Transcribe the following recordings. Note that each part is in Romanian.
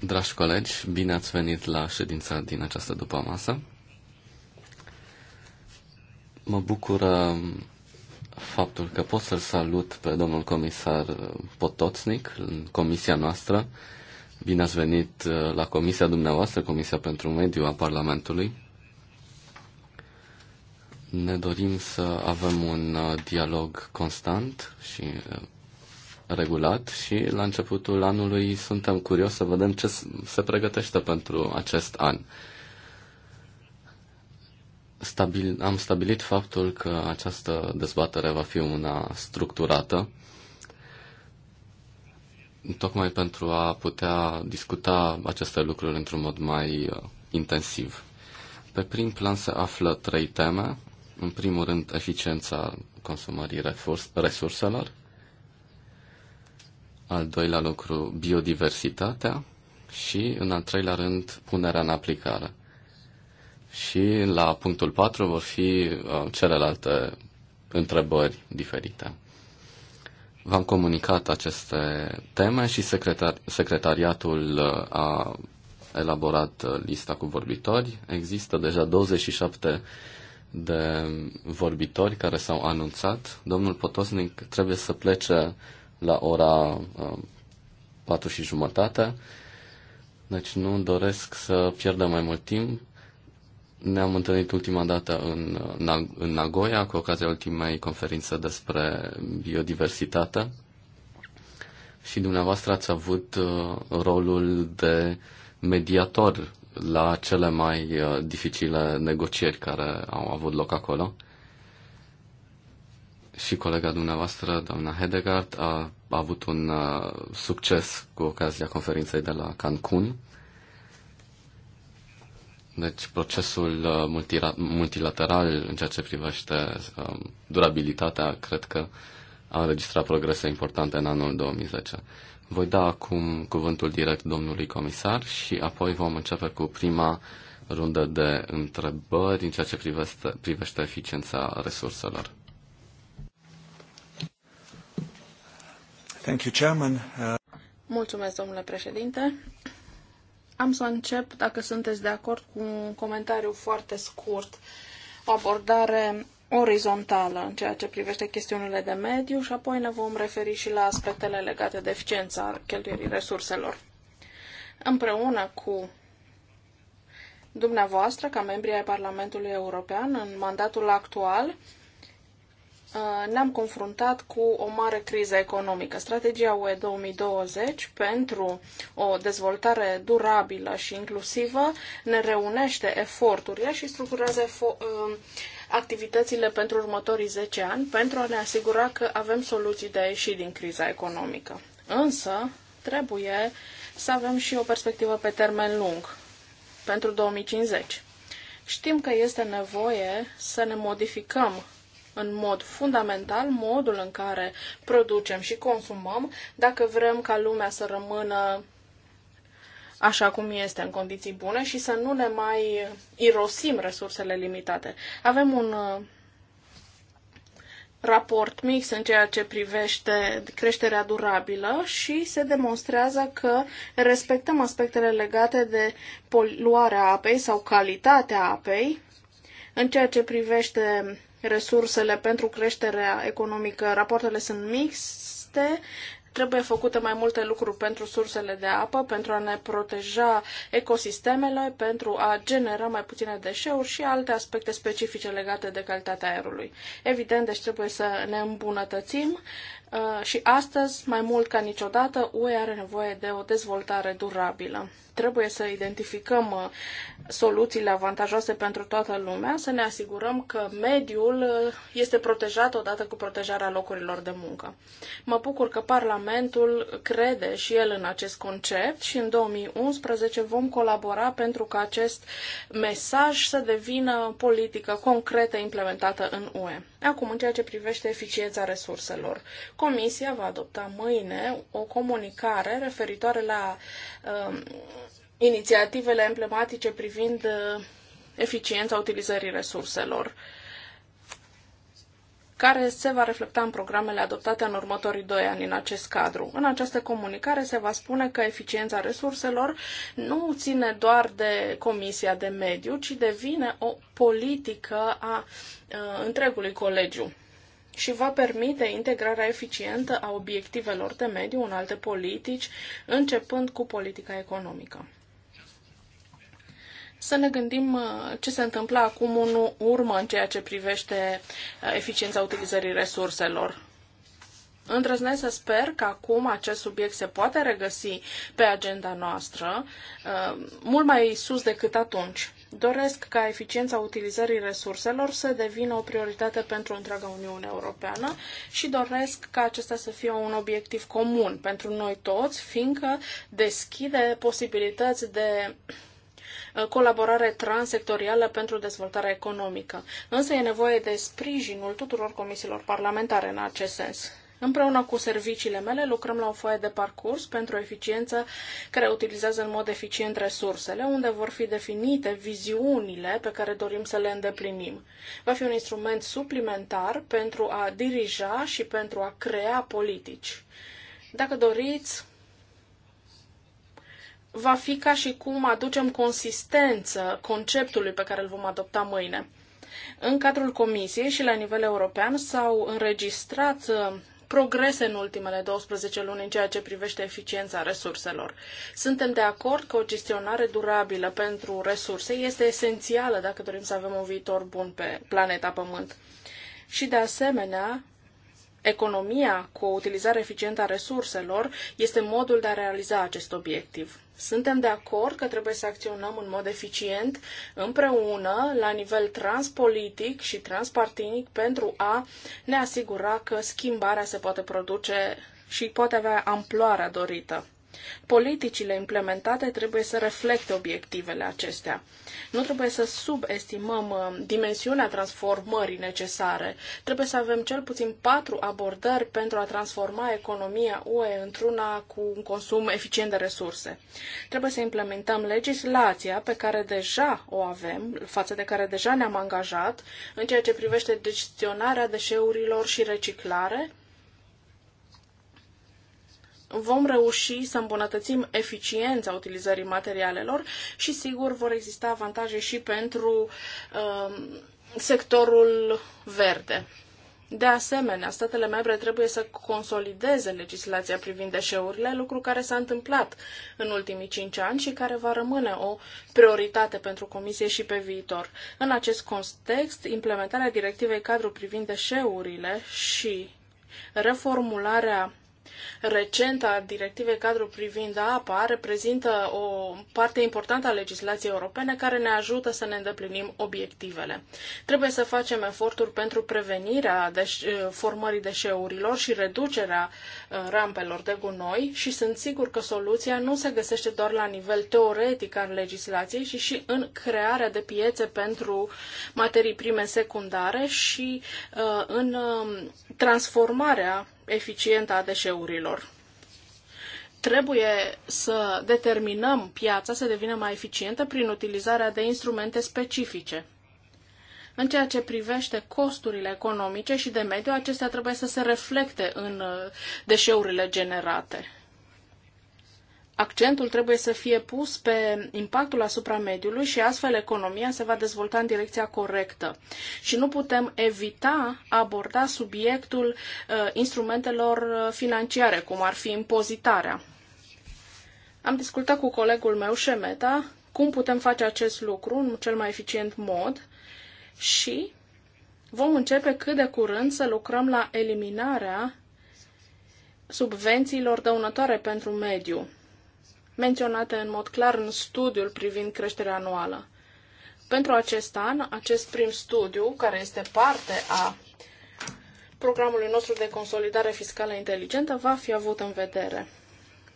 Dragi colegi, bine ați venit la ședința din această după-masă. Mă bucură faptul că pot să-l salut pe domnul comisar Potoțnic în comisia noastră. Bine ați venit uh, la comisia dumneavoastră, Comisia pentru Mediu a Parlamentului. Ne dorim să avem un uh, dialog constant și uh, regulat și la începutul anului suntem curioși să vedem ce se pregătește pentru acest an. Stabil, am stabilit faptul că această dezbatere va fi una structurată, tocmai pentru a putea discuta aceste lucruri într-un mod mai uh, intensiv. Pe prim plan se află trei teme. În primul rând, eficiența consumării resurselor al doilea lucru biodiversitatea și, în al treilea rând, punerea în aplicare. Și la punctul 4 vor fi uh, celelalte întrebări diferite. V-am comunicat aceste teme și secretar- secretariatul uh, a elaborat uh, lista cu vorbitori. Există deja 27 de vorbitori care s-au anunțat. Domnul Potosnic trebuie să plece la ora um, patru și jumătate. Deci nu doresc să pierdem mai mult timp. Ne-am întâlnit ultima dată în, în Nagoya cu ocazia ultimei conferințe despre biodiversitate și dumneavoastră ați avut uh, rolul de mediator la cele mai uh, dificile negocieri care au avut loc acolo și colega dumneavoastră, doamna Hedegaard, a, a avut un succes cu ocazia conferinței de la Cancun. Deci procesul multilateral în ceea ce privește durabilitatea, cred că a înregistrat progrese importante în anul 2010. Voi da acum cuvântul direct domnului comisar și apoi vom începe cu prima rundă de întrebări în ceea ce privește, privește eficiența resurselor. Thank you, Chairman. Uh, Mulțumesc, domnule președinte. Am să încep, dacă sunteți de acord, cu un comentariu foarte scurt, o abordare orizontală în ceea ce privește chestiunile de mediu și apoi ne vom referi și la aspectele legate de eficiența cheltuierii resurselor. Împreună cu dumneavoastră, ca membri ai Parlamentului European, în mandatul actual, Uh, ne-am confruntat cu o mare criză economică. Strategia UE 2020 pentru o dezvoltare durabilă și inclusivă ne reunește eforturile și structurează uh, activitățile pentru următorii 10 ani pentru a ne asigura că avem soluții de a ieși din criza economică. Însă, trebuie să avem și o perspectivă pe termen lung, pentru 2050. Știm că este nevoie să ne modificăm în mod fundamental modul în care producem și consumăm dacă vrem ca lumea să rămână așa cum este, în condiții bune și să nu ne mai irosim resursele limitate. Avem un uh, raport mix în ceea ce privește creșterea durabilă și se demonstrează că respectăm aspectele legate de poluarea apei sau calitatea apei în ceea ce privește resursele pentru creșterea economică, rapoartele sunt mixte, trebuie făcute mai multe lucruri pentru sursele de apă, pentru a ne proteja ecosistemele, pentru a genera mai puține deșeuri și alte aspecte specifice legate de calitatea aerului. Evident, deci trebuie să ne îmbunătățim Uh, și astăzi, mai mult ca niciodată, UE are nevoie de o dezvoltare durabilă. Trebuie să identificăm uh, soluțiile avantajoase pentru toată lumea, să ne asigurăm că mediul uh, este protejat odată cu protejarea locurilor de muncă. Mă bucur că Parlamentul crede și el în acest concept și în 2011 vom colabora pentru ca acest mesaj să devină politică concretă implementată în UE. Acum, în ceea ce privește eficiența resurselor, Comisia va adopta mâine o comunicare referitoare la uh, inițiativele emblematice privind uh, eficiența utilizării resurselor care se va reflecta în programele adoptate în următorii doi ani în acest cadru. În această comunicare se va spune că eficiența resurselor nu ține doar de Comisia de Mediu, ci devine o politică a uh, întregului colegiu și va permite integrarea eficientă a obiectivelor de mediu în alte politici, începând cu politica economică. Să ne gândim uh, ce se întâmplă acum în urmă în ceea ce privește uh, eficiența utilizării resurselor. Îndrăznesc să sper că acum acest subiect se poate regăsi pe agenda noastră, uh, mult mai sus decât atunci doresc ca eficiența utilizării resurselor să devină o prioritate pentru întreaga Uniune Europeană și doresc ca acesta să fie un obiectiv comun pentru noi toți, fiindcă deschide posibilități de uh, colaborare transectorială pentru dezvoltarea economică. Însă e nevoie de sprijinul tuturor comisiilor parlamentare în acest sens. Împreună cu serviciile mele lucrăm la o foaie de parcurs pentru o eficiență care utilizează în mod eficient resursele, unde vor fi definite viziunile pe care dorim să le îndeplinim. Va fi un instrument suplimentar pentru a dirija și pentru a crea politici. Dacă doriți, va fi ca și cum aducem consistență conceptului pe care îl vom adopta mâine. În cadrul Comisiei și la nivel european s-au înregistrat progrese în ultimele 12 luni în ceea ce privește eficiența resurselor. Suntem de acord că o gestionare durabilă pentru resurse este esențială dacă dorim să avem un viitor bun pe planeta Pământ. Și de asemenea, Economia cu o utilizare eficientă a resurselor este modul de a realiza acest obiectiv. Suntem de acord că trebuie să acționăm în mod eficient împreună, la nivel transpolitic și transpartinic, pentru a ne asigura că schimbarea se poate produce și poate avea amploarea dorită. Politicile implementate trebuie să reflecte obiectivele acestea. Nu trebuie să subestimăm uh, dimensiunea transformării necesare. Trebuie să avem cel puțin patru abordări pentru a transforma economia UE într-una cu un consum eficient de resurse. Trebuie să implementăm legislația pe care deja o avem, față de care deja ne-am angajat, în ceea ce privește gestionarea deșeurilor și reciclare, vom reuși să îmbunătățim eficiența utilizării materialelor și, sigur, vor exista avantaje și pentru um, sectorul verde. De asemenea, statele membre trebuie să consolideze legislația privind deșeurile, lucru care s-a întâmplat în ultimii cinci ani și care va rămâne o prioritate pentru Comisie și pe viitor. În acest context, implementarea directivei cadru privind deșeurile și reformularea recenta a directivei cadru privind apa reprezintă o parte importantă a legislației europene care ne ajută să ne îndeplinim obiectivele. Trebuie să facem eforturi pentru prevenirea deș- eh, formării deșeurilor și reducerea eh, rampelor de gunoi și sunt sigur că soluția nu se găsește doar la nivel teoretic al legislației, ci și în crearea de piețe pentru materii prime secundare și eh, în transformarea eficientă a deșeurilor. Trebuie să determinăm piața să devină mai eficientă prin utilizarea de instrumente specifice. În ceea ce privește costurile economice și de mediu, acestea trebuie să se reflecte în uh, deșeurile generate. Accentul trebuie să fie pus pe impactul asupra mediului și astfel economia se va dezvolta în direcția corectă. Și nu putem evita a aborda subiectul uh, instrumentelor uh, financiare, cum ar fi impozitarea. Am discutat cu colegul meu, Șemeta, cum putem face acest lucru în cel mai eficient mod și vom începe cât de curând să lucrăm la eliminarea subvențiilor dăunătoare pentru mediu menționate în mod clar în studiul privind creșterea anuală. Pentru acest an, acest prim studiu, care este parte a programului nostru de consolidare fiscală inteligentă, va fi avut în vedere.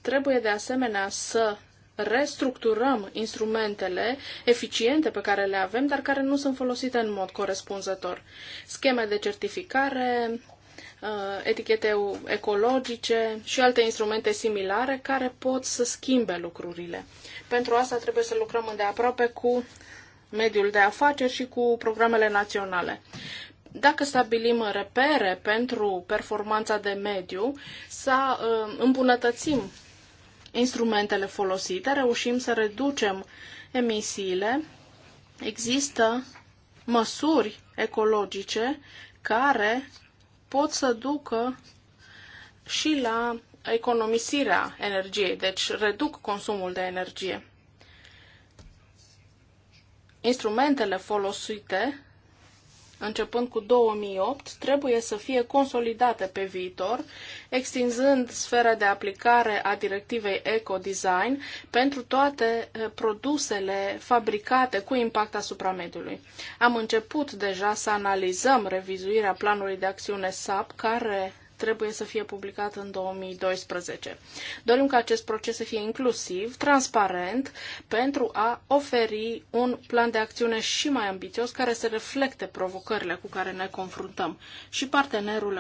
Trebuie de asemenea să restructurăm instrumentele eficiente pe care le avem, dar care nu sunt folosite în mod corespunzător. Scheme de certificare, Uh, etichete ecologice și alte instrumente similare care pot să schimbe lucrurile. Pentru asta trebuie să lucrăm îndeaproape cu mediul de afaceri și cu programele naționale. Dacă stabilim repere pentru performanța de mediu, să uh, îmbunătățim instrumentele folosite, reușim să reducem emisiile, există măsuri ecologice care pot să ducă și la economisirea energiei, deci reduc consumul de energie. Instrumentele folosite începând cu 2008, trebuie să fie consolidate pe viitor, extinzând sfera de aplicare a directivei eco-design pentru toate eh, produsele fabricate cu impact asupra mediului. Am început deja să analizăm revizuirea planului de acțiune SAP, care trebuie să fie publicat în 2012. Dorim ca acest proces să fie inclusiv, transparent, pentru a oferi un plan de acțiune și mai ambițios care să reflecte provocările cu care ne confruntăm. Și partenerul,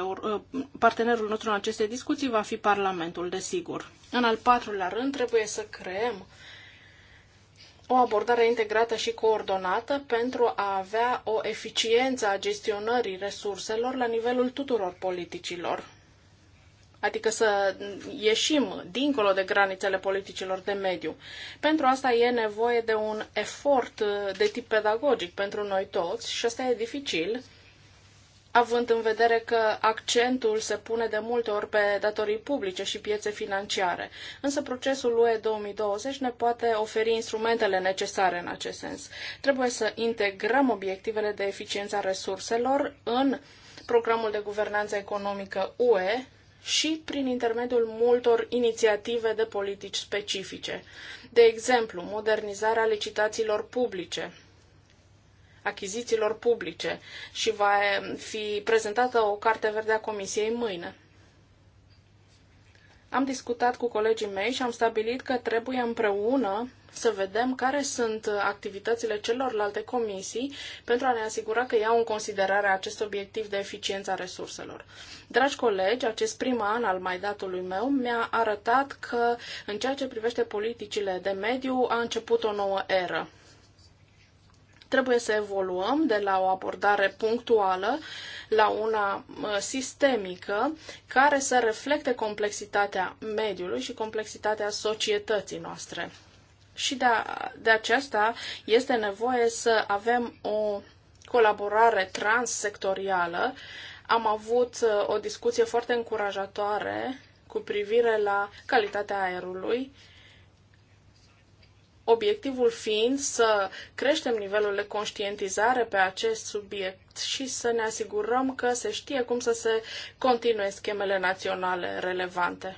uh, partenerul nostru în aceste discuții va fi Parlamentul, desigur. În al patrulea rând, trebuie să creăm o abordare integrată și coordonată pentru a avea o eficiență a gestionării resurselor la nivelul tuturor politicilor. Adică să ieșim dincolo de granițele politicilor de mediu. Pentru asta e nevoie de un efort de tip pedagogic pentru noi toți și asta e dificil având în vedere că accentul se pune de multe ori pe datorii publice și piețe financiare. Însă procesul UE 2020 ne poate oferi instrumentele necesare în acest sens. Trebuie să integrăm obiectivele de eficiență a resurselor în programul de guvernanță economică UE și prin intermediul multor inițiative de politici specifice. De exemplu, modernizarea licitațiilor publice, achizițiilor publice și va fi prezentată o carte verde a Comisiei mâine. Am discutat cu colegii mei și am stabilit că trebuie împreună să vedem care sunt activitățile celorlalte comisii pentru a ne asigura că iau în considerare acest obiectiv de eficiență a resurselor. Dragi colegi, acest prim an al mandatului meu mi-a arătat că, în ceea ce privește politicile de mediu, a început o nouă eră. Trebuie să evoluăm de la o abordare punctuală la una sistemică care să reflecte complexitatea mediului și complexitatea societății noastre. Și de, a, de aceasta este nevoie să avem o colaborare transsectorială. Am avut uh, o discuție foarte încurajatoare cu privire la calitatea aerului obiectivul fiind să creștem nivelul de conștientizare pe acest subiect și să ne asigurăm că se știe cum să se continue schemele naționale relevante.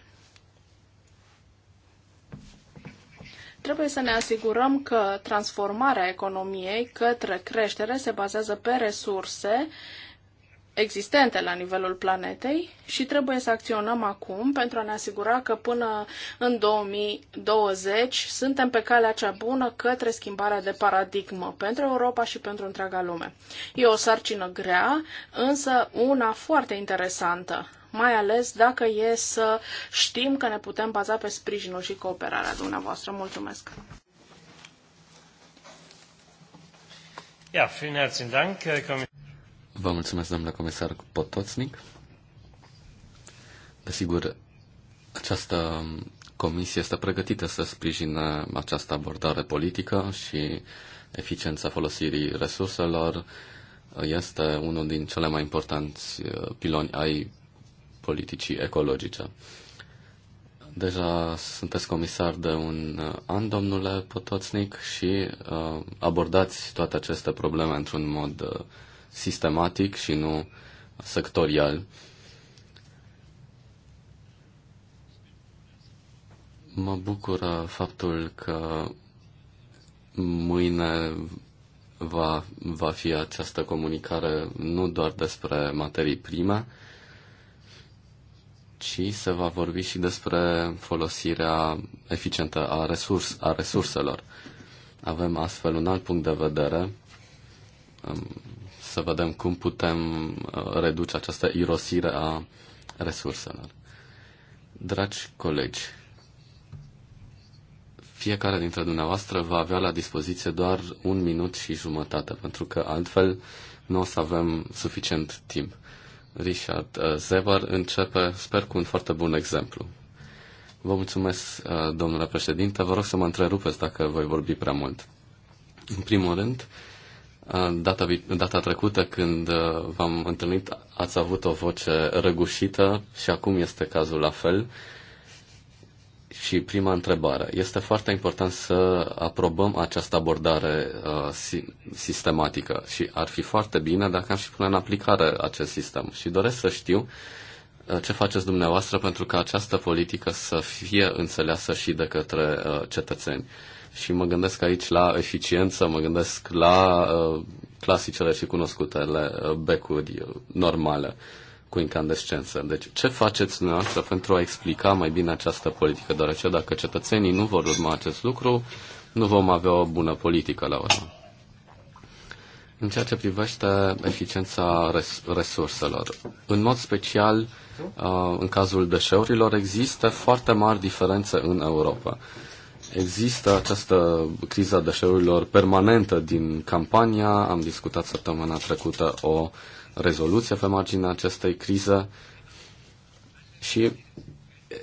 Trebuie să ne asigurăm că transformarea economiei către creștere se bazează pe resurse existente la nivelul planetei și trebuie să acționăm acum pentru a ne asigura că până în 2020 suntem pe calea cea bună către schimbarea de paradigmă pentru Europa și pentru întreaga lume. E o sarcină grea, însă una foarte interesantă, mai ales dacă e să știm că ne putem baza pe sprijinul și cooperarea dumneavoastră. Mulțumesc! Ja, vielen herzlichen Dank, Herr Vă mulțumesc, domnule comisar Potoțnic. Desigur, această comisie este pregătită să sprijină această abordare politică și eficiența folosirii resurselor este unul din cele mai importanți uh, piloni ai politicii ecologice. Deja sunteți comisar de un an, domnule Potoțnic, și uh, abordați toate aceste probleme într-un mod uh, sistematic și nu sectorial. Mă bucură faptul că mâine va, va fi această comunicare nu doar despre materii prime, ci se va vorbi și despre folosirea eficientă a, resurs, a resurselor. Avem astfel un alt punct de vedere să vedem cum putem uh, reduce această irosire a resurselor. Dragi colegi, fiecare dintre dumneavoastră va avea la dispoziție doar un minut și jumătate, pentru că altfel nu o să avem suficient timp. Richard uh, Zebar începe, sper, cu un foarte bun exemplu. Vă mulțumesc, uh, domnule președinte. Vă rog să mă întrerupeți dacă voi vorbi prea mult. În primul rând, uh, Data, data trecută când v-am întâlnit ați avut o voce răgușită și acum este cazul la fel. Și prima întrebare. Este foarte important să aprobăm această abordare uh, si- sistematică și ar fi foarte bine dacă am și pune în aplicare acest sistem. Și doresc să știu ce faceți dumneavoastră pentru ca această politică să fie înțeleasă și de către uh, cetățeni. Uh, și mă gândesc aici la eficiență, mă gândesc la uh, clasicele și cunoscutele uh, becuri uh, normale cu incandescență. Deci, ce faceți dumneavoastră pentru a explica mai bine această politică? Deoarece dacă cetățenii nu vor urma acest lucru, nu vom avea o bună politică la urmă. În ceea ce privește eficiența res- resurselor, în mod special, uh, în cazul deșeurilor, există foarte mari diferențe în Europa. Există această criză deșeurilor permanentă din campania. Am discutat săptămâna trecută o rezoluție pe marginea acestei crize și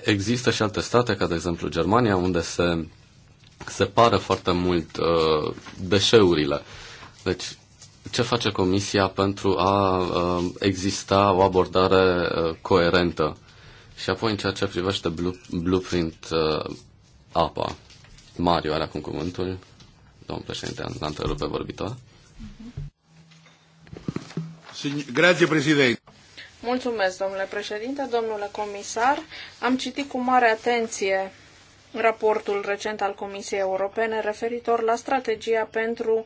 există și alte state, ca de exemplu Germania, unde se separă foarte mult uh, deșeurile. Deci, ce face Comisia pentru a uh, exista o abordare uh, coerentă? Și apoi, în ceea ce privește blu- blueprint uh, apa, Mario are acum cuvântul. Domnul președinte, l-a întrerupt pe vorbitor. Grazie, președinte. Mulțumesc, domnule președinte, domnule comisar. Am citit cu mare atenție raportul recent al Comisiei Europene referitor la strategia pentru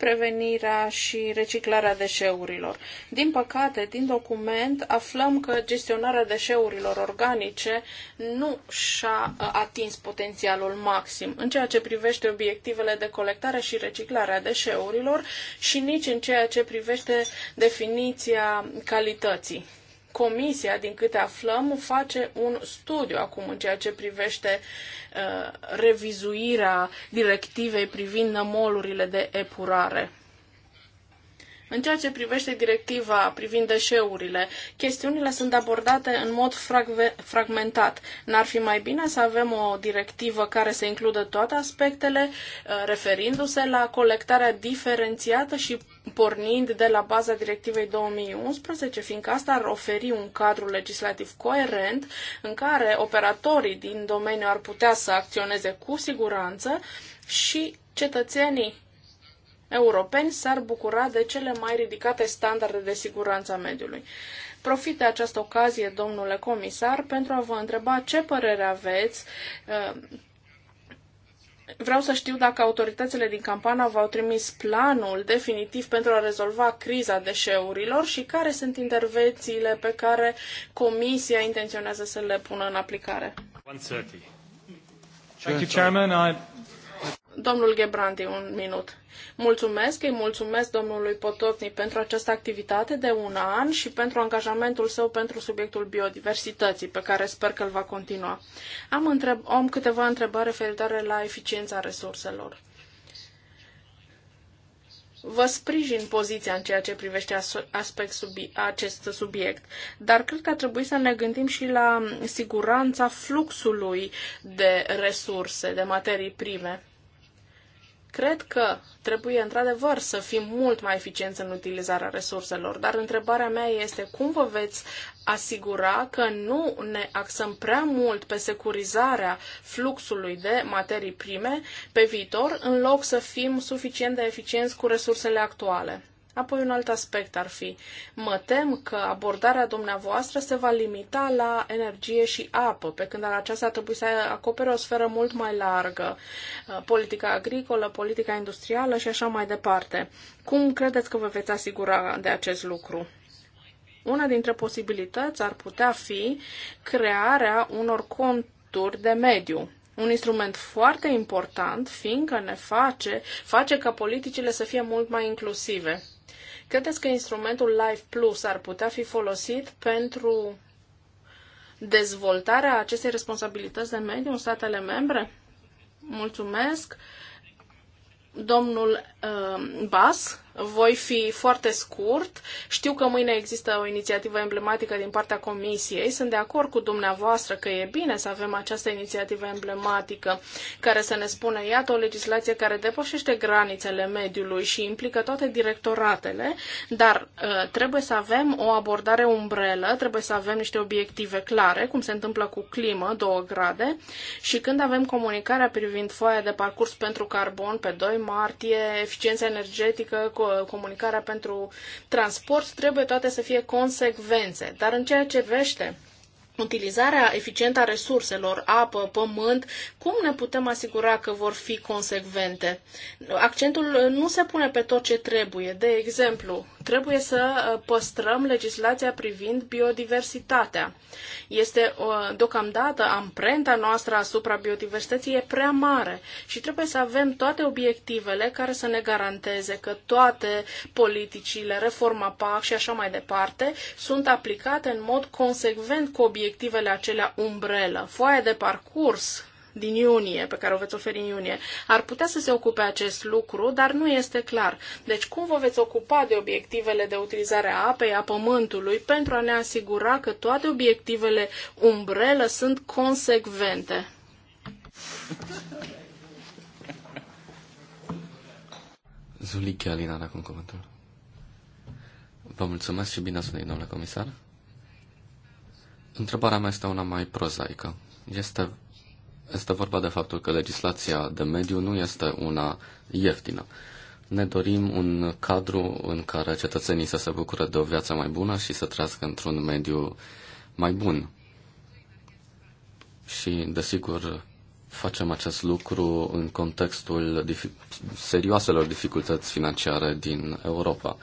prevenirea și reciclarea deșeurilor. Din păcate, din document aflăm că gestionarea deșeurilor organice nu și-a uh, atins potențialul maxim în ceea ce privește obiectivele de colectare și reciclare a deșeurilor și nici în ceea ce privește definiția calității Comisia, din câte aflăm, face un studiu acum în ceea ce privește uh, revizuirea directivei privind nămolurile de epurare. În ceea ce privește directiva privind deșeurile, chestiunile sunt abordate în mod fragmentat. N-ar fi mai bine să avem o directivă care să includă toate aspectele, uh, referindu-se la colectarea diferențiată și pornind de la baza directivei 2011, fiindcă asta ar oferi un cadru legislativ coerent în care operatorii din domeniu ar putea să acționeze cu siguranță și cetățenii europeni s-ar bucura de cele mai ridicate standarde de siguranță a mediului. Profit de această ocazie, domnule comisar, pentru a vă întreba ce părere aveți uh, Vreau să știu dacă autoritățile din Campana v-au trimis planul definitiv pentru a rezolva criza deșeurilor și care sunt intervențiile pe care Comisia intenționează să le pună în aplicare. 130. Thank you, Chairman. I Domnul Gebrandi, un minut. Mulțumesc, îi mulțumesc domnului Potopni pentru această activitate de un an și pentru angajamentul său pentru subiectul biodiversității, pe care sper că îl va continua. Am, întreb, am câteva întrebări referitoare la eficiența resurselor. Vă sprijin poziția în ceea ce privește aspect subi- acest subiect, dar cred că ar trebui să ne gândim și la siguranța fluxului de resurse, de materii prime. Cred că trebuie într-adevăr să fim mult mai eficienți în utilizarea resurselor, dar întrebarea mea este cum vă veți asigura că nu ne axăm prea mult pe securizarea fluxului de materii prime pe viitor, în loc să fim suficient de eficienți cu resursele actuale. Apoi un alt aspect ar fi, mă tem că abordarea dumneavoastră se va limita la energie și apă, pe când aceasta ar trebui să acopere o sferă mult mai largă, uh, politica agricolă, politica industrială și așa mai departe. Cum credeți că vă veți asigura de acest lucru? Una dintre posibilități ar putea fi crearea unor conturi de mediu, un instrument foarte important, fiindcă ne face, face ca politicile să fie mult mai inclusive. Credeți că instrumentul Life Plus ar putea fi folosit pentru dezvoltarea acestei responsabilități de mediu în statele membre? Mulțumesc. Domnul uh, Bas, voi fi foarte scurt. Știu că mâine există o inițiativă emblematică din partea Comisiei. Sunt de acord cu dumneavoastră că e bine să avem această inițiativă emblematică care să ne spună, iată, o legislație care depășește granițele mediului și implică toate directoratele, dar uh, trebuie să avem o abordare umbrelă, trebuie să avem niște obiective clare, cum se întâmplă cu climă, 2 grade, și când avem comunicarea privind foaia de parcurs pentru carbon pe 2 martie, eficiența energetică, comunicarea pentru transport, trebuie toate să fie consecvențe. Dar în ceea ce privește utilizarea eficientă a resurselor, apă, pământ, cum ne putem asigura că vor fi consecvente? Accentul nu se pune pe tot ce trebuie. De exemplu, Trebuie să uh, păstrăm legislația privind biodiversitatea. Este uh, deocamdată amprenta noastră asupra biodiversității e prea mare și trebuie să avem toate obiectivele care să ne garanteze că toate politicile, reforma PAC și așa mai departe, sunt aplicate în mod consecvent cu obiectivele acelea umbrelă. Foaia de parcurs din iunie, pe care o veți oferi în iunie, ar putea să se ocupe acest lucru, dar nu este clar. Deci cum vă veți ocupa de obiectivele de utilizare a apei, a pământului, pentru a ne asigura că toate obiectivele umbrelă sunt consecvente? Zulichi Alina, dacă un comentariu. Vă mulțumesc și bine ați venit, domnule comisar. Întrebarea mea este una mai prozaică. Este este vorba de faptul că legislația de mediu nu este una ieftină. Ne dorim un cadru în care cetățenii să se bucure de o viață mai bună și să trăiască într-un mediu mai bun. Și, desigur, facem acest lucru în contextul dific- serioaselor dificultăți financiare din Europa.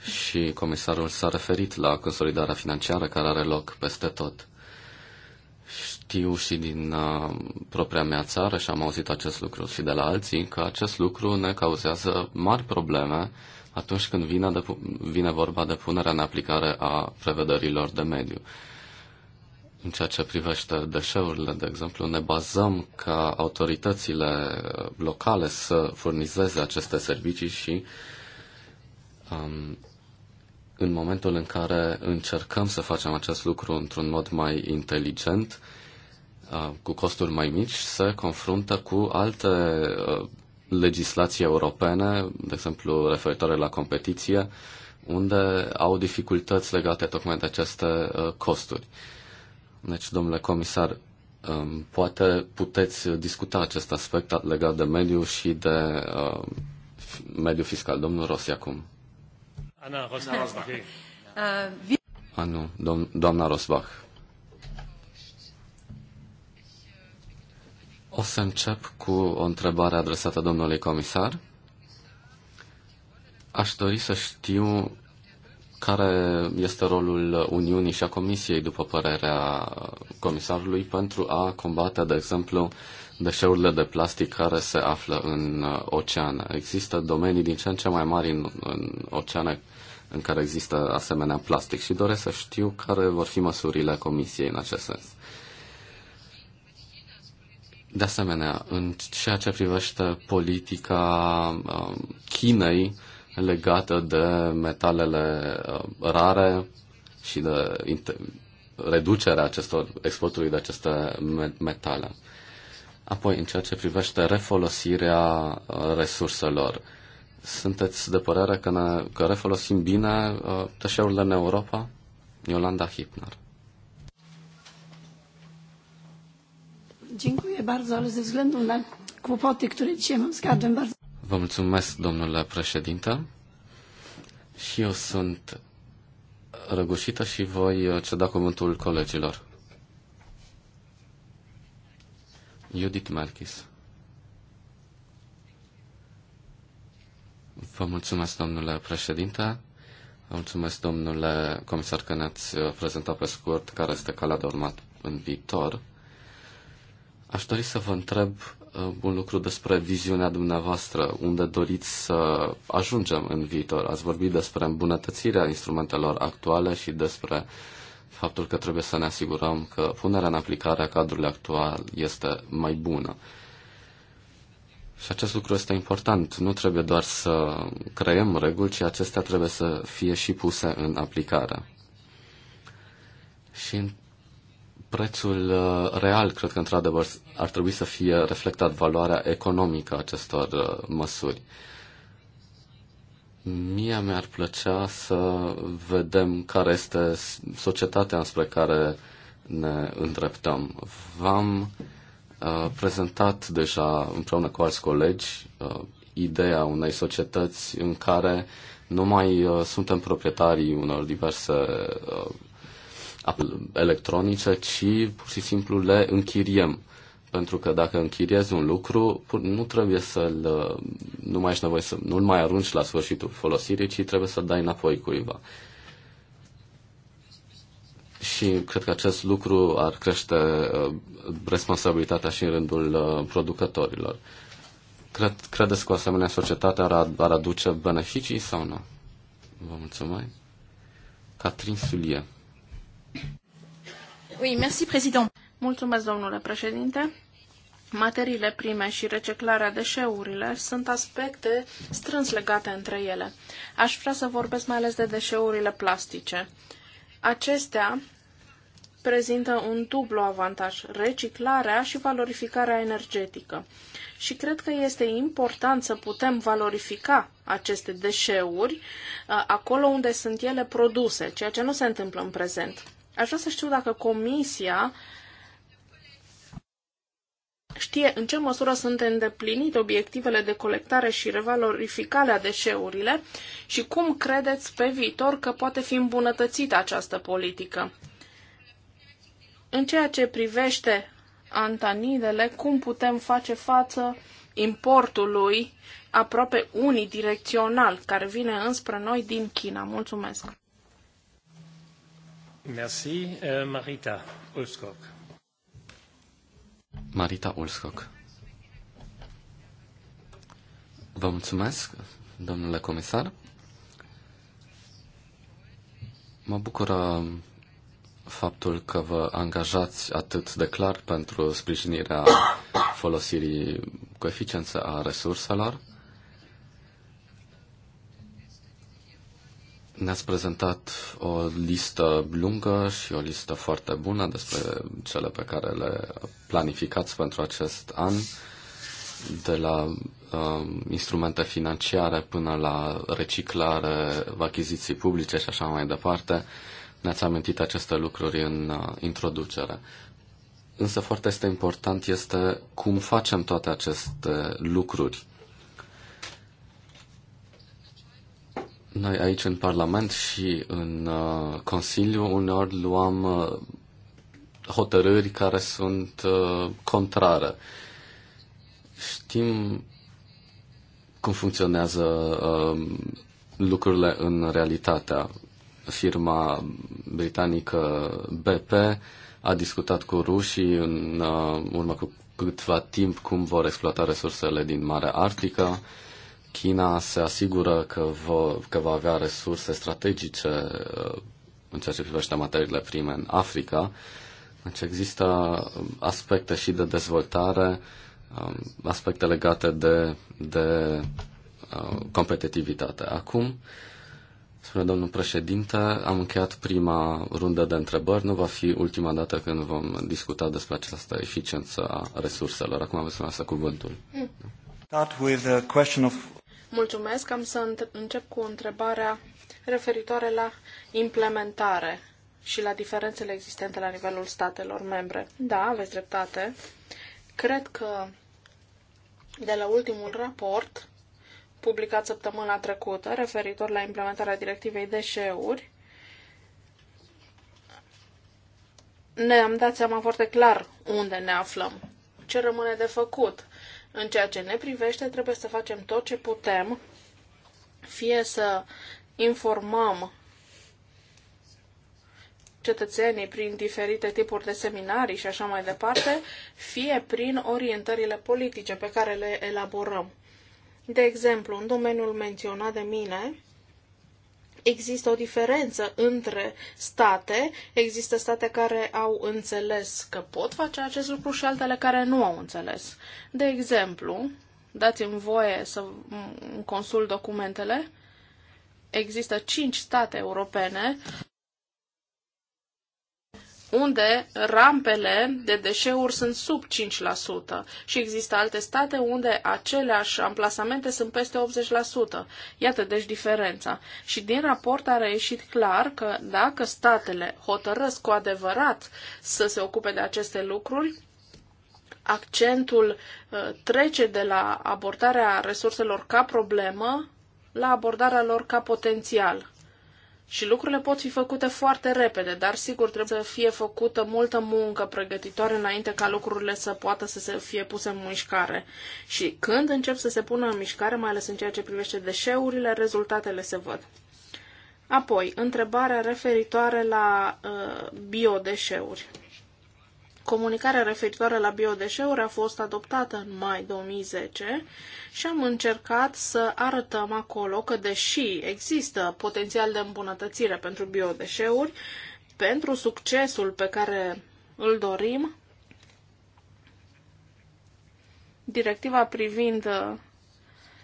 Și comisarul s-a referit la consolidarea financiară care are loc peste tot știu și din uh, propria mea țară și am auzit acest lucru și de la alții, că acest lucru ne cauzează mari probleme atunci când vine, de, vine vorba de punerea în aplicare a prevederilor de mediu. În ceea ce privește deșeurile, de exemplu, ne bazăm ca autoritățile uh, locale să furnizeze aceste servicii și um, în momentul în care încercăm să facem acest lucru într-un mod mai inteligent, uh, cu costuri mai mici se confruntă cu alte legislații europene, de exemplu referitoare la competiție, unde au dificultăți legate tocmai de aceste costuri. Deci, domnule comisar, poate puteți discuta acest aspect legat de mediu și de mediu fiscal. Domnul Rossi acum. Ana Rosbach. Ana, Uh, nu, doamna Rosbach. O să încep cu o întrebare adresată domnului comisar. Aș dori să știu care este rolul Uniunii și a Comisiei, după părerea comisarului, pentru a combate, de exemplu, deșeurile de plastic care se află în oceane. Există domenii din ce în ce mai mari în, în oceane în care există asemenea plastic și doresc să știu care vor fi măsurile Comisiei în acest sens. De asemenea, în ceea ce privește politica um, Chinei legată de metalele um, rare și de reducerea acestor exporturi de aceste metale. Apoi, în ceea ce privește refolosirea uh, resurselor, sunteți de părere că, ne, că refolosim bine tășeurile uh, în Europa? Iolanda Hipner. Dziękuję bardzo, ale ze względu na kłopoty, które dzisiaj mam, bardzo. Vă mulțumesc, domnule președinte. Și eu sunt răgușită și voi ceda cuvântul colegilor. Judith Marchis. Vă mulțumesc, domnule președinte. Vă mulțumesc, domnule comisar, că ne-ați prezentat pe scurt care este calea de urmat în viitor. Aș dori să vă întreb uh, un lucru despre viziunea dumneavoastră, unde doriți să ajungem în viitor. Ați vorbit despre îmbunătățirea instrumentelor actuale și despre faptul că trebuie să ne asigurăm că punerea în aplicare a cadrului actual este mai bună. Și acest lucru este important. Nu trebuie doar să creăm reguli, ci acestea trebuie să fie și puse în aplicare. Și prețul uh, real, cred că într-adevăr ar trebui să fie reflectat valoarea economică a acestor uh, măsuri. Mie mi-ar plăcea să vedem care este societatea înspre care ne îndreptăm. V-am uh, prezentat deja împreună cu alți colegi uh, ideea unei societăți în care nu mai uh, suntem proprietarii unor diverse uh, electronice, ci pur și simplu le închiriem. Pentru că dacă închiriezi un lucru, nu trebuie să-l, nu mai ești nevoie să, nu-l mai arunci la sfârșitul folosirii, ci trebuie să dai înapoi cuiva. Și cred că acest lucru ar crește uh, responsabilitatea și în rândul uh, producătorilor. Cred, credeți că o asemenea societate ar, ar aduce beneficii sau nu? Vă mulțumesc. Catrin Sulie. Oui, merci, président. Mulțumesc, domnule președinte. Materiile prime și reciclarea deșeurile sunt aspecte strâns legate între ele. Aș vrea să vorbesc mai ales de deșeurile plastice. Acestea prezintă un dublu avantaj, reciclarea și valorificarea energetică. Și cred că este important să putem valorifica aceste deșeuri uh, acolo unde sunt ele produse, ceea ce nu se întâmplă în prezent. Aș vrea să știu dacă Comisia știe în ce măsură sunt îndeplinite obiectivele de colectare și revalorificare a deșeurile și cum credeți pe viitor că poate fi îmbunătățită această politică. În ceea ce privește antanidele, cum putem face față importului aproape unidirecțional care vine înspre noi din China. Mulțumesc! Euh, Marita Ulskog. Marita Ulskog. Vă mulțumesc, domnule comisar. Mă bucură faptul că vă angajați atât de clar pentru sprijinirea folosirii cu eficiență a resurselor Ne-ați prezentat o listă lungă și o listă foarte bună despre cele pe care le planificați pentru acest an, de la uh, instrumente financiare până la reciclare, achiziții publice și așa mai departe. Ne-ați amintit aceste lucruri în uh, introducere. Însă foarte este important este cum facem toate aceste lucruri Noi aici în Parlament și în uh, Consiliu uneori luăm uh, hotărâri care sunt uh, contrare. Știm cum funcționează uh, lucrurile în realitatea. Firma britanică BP a discutat cu rușii în uh, urmă cu câtva timp cum vor exploata resursele din Marea Arctică. Uh, China se asigură că, vă, că va avea resurse strategice uh, în ceea ce privește materiile prime în Africa. Deci există um, aspecte și de dezvoltare, um, aspecte legate de, de uh, competitivitate. Acum, spune domnul președinte, am încheiat prima rundă de întrebări. Nu va fi ultima dată când vom discuta despre această eficiență a resurselor. Acum aveți să cuvântul. Hmm. Start with a question of Mulțumesc. Am să încep cu întrebarea referitoare la implementare și la diferențele existente la nivelul statelor membre. Da, aveți dreptate. Cred că de la ultimul raport publicat săptămâna trecută referitor la implementarea directivei deșeuri, ne-am dat seama foarte clar unde ne aflăm, ce rămâne de făcut în ceea ce ne privește, trebuie să facem tot ce putem, fie să informăm cetățenii prin diferite tipuri de seminarii și așa mai departe, fie prin orientările politice pe care le elaborăm. De exemplu, în domeniul menționat de mine, există o diferență între state. Există state care au înțeles că pot face acest lucru și altele care nu au înțeles. De exemplu, dați-mi voie să consult documentele. Există cinci state europene unde rampele de deșeuri sunt sub 5% și există alte state unde aceleași amplasamente sunt peste 80%. Iată deci diferența. Și din raport a reieșit clar că dacă statele hotărăsc cu adevărat să se ocupe de aceste lucruri, accentul ă, trece de la abordarea resurselor ca problemă la abordarea lor ca potențial și lucrurile pot fi făcute foarte repede, dar sigur trebuie să fie făcută multă muncă pregătitoare înainte ca lucrurile să poată să se fie puse în mișcare. Și când încep să se pună în mișcare, mai ales în ceea ce privește deșeurile, rezultatele se văd. Apoi, întrebarea referitoare la uh, biodeșeuri. Comunicarea referitoare la biodeșeuri a fost adoptată în mai 2010 și am încercat să arătăm acolo că, deși există potențial de îmbunătățire pentru biodeșeuri, pentru succesul pe care îl dorim, directiva privind uh,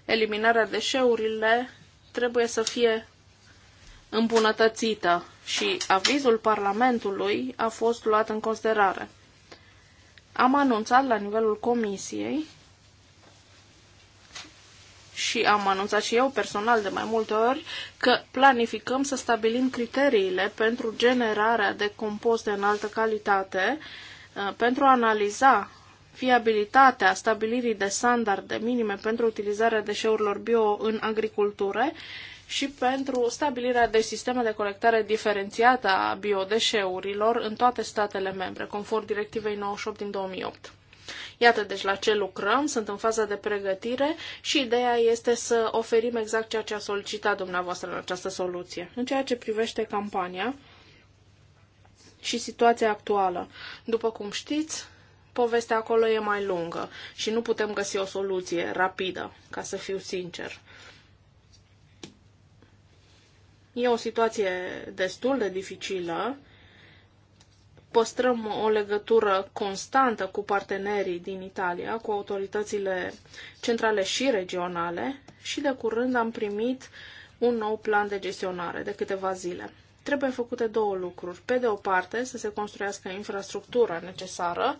eliminarea deșeurile trebuie să fie îmbunătățită și avizul Parlamentului a fost luat în considerare. Am anunțat la nivelul comisiei și am anunțat și eu personal de mai multe ori că planificăm să stabilim criteriile pentru generarea de compost de înaltă calitate uh, pentru a analiza fiabilitatea stabilirii de standarde minime pentru utilizarea deșeurilor bio în agricultură și pentru stabilirea de sisteme de colectare diferențiată a biodeșeurilor în toate statele membre, conform Directivei 98 din 2008. Iată deci la ce lucrăm, sunt în faza de pregătire și ideea este să oferim exact ceea ce a solicitat dumneavoastră în această soluție. În ceea ce privește campania și situația actuală, după cum știți, povestea acolo e mai lungă și nu putem găsi o soluție rapidă, ca să fiu sincer. E o situație destul de dificilă. Păstrăm o legătură constantă cu partenerii din Italia, cu autoritățile centrale și regionale și de curând am primit un nou plan de gestionare de câteva zile. Trebuie făcute două lucruri. Pe de o parte, să se construiască infrastructura necesară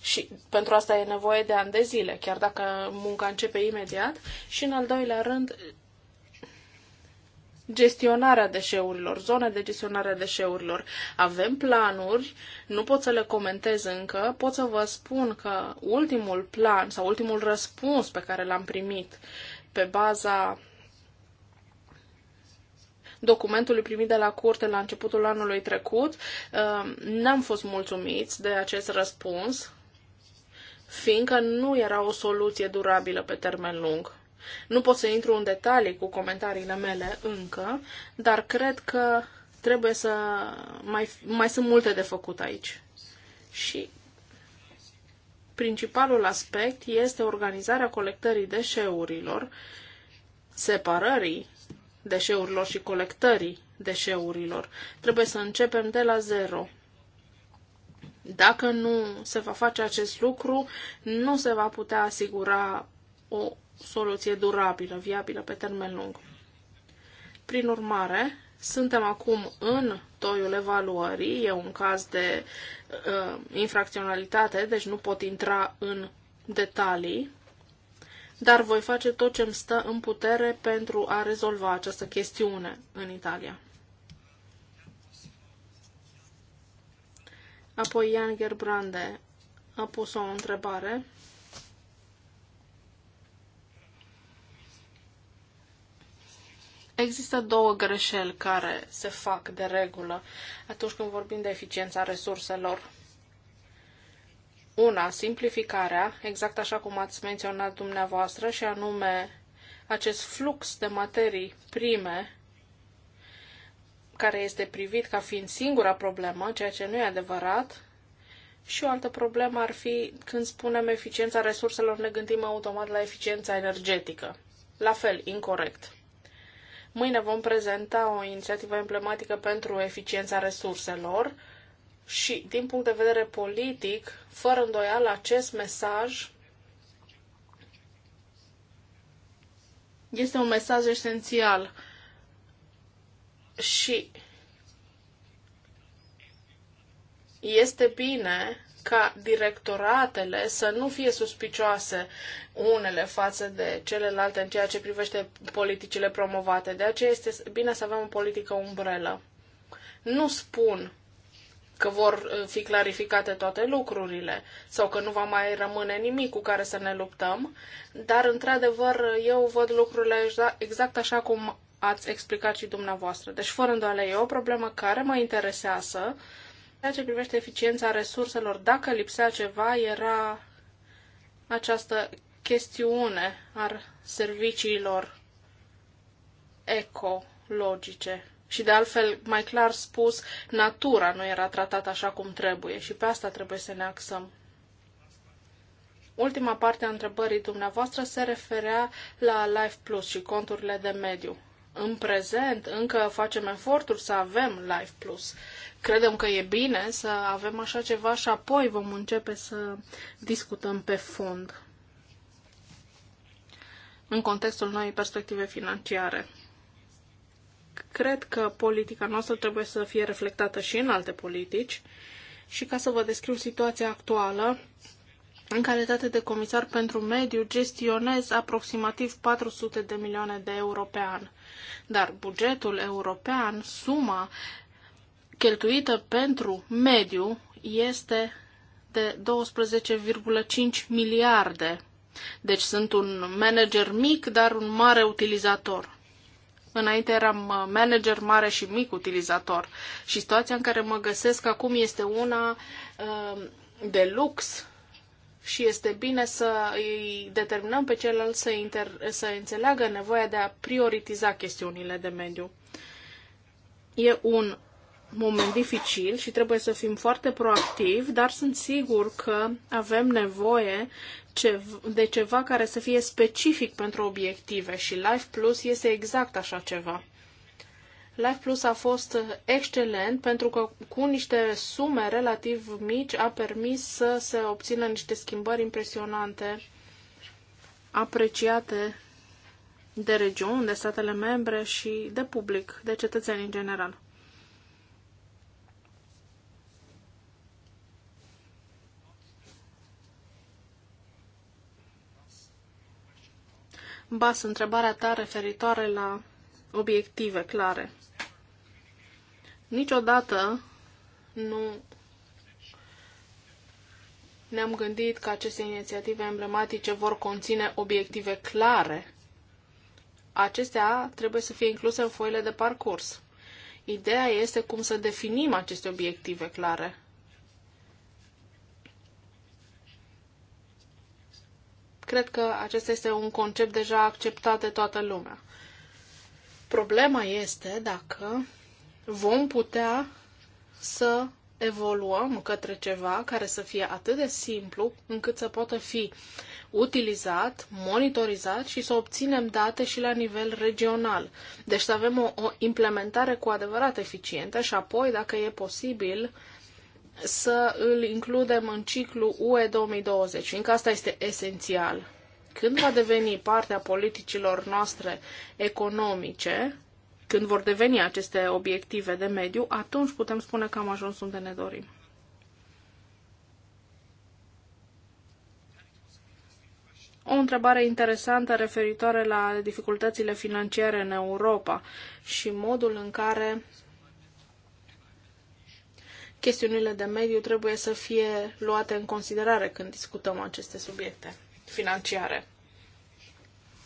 și pentru asta e nevoie de ani de zile, chiar dacă munca începe imediat. Și în al doilea rând, gestionarea deșeurilor, zone de gestionare a deșeurilor. Avem planuri, nu pot să le comentez încă, pot să vă spun că ultimul plan sau ultimul răspuns pe care l-am primit pe baza documentului primit de la curte la începutul anului trecut, uh, n-am fost mulțumiți de acest răspuns, fiindcă nu era o soluție durabilă pe termen lung. Nu pot să intru în detalii cu comentariile mele încă, dar cred că trebuie să mai, mai sunt multe de făcut aici. Și principalul aspect este organizarea colectării deșeurilor, separării deșeurilor și colectării deșeurilor. Trebuie să începem de la zero. Dacă nu se va face acest lucru, nu se va putea asigura o soluție durabilă, viabilă pe termen lung. Prin urmare, suntem acum în toiul evaluării, e un caz de uh, infracționalitate, deci nu pot intra în detalii, dar voi face tot ce îmi stă în putere pentru a rezolva această chestiune în Italia. Apoi Jan Gerbrande a pus o întrebare Există două greșeli care se fac de regulă atunci când vorbim de eficiența resurselor. Una, simplificarea, exact așa cum ați menționat dumneavoastră, și anume acest flux de materii prime care este privit ca fiind singura problemă, ceea ce nu e adevărat. Și o altă problemă ar fi când spunem eficiența resurselor, ne gândim automat la eficiența energetică. La fel, incorrect. Mâine vom prezenta o inițiativă emblematică pentru eficiența resurselor și, din punct de vedere politic, fără îndoială, acest mesaj este un mesaj esențial și este bine ca directoratele să nu fie suspicioase unele față de celelalte în ceea ce privește politicile promovate. De aceea este bine să avem o politică umbrelă. Nu spun că vor uh, fi clarificate toate lucrurile sau că nu va mai rămâne nimic cu care să ne luptăm, dar, într-adevăr, eu văd lucrurile exact așa cum ați explicat și dumneavoastră. Deci, fără îndoială, e o problemă care mă interesează, ceea ce privește eficiența resurselor, dacă lipsea ceva, era această chestiune ar serviciilor ecologice. Și de altfel, mai clar spus, natura nu era tratată așa cum trebuie și pe asta trebuie să ne axăm. Ultima parte a întrebării dumneavoastră se referea la Life Plus și conturile de mediu. În prezent încă facem eforturi să avem Life Plus. Credem că e bine să avem așa ceva și apoi vom începe să discutăm pe fond în contextul noii perspective financiare. Cred că politica noastră trebuie să fie reflectată și în alte politici și ca să vă descriu situația actuală, în calitate de comisar pentru mediu, gestionez aproximativ 400 de milioane de euro pe an. Dar bugetul european, suma cheltuită pentru mediu, este de 12,5 miliarde. Deci sunt un manager mic, dar un mare utilizator. Înainte eram uh, manager mare și mic utilizator. Și situația în care mă găsesc acum este una uh, de lux și este bine să îi determinăm pe ceilalți să, inter- să înțeleagă nevoia de a prioritiza chestiunile de mediu. E un moment dificil și trebuie să fim foarte proactivi, dar sunt sigur că avem nevoie de ceva care să fie specific pentru obiective și Life Plus este exact așa ceva. Life Plus a fost excelent pentru că cu niște sume relativ mici a permis să se obțină niște schimbări impresionante apreciate de regiuni, de statele membre și de public, de cetățeni în general. Bas, întrebarea ta referitoare la obiective clare. Niciodată nu ne-am gândit că aceste inițiative emblematice vor conține obiective clare. Acestea trebuie să fie incluse în foile de parcurs. Ideea este cum să definim aceste obiective clare. Cred că acesta este un concept deja acceptat de toată lumea. Problema este dacă vom putea să evoluăm către ceva care să fie atât de simplu încât să poată fi utilizat, monitorizat și să obținem date și la nivel regional. Deci să avem o, o implementare cu adevărat eficientă și apoi, dacă e posibil, să îl includem în ciclu UE 2020, fiindcă asta este esențial. Când va deveni partea politicilor noastre economice, când vor deveni aceste obiective de mediu, atunci putem spune că am ajuns unde ne dorim. O întrebare interesantă referitoare la dificultățile financiare în Europa și modul în care chestiunile de mediu trebuie să fie luate în considerare când discutăm aceste subiecte financiare.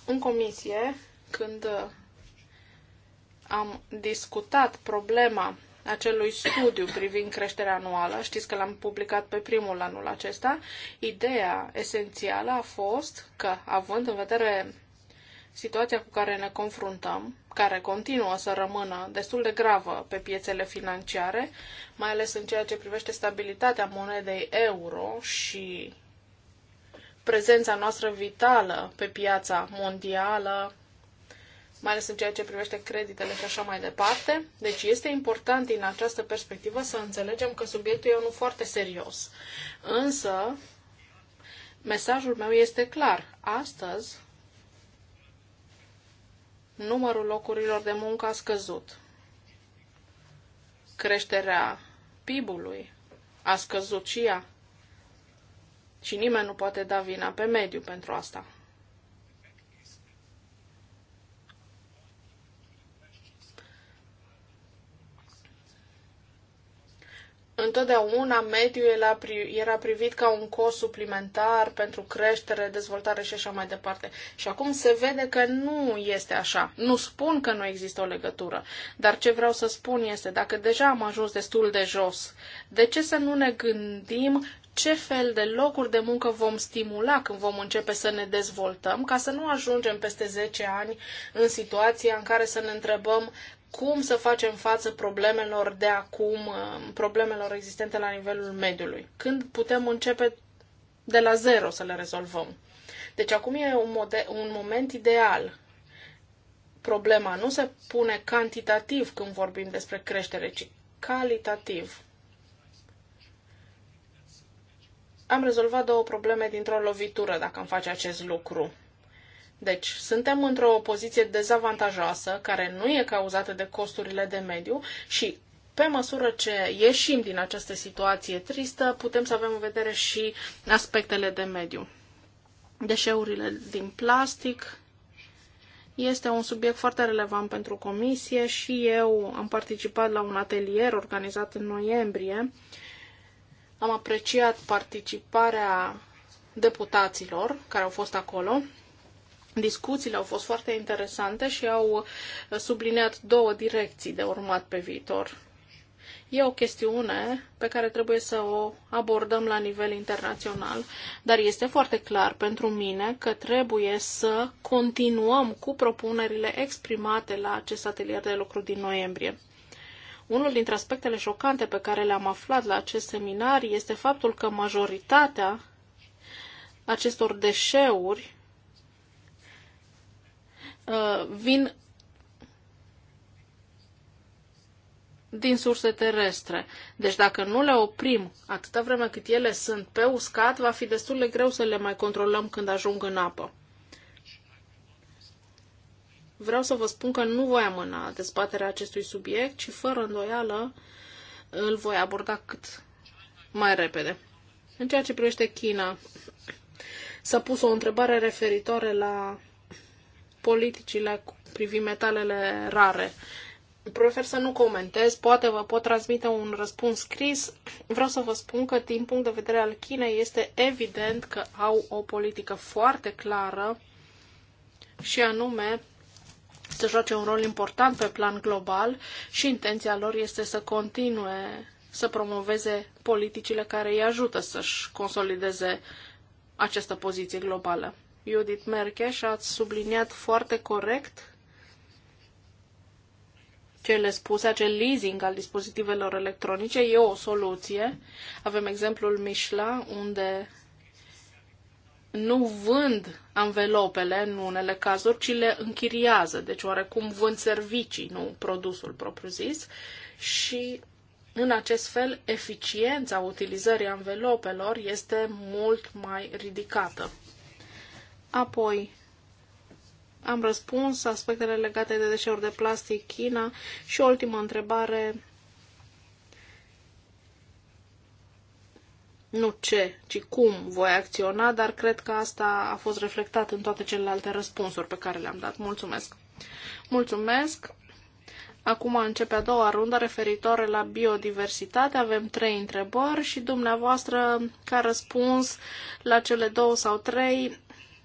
În comisie, când uh, am discutat problema acelui studiu privind creșterea anuală, știți că l-am publicat pe primul anul acesta, ideea esențială a fost că, având în vedere situația cu care ne confruntăm, care continuă să rămână destul de gravă pe piețele financiare, mai ales în ceea ce privește stabilitatea monedei euro și prezența noastră vitală pe piața mondială, mai ales în ceea ce privește creditele și așa mai departe. Deci este important din această perspectivă să înțelegem că subiectul e unul foarte serios. Însă, mesajul meu este clar. Astăzi, numărul locurilor de muncă a scăzut. Creșterea PIB-ului a scăzut și ea. Și nimeni nu poate da vina pe mediu pentru asta. Întotdeauna mediul era privit ca un cost suplimentar pentru creștere, dezvoltare și așa mai departe. Și acum se vede că nu este așa. Nu spun că nu există o legătură, dar ce vreau să spun este, dacă deja am ajuns destul de jos, de ce să nu ne gândim ce fel de locuri de muncă vom stimula când vom începe să ne dezvoltăm, ca să nu ajungem peste 10 ani în situația în care să ne întrebăm cum să facem față problemelor de acum, um, problemelor existente la nivelul mediului, când putem începe de la zero să le rezolvăm. Deci acum e un, mode- un moment ideal. Problema nu se pune cantitativ când vorbim despre creștere, ci calitativ. am rezolvat două probleme dintr-o lovitură dacă am face acest lucru. Deci, suntem într-o poziție dezavantajoasă, care nu e cauzată de costurile de mediu și pe măsură ce ieșim din această situație tristă, putem să avem în vedere și aspectele de mediu. Deșeurile din plastic este un subiect foarte relevant pentru comisie și eu am participat la un atelier organizat în noiembrie am apreciat participarea deputaților care au fost acolo. Discuțiile au fost foarte interesante și au subliniat două direcții de urmat pe viitor. E o chestiune pe care trebuie să o abordăm la nivel internațional, dar este foarte clar pentru mine că trebuie să continuăm cu propunerile exprimate la acest atelier de lucru din noiembrie. Unul dintre aspectele șocante pe care le-am aflat la acest seminar este faptul că majoritatea acestor deșeuri uh, vin din surse terestre. Deci dacă nu le oprim atâta vreme cât ele sunt pe uscat, va fi destul de greu să le mai controlăm când ajung în apă. Vreau să vă spun că nu voi amâna dezbaterea acestui subiect, ci fără îndoială îl voi aborda cât mai repede. În ceea ce privește China, s-a pus o întrebare referitoare la politicile privind metalele rare. Prefer să nu comentez, poate vă pot transmite un răspuns scris. Vreau să vă spun că, din punct de vedere al Chinei, este evident că au o politică foarte clară și anume să joace un rol important pe plan global și intenția lor este să continue să promoveze politicile care îi ajută să-și consolideze această poziție globală. Judith Merkeș a subliniat foarte corect cele spuse, acel leasing al dispozitivelor electronice e o soluție. Avem exemplul Mișla, unde nu vând anvelopele în unele cazuri, ci le închiriază, deci oarecum vând servicii, nu produsul propriu-zis și în acest fel eficiența utilizării anvelopelor este mult mai ridicată. Apoi, am răspuns aspectele legate de deșeuri de plastic China și ultima întrebare nu ce, ci cum voi acționa, dar cred că asta a fost reflectat în toate celelalte răspunsuri pe care le-am dat. Mulțumesc! Mulțumesc! Acum începe a doua rundă referitoare la biodiversitate. Avem trei întrebări și dumneavoastră, ca răspuns la cele două sau trei,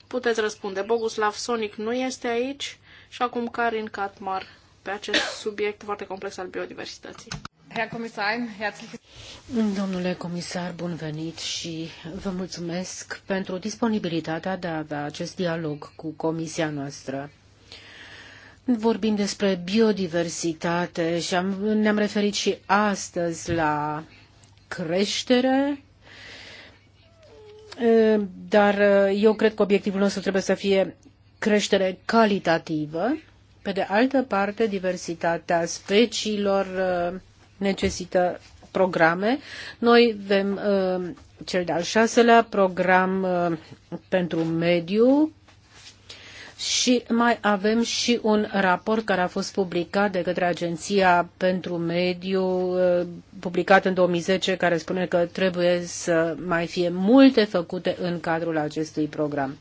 puteți răspunde. Boguslav Sonic nu este aici și acum Karin Katmar pe acest subiect foarte complex al biodiversității. Domnule comisar, bun venit și vă mulțumesc pentru disponibilitatea de a avea acest dialog cu comisia noastră. Vorbim despre biodiversitate și am, ne-am referit și astăzi la creștere, dar eu cred că obiectivul nostru trebuie să fie creștere calitativă. Pe de altă parte, diversitatea speciilor necesită programe. Noi avem uh, cel de-al șaselea program uh, pentru mediu și mai avem și un raport care a fost publicat de către Agenția pentru Mediu, uh, publicat în 2010, care spune că trebuie să mai fie multe făcute în cadrul acestui program.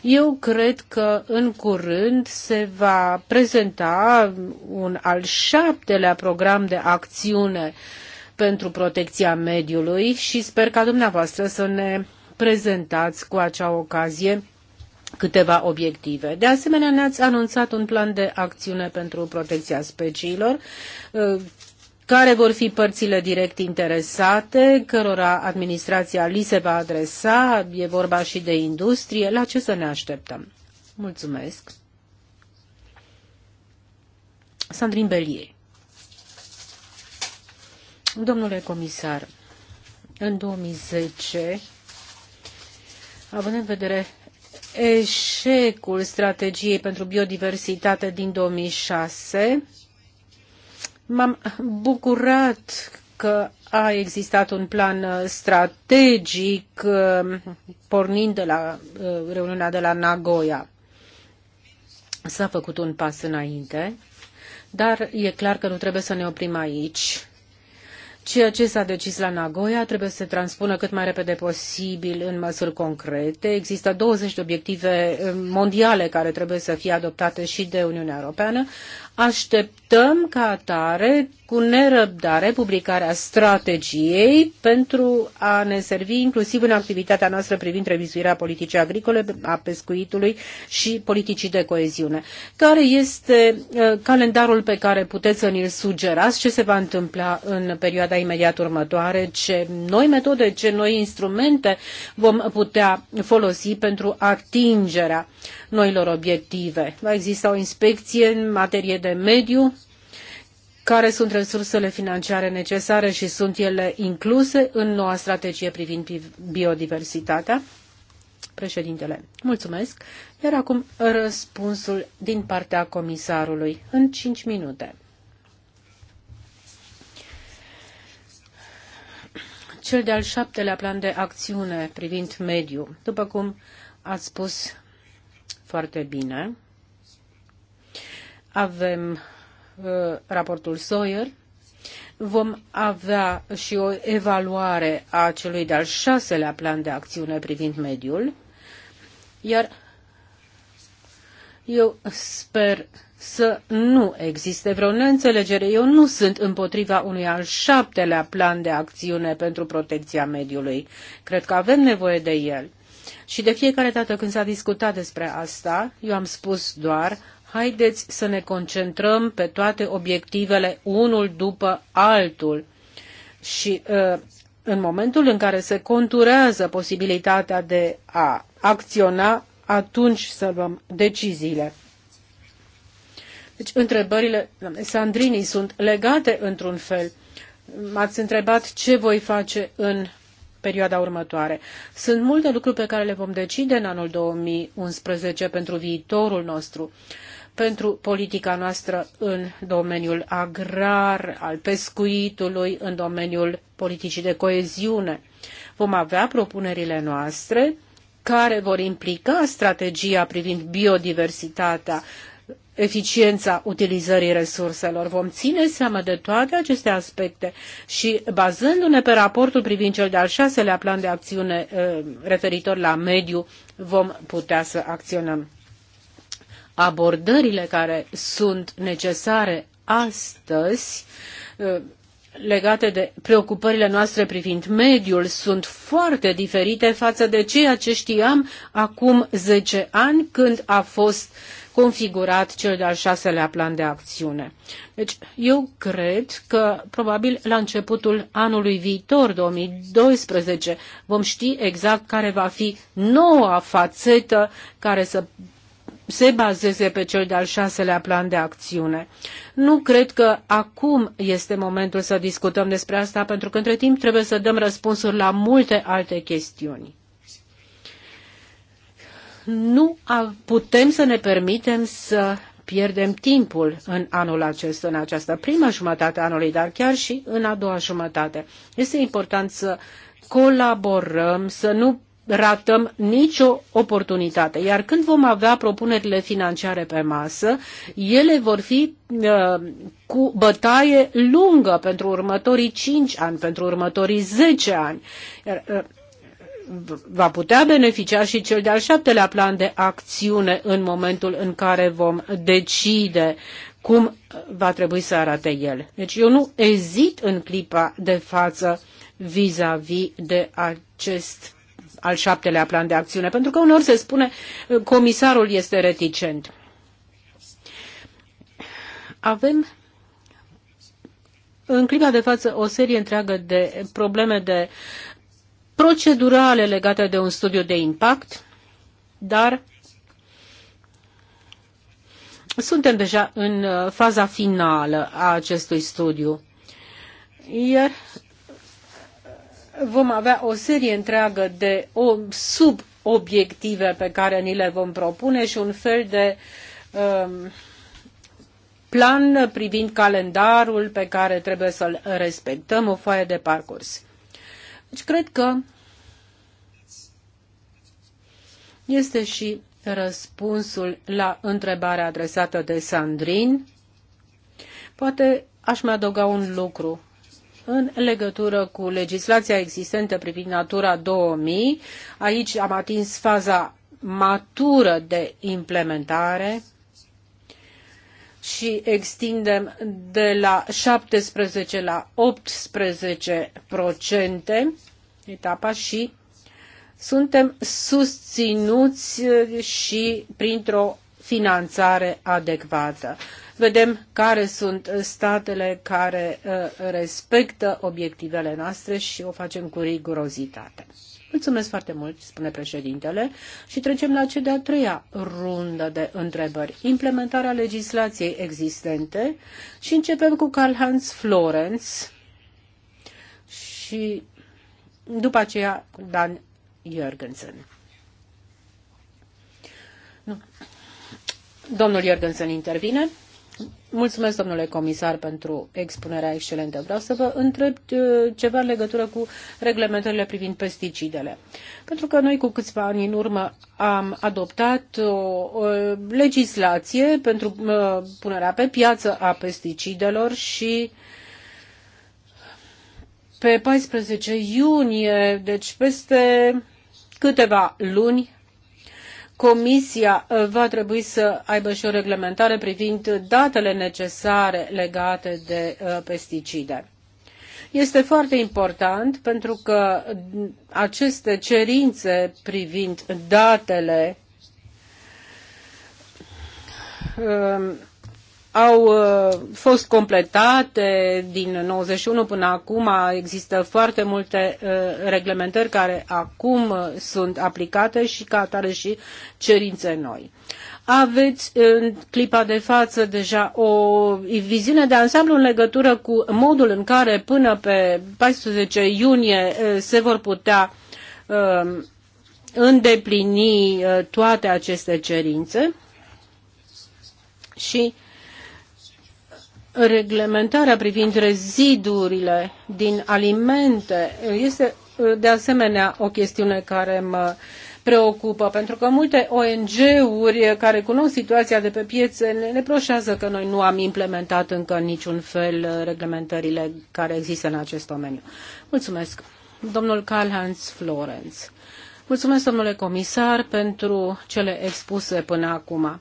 Eu cred că în curând se va prezenta un al șaptelea program de acțiune pentru protecția mediului și sper ca dumneavoastră să ne prezentați cu acea ocazie câteva obiective. De asemenea, ne-ați anunțat un plan de acțiune pentru protecția speciilor, ă, care vor fi părțile direct interesate, cărora administrația li se va adresa, e vorba și de industrie, la ce să ne așteptăm? Mulțumesc. Sandrin Belie. Domnule comisar, în 2010, având în vedere eșecul strategiei pentru biodiversitate din 2006. M-am bucurat că a existat un plan strategic uh, pornind de la uh, reuniunea de la Nagoya. S-a făcut un pas înainte, dar e clar că nu trebuie să ne oprim aici. Ceea ce s-a decis la Nagoya trebuie să se transpună cât mai repede posibil în măsuri concrete. Există 20 de obiective eh, mondiale care trebuie să fie adoptate și de Uniunea Europeană. Așteptăm ca atare cu nerăbdare publicarea strategiei pentru a ne servi inclusiv în activitatea noastră privind revizuirea politicii agricole, a pescuitului și politicii de coeziune. Care este uh, calendarul pe care puteți să ni-l sugerați? Ce se va întâmpla în perioada imediat următoare? Ce noi metode, ce noi instrumente vom putea folosi pentru atingerea noilor obiective? Va exista o inspecție în materie de mediu? care sunt resursele financiare necesare și sunt ele incluse în noua strategie privind biodiversitatea? Președintele, mulțumesc. Iar acum răspunsul din partea comisarului în 5 minute. Cel de-al șaptelea plan de acțiune privind mediu, după cum ați spus foarte bine, avem Uh, raportul Sawyer. Vom avea și o evaluare a celui de-al șaselea plan de acțiune privind mediul, iar eu sper să nu existe vreo neînțelegere. Eu nu sunt împotriva unui al șaptelea plan de acțiune pentru protecția mediului. Cred că avem nevoie de el. Și de fiecare dată când s-a discutat despre asta, eu am spus doar, Haideți să ne concentrăm pe toate obiectivele unul după altul și uh, în momentul în care se conturează posibilitatea de a acționa, atunci să luăm deciziile. Deci, întrebările Sandrinii sunt legate într-un fel. M-ați întrebat ce voi face în perioada următoare. Sunt multe lucruri pe care le vom decide în anul 2011 pentru viitorul nostru pentru politica noastră în domeniul agrar, al pescuitului, în domeniul politicii de coeziune. Vom avea propunerile noastre care vor implica strategia privind biodiversitatea, eficiența utilizării resurselor. Vom ține seama de toate aceste aspecte și bazându-ne pe raportul privind cel de-al șaselea plan de acțiune eh, referitor la mediu, vom putea să acționăm abordările care sunt necesare astăzi uh, legate de preocupările noastre privind mediul sunt foarte diferite față de ceea ce știam acum 10 ani când a fost configurat cel de-al șaselea plan de acțiune. Deci eu cred că probabil la începutul anului viitor, 2012, vom ști exact care va fi noua fațetă care să se bazeze pe cel de-al șaselea plan de acțiune. Nu cred că acum este momentul să discutăm despre asta, pentru că între timp trebuie să dăm răspunsuri la multe alte chestiuni. Nu putem să ne permitem să pierdem timpul în anul acesta, în această primă jumătate a anului, dar chiar și în a doua jumătate. Este important să colaborăm, să nu ratăm nicio oportunitate. Iar când vom avea propunerile financiare pe masă, ele vor fi uh, cu bătaie lungă pentru următorii 5 ani, pentru următorii 10 ani. Iar, uh, va putea beneficia și cel de-al șaptelea plan de acțiune în momentul în care vom decide cum va trebui să arate el. Deci eu nu ezit în clipa de față vis-a-vis -vis de acest al șaptelea plan de acțiune, pentru că uneori se spune uh, comisarul este reticent. Avem în clipa de față o serie întreagă de probleme de procedurale legate de un studiu de impact, dar suntem deja în uh, faza finală a acestui studiu. Iar vom avea o serie întreagă de subobiective pe care ni le vom propune și un fel de um, plan privind calendarul pe care trebuie să-l respectăm, o foaie de parcurs. Deci cred că este și răspunsul la întrebarea adresată de Sandrin. Poate aș mai adăuga un lucru în legătură cu legislația existentă privind Natura 2000. Aici am atins faza matură de implementare și extindem de la 17 la 18 procente etapa și suntem susținuți și printr-o finanțare adecvată vedem care sunt statele care uh, respectă obiectivele noastre și o facem cu rigurozitate. Mulțumesc foarte mult, spune președintele, și trecem la cea de-a treia rundă de întrebări. Implementarea legislației existente și începem cu karl hans Florenz și după aceea Dan Jörgensen. Domnul Jürgensen intervine. Mulțumesc, domnule comisar, pentru expunerea excelentă. Vreau să vă întreb uh, ceva în legătură cu reglementările privind pesticidele. Pentru că noi cu câțiva ani în urmă am adoptat o, o legislație pentru uh, punerea pe piață a pesticidelor și pe 14 iunie, deci peste câteva luni, Comisia uh, va trebui să aibă și o reglementare privind datele necesare legate de uh, pesticide. Este foarte important pentru că mm, aceste cerințe privind datele um, au uh, fost completate din 91 până acum. Există foarte multe uh, reglementări care acum uh, sunt aplicate și ca atare și cerințe noi. Aveți în clipa de față deja o viziune de ansamblu în legătură cu modul în care până pe 14 iunie se vor putea um, îndeplini toate aceste cerințe și uh, reglementarea privind rezidurile din alimente este de asemenea o chestiune care mă preocupă, pentru că multe ONG-uri care cunosc situația de pe piețe ne reproșează că noi nu am implementat încă în niciun fel reglementările care există în acest domeniu. Mulțumesc. Domnul Karl-Heinz Florenz. Mulțumesc, domnule comisar, pentru cele expuse până acum.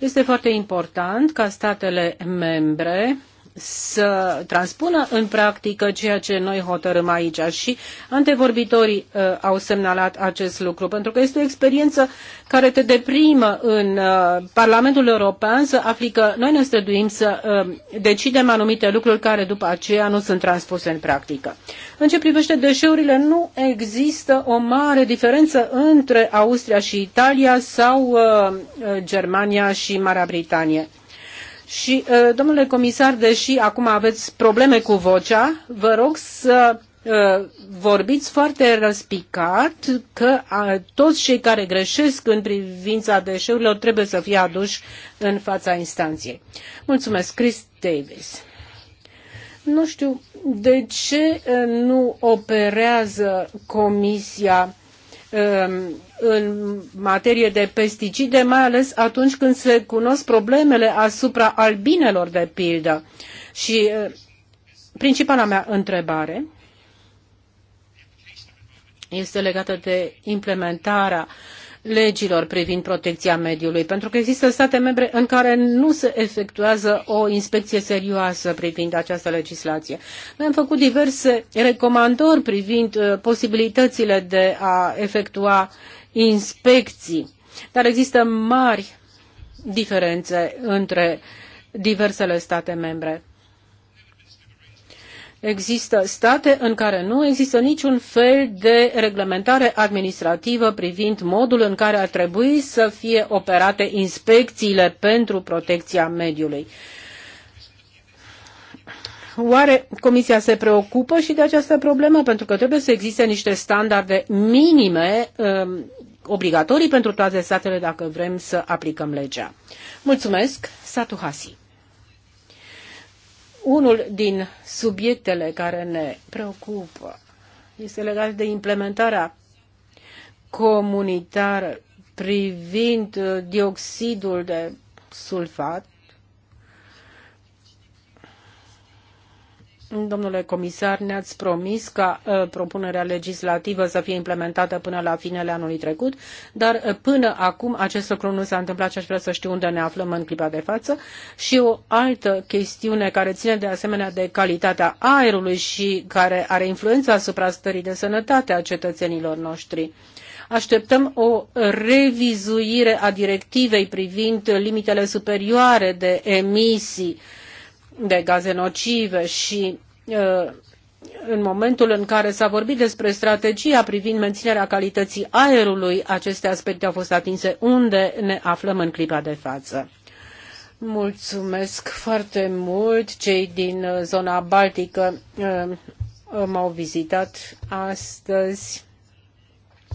Este foarte important ca statele membre să transpună în practică ceea ce noi hotărâm aici și antevorbitorii uh, au semnalat acest lucru, pentru că este o experiență care te deprimă în uh, Parlamentul European să afli că noi ne străduim să uh, decidem anumite lucruri care după aceea nu sunt transpuse în practică. În ce privește deșeurile, nu există o mare diferență între Austria și Italia sau uh, uh Germania și Marea Britanie și, uh, domnule comisar, deși acum aveți probleme cu vocea, vă rog să uh, vorbiți foarte răspicat că uh, toți cei care greșesc în privința deșeurilor trebuie să fie aduși în fața instanței. Mulțumesc, Chris Davis. Nu știu de ce nu operează Comisia Um, în materie de pesticide, mai ales atunci când se cunosc problemele asupra albinelor de pildă. Și uh, principala mea întrebare este legată de implementarea legilor privind protecția mediului, pentru că există state membre în care nu se efectuează o inspecție serioasă privind această legislație. Noi am făcut diverse recomandări privind uh, posibilitățile de a efectua inspecții, dar există mari diferențe între diversele state membre. Există state în care nu există niciun fel de reglementare administrativă privind modul în care ar trebui să fie operate inspecțiile pentru protecția mediului. Oare Comisia se preocupă și de această problemă? Pentru că trebuie să existe niște standarde minime um, obligatorii pentru toate statele dacă vrem să aplicăm legea. Mulțumesc, Satu Hasi unul din subiectele care ne preocupă este legat de implementarea comunitară privind uh, dioxidul de sulfat Domnule comisar, ne-ați promis ca uh, propunerea legislativă să fie implementată până la finele anului trecut, dar uh, până acum acest lucru nu s-a întâmplat și aș vrea să știu unde ne aflăm în clipa de față. Și o altă chestiune care ține de asemenea de calitatea aerului și care are influența asupra stării de sănătate a cetățenilor noștri așteptăm o revizuire a directivei privind limitele superioare de emisii de gaze nocive și uh, în momentul în care s-a vorbit despre strategia privind menținerea calității aerului, aceste aspecte au fost atinse unde ne aflăm în clipa de față. Mulțumesc foarte mult. Cei din uh, zona baltică uh, m-au vizitat astăzi.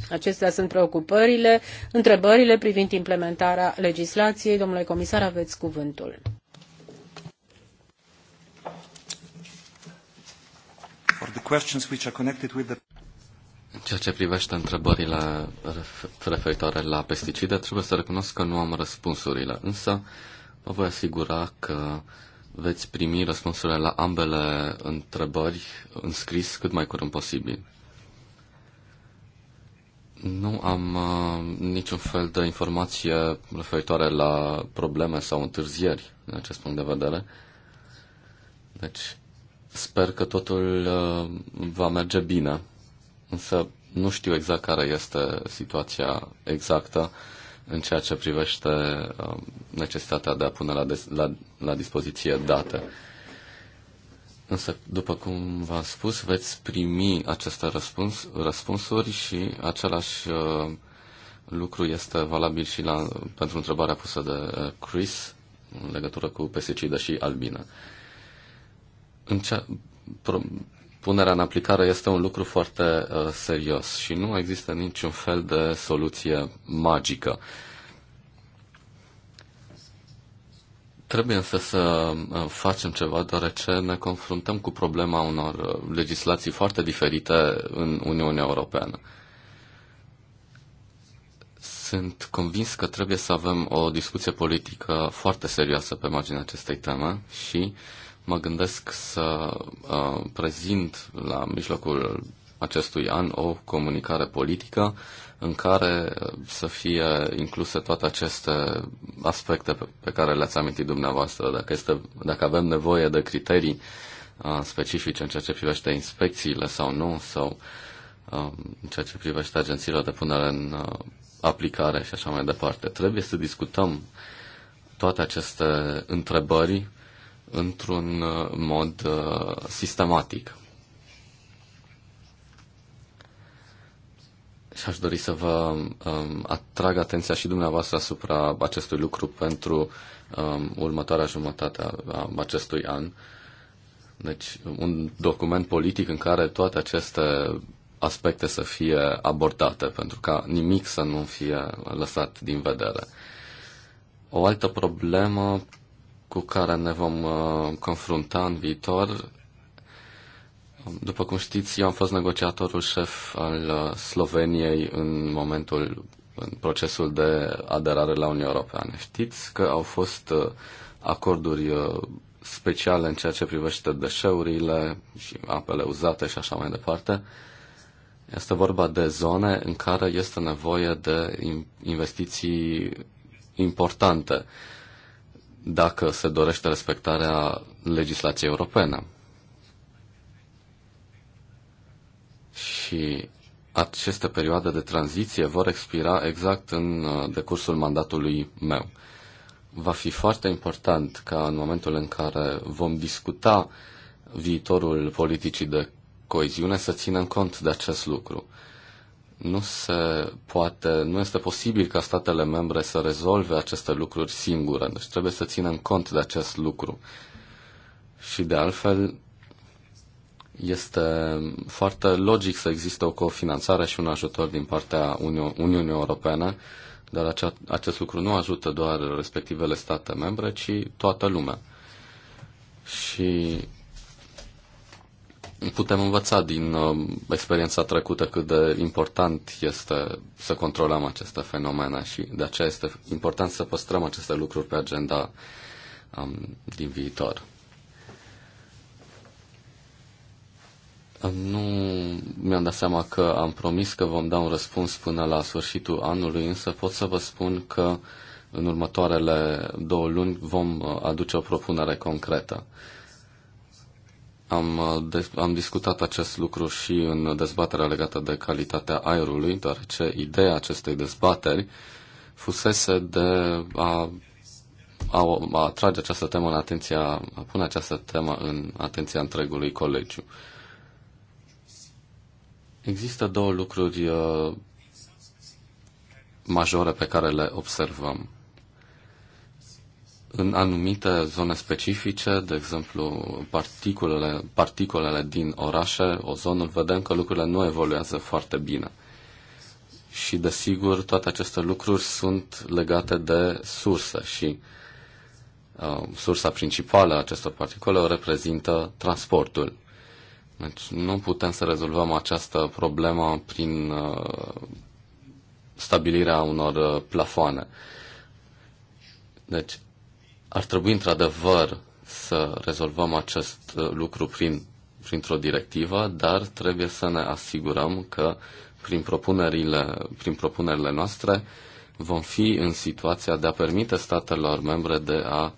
Acestea sunt preocupările, întrebările privind implementarea legislației. Domnule comisar, aveți cuvântul. the questions which are connected with the în ceea ce privește întrebările referitoare la pesticide, trebuie să recunosc că nu am răspunsurile, însă vă voi asigura că veți primi răspunsurile la ambele întrebări în scris cât mai curând posibil. Nu am uh, niciun fel de informație referitoare la probleme sau întârzieri în acest punct de vedere. Deci, Sper că totul uh, va merge bine, însă nu știu exact care este situația exactă în ceea ce privește uh, necesitatea de a pune la, des, la, la dispoziție date. Însă, după cum v-am spus, veți primi aceste răspuns, răspunsuri și același uh, lucru este valabil și la, pentru întrebarea pusă de uh, Chris în legătură cu pesticide și albine în pro, punerea în aplicare este un lucru foarte uh, serios și nu există niciun fel de soluție magică. Trebuie însă să uh, facem ceva, deoarece ne confruntăm cu problema unor uh, legislații foarte diferite în Uniunea Europeană. Sunt convins că trebuie să avem o discuție politică foarte serioasă pe marginea acestei teme și uh, Mă gândesc să uh, prezint la mijlocul acestui an o comunicare politică în care să fie incluse toate aceste aspecte pe care le-ați amintit dumneavoastră. Dacă, este, dacă avem nevoie de criterii uh, specifice în ceea ce privește inspecțiile sau nu, sau uh, în ceea ce privește agențiile de punere în uh, aplicare și așa mai departe, trebuie să discutăm toate aceste întrebări într-un uh, mod uh, sistematic. Și aș dori să vă um, atrag atenția și dumneavoastră asupra acestui lucru pentru um, următoarea jumătate a acestui an. Deci, un document politic în care toate aceste aspecte să fie abordate, pentru ca nimic să nu fie lăsat din vedere. O altă problemă cu care ne vom uh, confrunta în viitor. După cum știți, eu am fost negociatorul șef al uh, Sloveniei în momentul în procesul de aderare la Uniunea Europeană. Știți că au fost uh, acorduri speciale în ceea ce privește deșeurile și apele uzate și așa mai departe. Este vorba de zone în care este nevoie de investiții importante dacă se dorește respectarea legislației europene. Și aceste perioade de tranziție vor expira exact în uh, decursul mandatului meu. Va fi foarte important ca în momentul în care vom discuta viitorul politicii de coeziune să ținem cont de acest lucru nu se poate, nu este posibil ca statele membre să rezolve aceste lucruri singure. Deci trebuie să ținem cont de acest lucru. Și de altfel, este foarte logic să existe o cofinanțare și un ajutor din partea Uni- Uniunii Europene, dar acea, acest lucru nu ajută doar respectivele state membre, ci toată lumea. Și putem învăța din uh, experiența trecută cât de important este să controlăm aceste fenomene și de aceea este important să păstrăm aceste lucruri pe agenda um, din viitor. Nu mi-am dat seama că am promis că vom da un răspuns până la sfârșitul anului, însă pot să vă spun că în următoarele două luni vom uh, aduce o propunere concretă. Am, uh, de- am discutat acest lucru și în dezbaterea legată de calitatea aerului, deoarece ideea acestei dezbateri fusese de a, a, a atrage această temă în atenția, a pune această temă în atenția întregului colegiu. Există două lucruri uh, majore pe care le observăm în anumite zone specifice, de exemplu particulele, particulele din orașe, ozonul, vedem că lucrurile nu evoluează foarte bine. Și, desigur, toate aceste lucruri sunt legate de sursă și uh, sursa principală a acestor particule o reprezintă transportul. Deci nu putem să rezolvăm această problemă prin uh, stabilirea unor uh, plafoane. Deci ar trebui într-adevăr să rezolvăm acest uh, lucru prin, printr-o directivă, dar trebuie să ne asigurăm că prin propunerile, prin propunerile noastre vom fi în situația de a permite statelor membre de a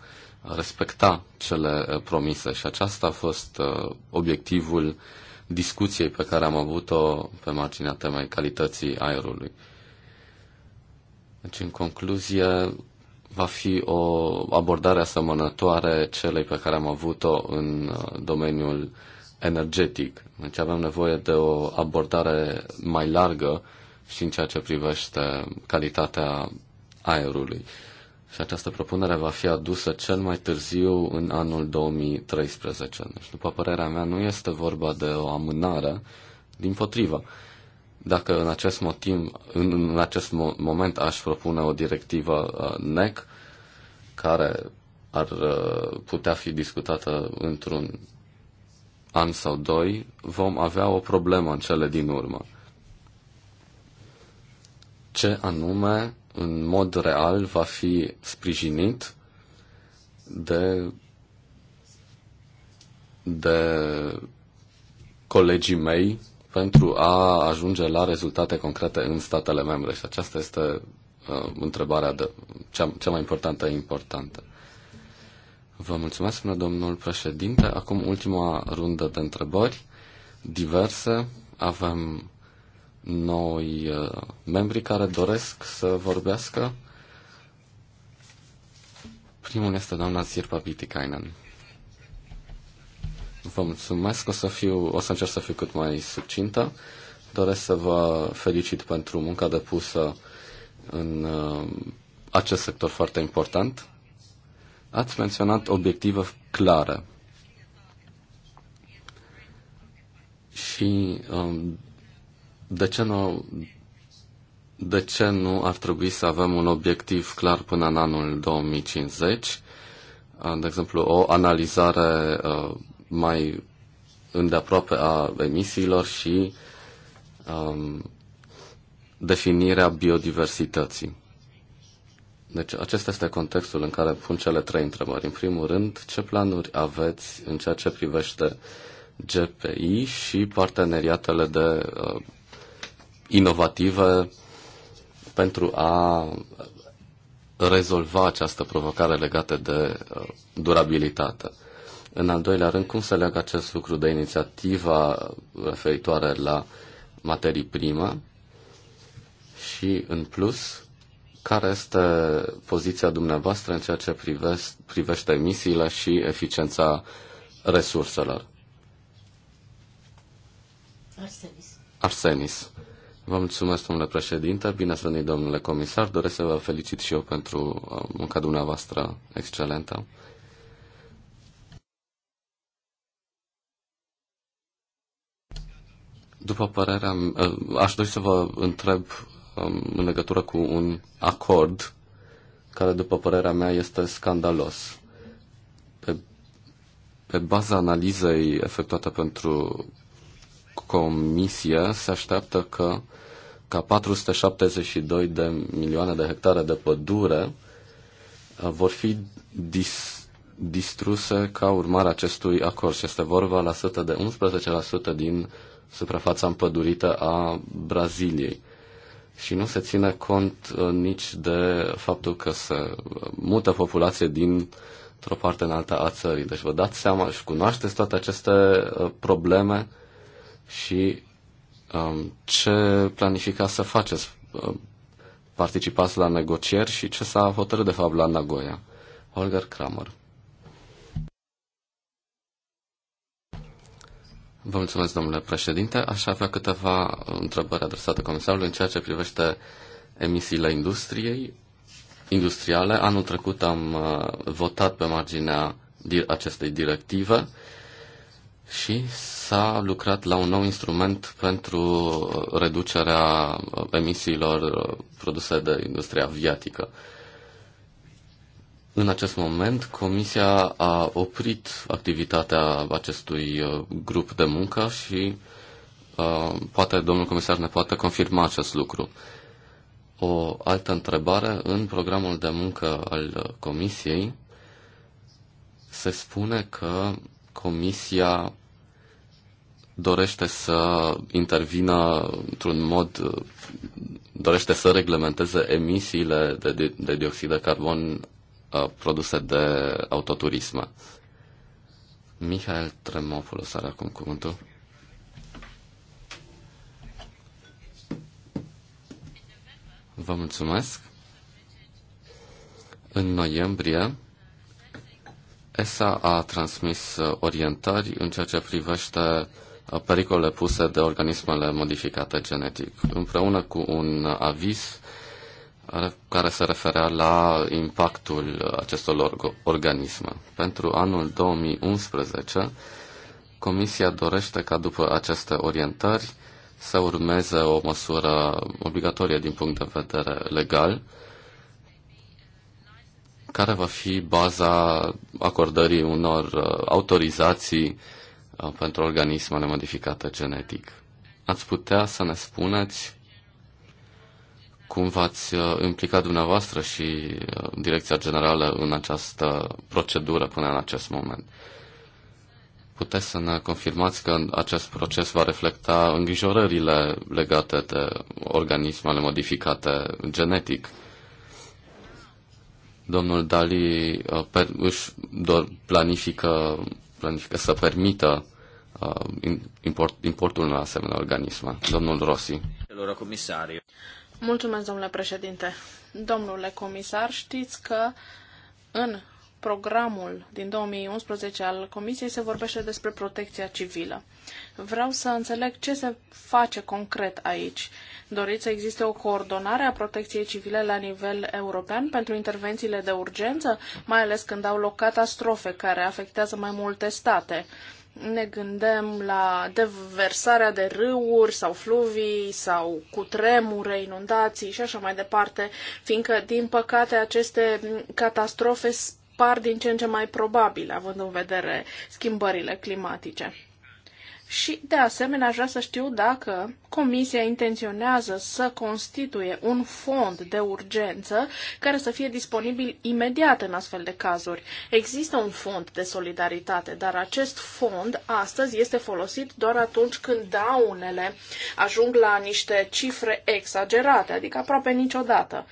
respecta cele uh, promise. Și aceasta a fost uh, obiectivul discuției pe care am avut-o pe marginea temei calității aerului. Deci, în concluzie, va fi o abordare asemănătoare celei pe care am avut-o în uh, domeniul energetic. Deci avem nevoie de o abordare mai largă și în ceea ce privește calitatea aerului. Și această propunere va fi adusă cel mai târziu în anul 2013. Deci, după părerea mea, nu este vorba de o amânare, din potrivă. Dacă în acest, motiv, în acest moment aș propune o directivă uh, NEC care ar uh, putea fi discutată într-un an sau doi, vom avea o problemă în cele din urmă. Ce anume, în mod real, va fi sprijinit de, de colegii mei pentru a ajunge la rezultate concrete în statele membre. Și aceasta este uh, întrebarea de, cea, cea mai importantă importantă. Vă mulțumesc, până domnul președinte. Acum ultima rundă de întrebări diverse. Avem noi uh, membri care doresc să vorbească. Primul este doamna Sirpa Bitikainen. Vă mulțumesc, o să, fiu, o să încerc să fiu cât mai succintă. Doresc să vă felicit pentru munca depusă în uh, acest sector foarte important. Ați menționat obiective clare și um, de ce nu de ce nu ar trebui să avem un obiectiv clar până în anul 2050? Uh, de exemplu, o analizare uh, mai îndeaproape a emisiilor și um, definirea biodiversității. Deci acesta este contextul în care pun cele trei întrebări. În primul rând, ce planuri aveți în ceea ce privește GPI și parteneriatele de uh, inovative pentru a rezolva această provocare legată de uh, durabilitate? În al doilea rând, cum se leagă acest lucru de inițiativa referitoare la materii prime? Și, în plus, care este poziția dumneavoastră în ceea ce privește, privește emisiile și eficiența resurselor? Arsenis. Arsenis. Vă mulțumesc, domnule președinte. Bine ați venit, domnule comisar. Doresc să vă felicit și eu pentru uh, munca dumneavoastră excelentă. După părerea ă, aș dori să vă întreb um, în legătură cu un acord care, după părerea mea, este scandalos. Pe, pe baza analizei efectuate pentru comisie, se așteaptă că ca 472 de milioane de hectare de pădure uh, vor fi dis, distruse ca urmare a acestui acord și este vorba la 100 de 11% din suprafața împădurită a Braziliei. Și nu se ține cont uh, nici de faptul că se uh, mută populație din o parte în alta a țării. Deci vă dați seama și cunoașteți toate aceste uh, probleme și um, ce planificați să faceți? Participați la negocieri și ce s-a hotărât de fapt la Nagoya? Holger Kramer. Vă mulțumesc, domnule președinte. Aș avea câteva întrebări adresate comisarului în ceea ce privește emisiile industriei industriale. Anul trecut am uh, votat pe marginea acestei directive și s-a lucrat la un nou instrument pentru uh, reducerea uh, emisiilor produse de industria aviatică. În acest moment, Comisia a oprit activitatea acestui uh, grup de muncă și uh, poate domnul comisar ne poate confirma acest lucru. O altă întrebare, în programul de muncă al uh, Comisiei se spune că Comisia dorește să intervină într-un mod, uh, dorește să reglementeze emisiile de, de dioxid de carbon Uh, produse de autoturisme. Mihail Tremopoulos are acum cuvântul. Vă mulțumesc. În noiembrie, ESA a transmis uh, orientări în ceea ce privește uh, pericole puse de organismele modificate genetic. Împreună cu un aviz care se referea la impactul acestor organisme. Pentru anul 2011, Comisia dorește ca după aceste orientări să urmeze o măsură obligatorie din punct de vedere legal, care va fi baza acordării unor uh, autorizații uh, pentru organismele modificate genetic. Ați putea să ne spuneți cum v-ați uh, implicat dumneavoastră și uh, Direcția Generală în această procedură până în acest moment. Puteți să ne confirmați că acest proces va reflecta îngrijorările legate de organismele modificate genetic? Domnul Dali uh, își planifică, planifică să permită import, importul unor asemenea organisme. Domnul Rossi. Comisariu. Mulțumesc, domnule președinte. Domnule comisar, știți că în programul din 2011 al Comisiei se vorbește despre protecția civilă. Vreau să înțeleg ce se face concret aici. Doriți să existe o coordonare a protecției civile la nivel european pentru intervențiile de urgență, mai ales când au loc catastrofe care afectează mai multe state ne gândim la deversarea de râuri sau fluvii sau cutremure, inundații și așa mai departe, fiindcă, din păcate, aceste catastrofe par din ce în ce mai probabile, având în vedere schimbările climatice. Și, de asemenea, aș vrea să știu dacă Comisia intenționează să constituie un fond de urgență care să fie disponibil imediat în astfel de cazuri. Există un fond de solidaritate, dar acest fond astăzi este folosit doar atunci când daunele ajung la niște cifre exagerate, adică aproape niciodată.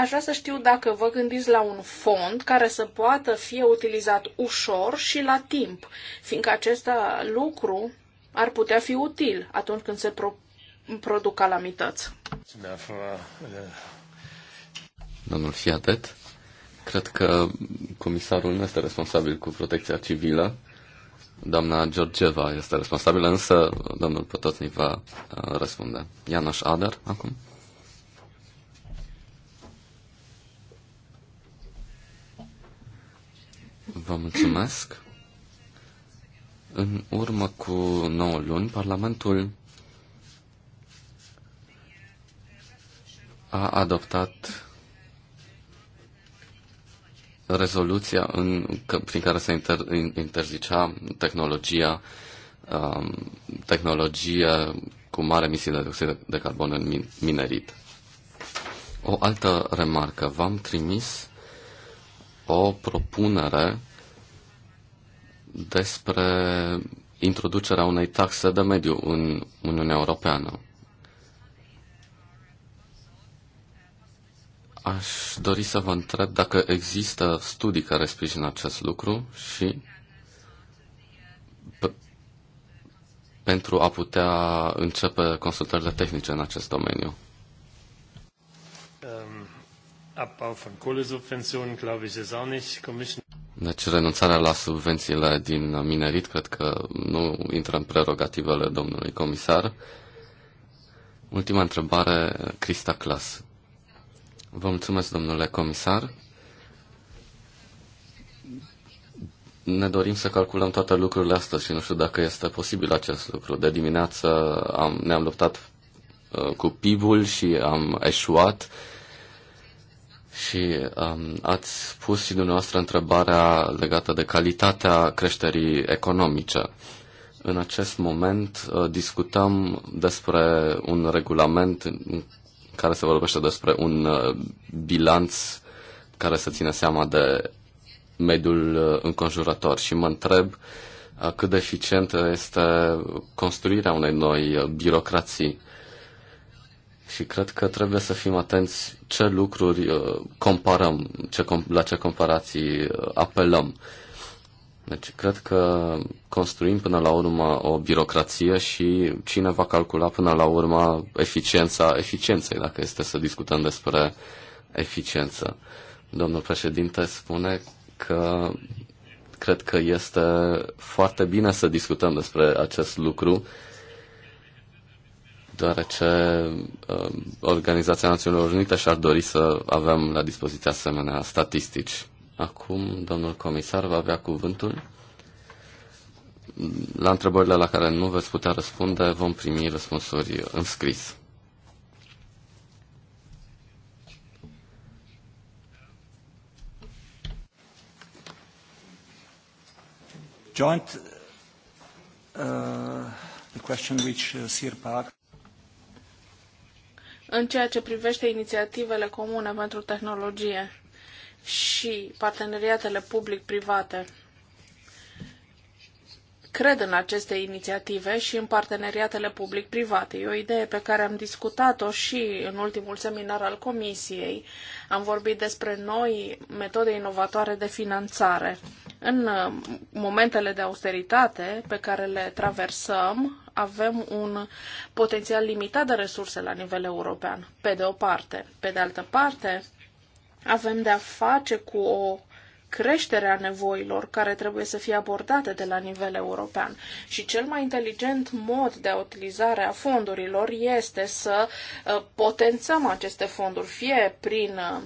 Aș vrea să știu dacă vă gândiți la un fond care să poată fi utilizat ușor și la timp, fiindcă acest lucru ar putea fi util atunci când se pro- produc calamități. Domnul Fiatet, cred că comisarul nu este responsabil cu protecția civilă. Doamna Georgieva este responsabilă, însă domnul Pototni va uh, răspunde. Ianoș Adar, acum. Vă mulțumesc. În urmă cu 9 luni, Parlamentul a adoptat rezoluția în, prin care se inter, interzicea tehnologia, um, tehnologia cu mare emisie de dioxid de carbon în minerit. O altă remarcă. V-am trimis o propunere despre introducerea unei taxe de mediu în Uniunea Europeană. Aș dori să vă întreb dacă există studii care sprijină acest lucru și pentru a putea începe consultările tehnice în acest domeniu. Um, abbau von Kohlesubventionen, glaube ich, ist auch nicht. Commission deci renunțarea la subvențiile din minerit cred că nu intră în prerogativele domnului comisar. Ultima întrebare, Crista Clas. Vă mulțumesc, domnule comisar. ne dorim să calculăm toate lucrurile astăzi și nu știu dacă este posibil acest lucru. De dimineață am, ne-am luptat uh, cu PIB-ul și am eșuat. Și um, ați pus și dumneavoastră întrebarea legată de calitatea creșterii economice. În acest moment uh, discutăm despre un regulament în care se vorbește despre un uh, bilanț care să țină seama de mediul uh, înconjurător și mă întreb uh, cât de eficientă este construirea unei noi uh, birocrații și cred că trebuie să fim atenți ce lucruri uh, comparăm, ce, la ce comparații uh, apelăm. Deci cred că construim până la urmă o birocrație și cine va calcula până la urmă eficiența eficienței, dacă este să discutăm despre eficiență. Domnul președinte spune că cred că este foarte bine să discutăm despre acest lucru deoarece um, Organizația Națiunilor Unite și-ar dori să avem la dispoziție asemenea statistici. Acum, domnul comisar va avea cuvântul. La întrebările la care nu veți putea răspunde, vom primi răspunsuri în scris. Joint uh, the question which uh, Sir Park în ceea ce privește inițiativele comune pentru tehnologie și parteneriatele public-private. Cred în aceste inițiative și în parteneriatele public-private. E o idee pe care am discutat-o și în ultimul seminar al Comisiei. Am vorbit despre noi metode inovatoare de finanțare. În uh, momentele de austeritate pe care le traversăm, avem un potențial limitat de resurse la nivel european, pe de o parte. Pe de altă parte, avem de a face cu o creșterea nevoilor care trebuie să fie abordate de la nivel european. Și cel mai inteligent mod de utilizare a fondurilor este să uh, potențăm aceste fonduri, fie prin uh,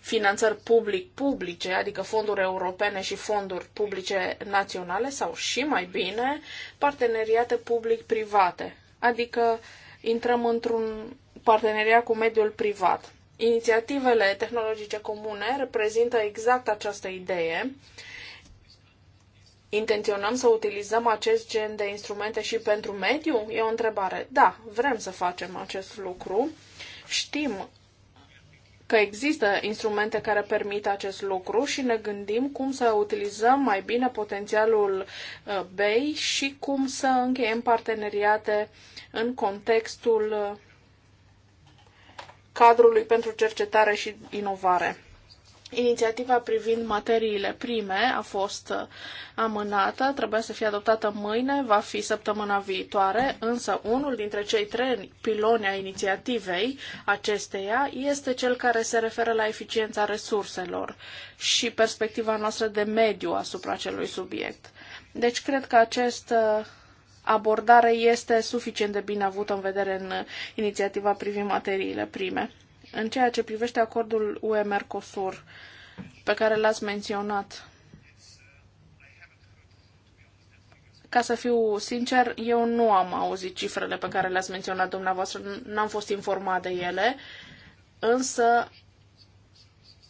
finanțări public-publice, adică fonduri europene și fonduri publice naționale sau și mai bine parteneriate public-private, adică intrăm într-un parteneriat cu mediul privat. Inițiativele tehnologice comune reprezintă exact această idee. Intenționăm să utilizăm acest gen de instrumente și pentru mediu? E o întrebare. Da, vrem să facem acest lucru. Știm că există instrumente care permit acest lucru și ne gândim cum să utilizăm mai bine potențialul uh, BEI și cum să încheiem parteneriate în contextul uh, cadrului pentru cercetare și inovare. Inițiativa privind materiile prime a fost uh, amânată, trebuia să fie adoptată mâine, va fi săptămâna viitoare, însă unul dintre cei trei piloni a inițiativei acesteia este cel care se referă la eficiența resurselor și perspectiva noastră de mediu asupra acelui subiect. Deci cred că acest abordare este suficient de bine avută în vedere în uh, inițiativa privind materiile prime. În ceea ce privește acordul UE-Mercosur pe care l-ați menționat, ca să fiu sincer, eu nu am auzit cifrele pe care le-ați menționat dumneavoastră, n-am fost informat de ele, însă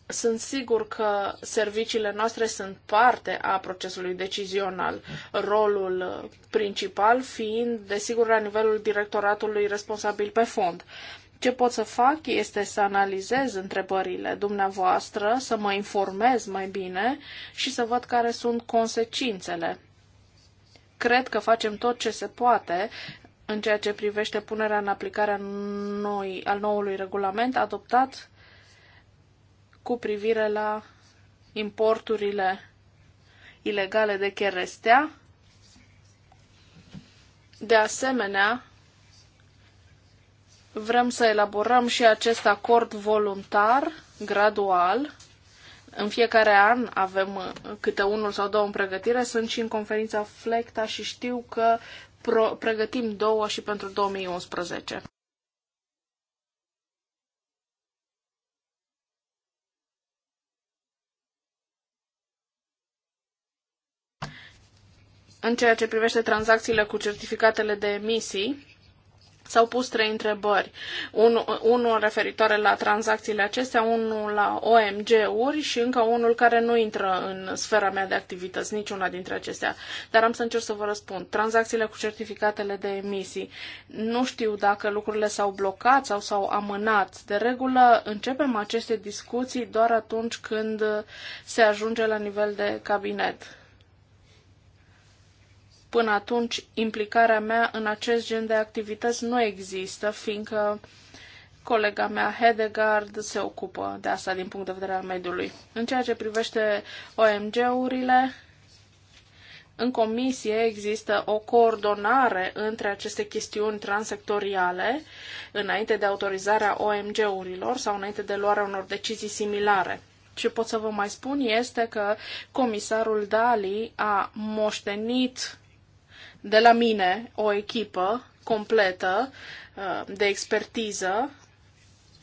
sunt sigur că serviciile noastre sunt parte a procesului decizional, rolul principal fiind, desigur, la nivelul directoratului responsabil pe fond. Ce pot să fac este să analizez întrebările dumneavoastră, să mă informez mai bine și să văd care sunt consecințele. Cred că facem tot ce se poate în ceea ce privește punerea în aplicare noi, al noului regulament adoptat cu privire la importurile ilegale de cherestea. De asemenea, Vrem să elaborăm și acest acord voluntar, gradual. În fiecare an avem uh, câte unul sau două în pregătire. Sunt și în conferința Flecta și știu că pregătim două și pentru 2011. În ceea ce privește tranzacțiile cu certificatele de emisii, S-au pus trei întrebări, unul unu referitoare la tranzacțiile acestea, unul la OMG-uri și încă unul care nu intră în sfera mea de activități, niciuna dintre acestea. Dar am să încerc să vă răspund. Tranzacțiile cu certificatele de emisii. Nu știu dacă lucrurile s-au blocat sau s-au amânat. De regulă începem aceste discuții doar atunci când se ajunge la nivel de cabinet Până atunci, implicarea mea în acest gen de activități nu există, fiindcă colega mea Hedegaard se ocupă de asta din punct de vedere al mediului. În ceea ce privește OMG-urile, în comisie există o coordonare între aceste chestiuni transectoriale înainte de autorizarea OMG-urilor sau înainte de luarea unor decizii similare. Ce pot să vă mai spun este că comisarul Dali a moștenit de la mine o echipă completă uh, de expertiză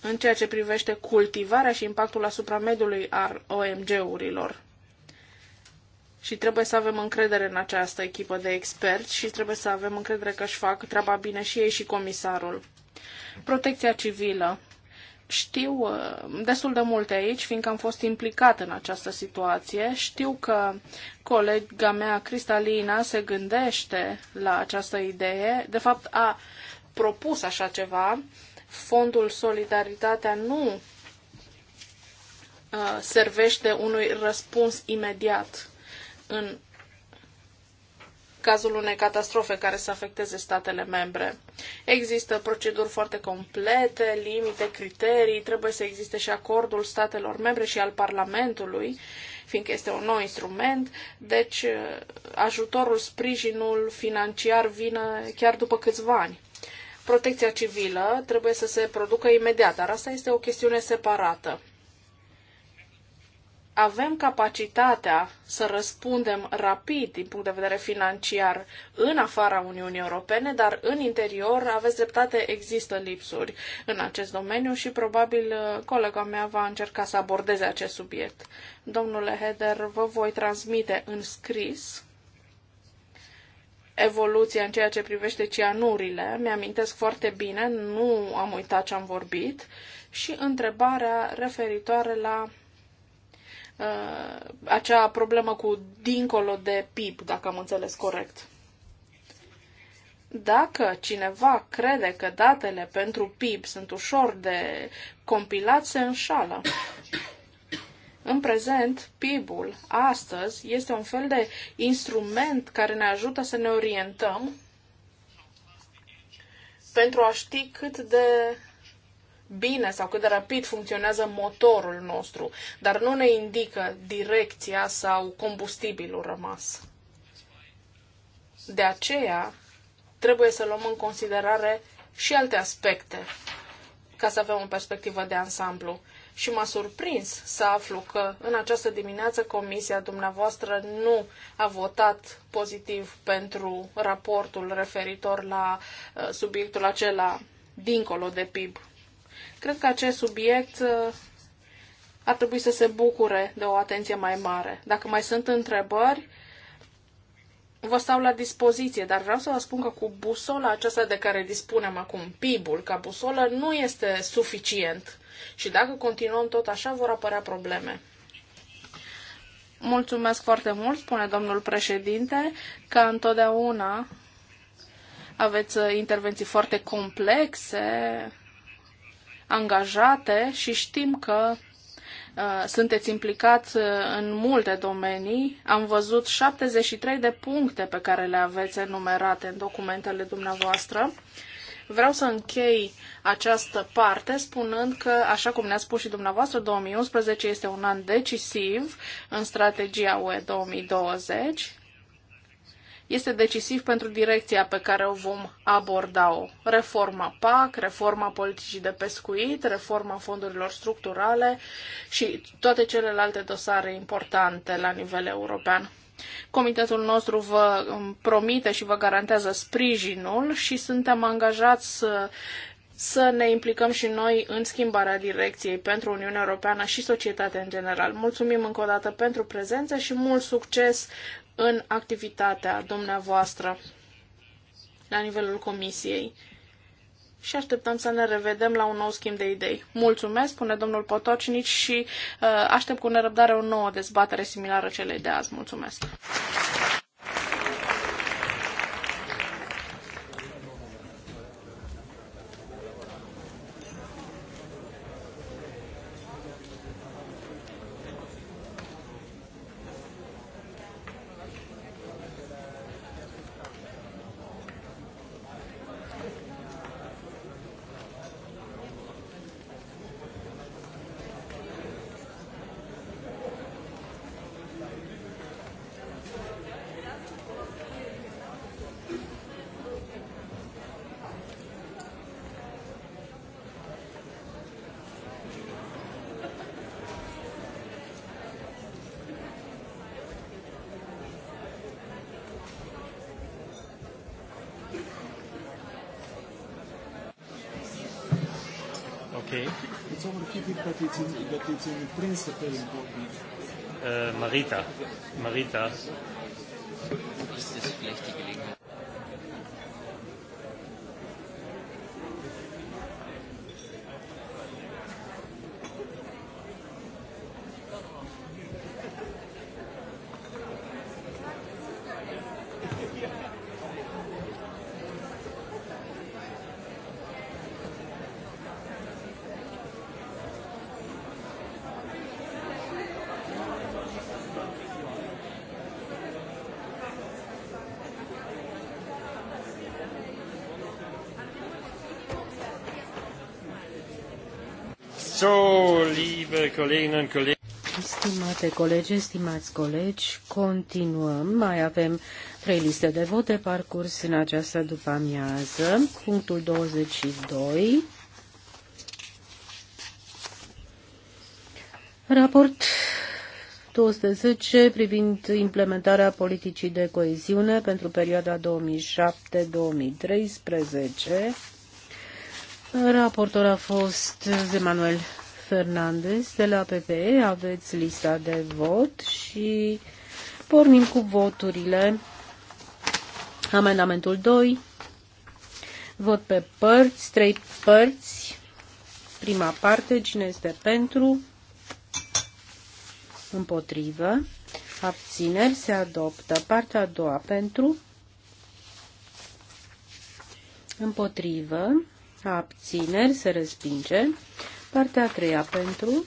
în ceea ce privește cultivarea și impactul asupra mediului al OMG-urilor. Și trebuie să avem încredere în această echipă de experți și trebuie să avem încredere că își fac treaba bine și ei și comisarul. Protecția civilă. Știu uh, destul de multe aici, fiindcă am fost implicat în această situație. Știu că colega mea, Cristalina, se gândește la această idee. De fapt, a propus așa ceva. Fondul Solidaritatea nu uh, servește unui răspuns imediat în cazul unei catastrofe care să afecteze statele membre. Există proceduri foarte complete, limite, criterii, trebuie să existe și acordul statelor membre și al Parlamentului, fiindcă este un nou instrument, deci ajutorul, sprijinul financiar vine chiar după câțiva ani protecția civilă trebuie să se producă imediat, dar asta este o chestiune separată avem capacitatea să răspundem rapid din punct de vedere financiar în afara Uniunii Europene, dar în interior, aveți dreptate, există lipsuri în acest domeniu și probabil uh, colega mea va încerca să abordeze acest subiect. Domnule Heder, vă voi transmite în scris evoluția în ceea ce privește cianurile. Mi-amintesc foarte bine, nu am uitat ce am vorbit și întrebarea referitoare la uh, acea problemă cu dincolo de PIB, dacă am înțeles corect. Dacă cineva crede că datele pentru PIB sunt ușor de compilat, se înșală. În prezent, PIB-ul astăzi este un fel de instrument care ne ajută să ne orientăm pentru a ști cât de bine sau cât de rapid funcționează motorul nostru, dar nu ne indică direcția sau combustibilul rămas. De aceea, trebuie să luăm în considerare și alte aspecte ca să avem o perspectivă de ansamblu. Și m-a surprins să aflu că în această dimineață comisia dumneavoastră nu a votat pozitiv pentru raportul referitor la uh, subiectul acela dincolo de PIB. Cred că acest subiect uh, ar trebui să se bucure de o atenție mai mare. Dacă mai sunt întrebări, vă stau la dispoziție, dar vreau să vă spun că cu busola aceasta de care dispunem acum, PIB-ul ca busolă, nu este suficient. Și dacă continuăm tot așa, vor apărea probleme. Mulțumesc foarte mult, spune domnul președinte, că întotdeauna aveți uh, intervenții foarte complexe, angajate și știm că uh, sunteți implicați uh, în multe domenii. Am văzut 73 de puncte pe care le aveți enumerate în documentele dumneavoastră. Vreau să închei această parte spunând că, așa cum ne-a spus și dumneavoastră, 2011 este un an decisiv în strategia UE 2020 este decisiv pentru direcția pe care o vom aborda-o. Reforma PAC, reforma politicii de pescuit, reforma fondurilor structurale și toate celelalte dosare importante la nivel european. Comitetul nostru vă promite și vă garantează sprijinul și suntem angajați să, să ne implicăm și noi în schimbarea direcției pentru Uniunea Europeană și societatea în general. Mulțumim încă o dată pentru prezență și mult succes în activitatea dumneavoastră la nivelul comisiei și așteptăm să ne revedem la un nou schimb de idei. Mulțumesc, spune domnul Potocnic și uh, aștept cu nerăbdare o nouă dezbatere similară celei de azi. Mulțumesc! Marita, Marita. Ist das vielleicht die Gelegenheit? So, liebe Kolleginnen und Kollegen. Stimate colegi, stimați colegi, continuăm. Mai avem trei liste de vot de parcurs în această după-amiază. Punctul 22. Raport 210 privind implementarea politicii de coeziune pentru perioada 2007-2013. Raportor a fost Emanuel Fernandez de la PPE. Aveți lista de vot și pornim cu voturile. Amendamentul 2. Vot pe părți, trei părți. Prima parte, cine este pentru? Împotrivă. Abțineri se adoptă. Partea a doua pentru. Împotrivă abțineri, se respinge. Partea a treia pentru,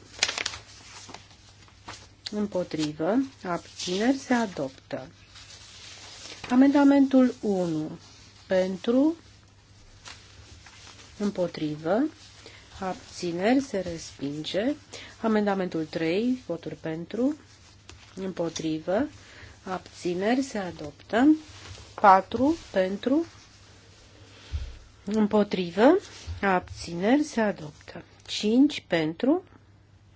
împotrivă, abțineri, se adoptă. Amendamentul 1 pentru, împotrivă, abțineri, se respinge. Amendamentul 3, voturi pentru, împotrivă, abțineri, se adoptă. 4 pentru, împotrivă, abțineri se adoptă. 5 pentru,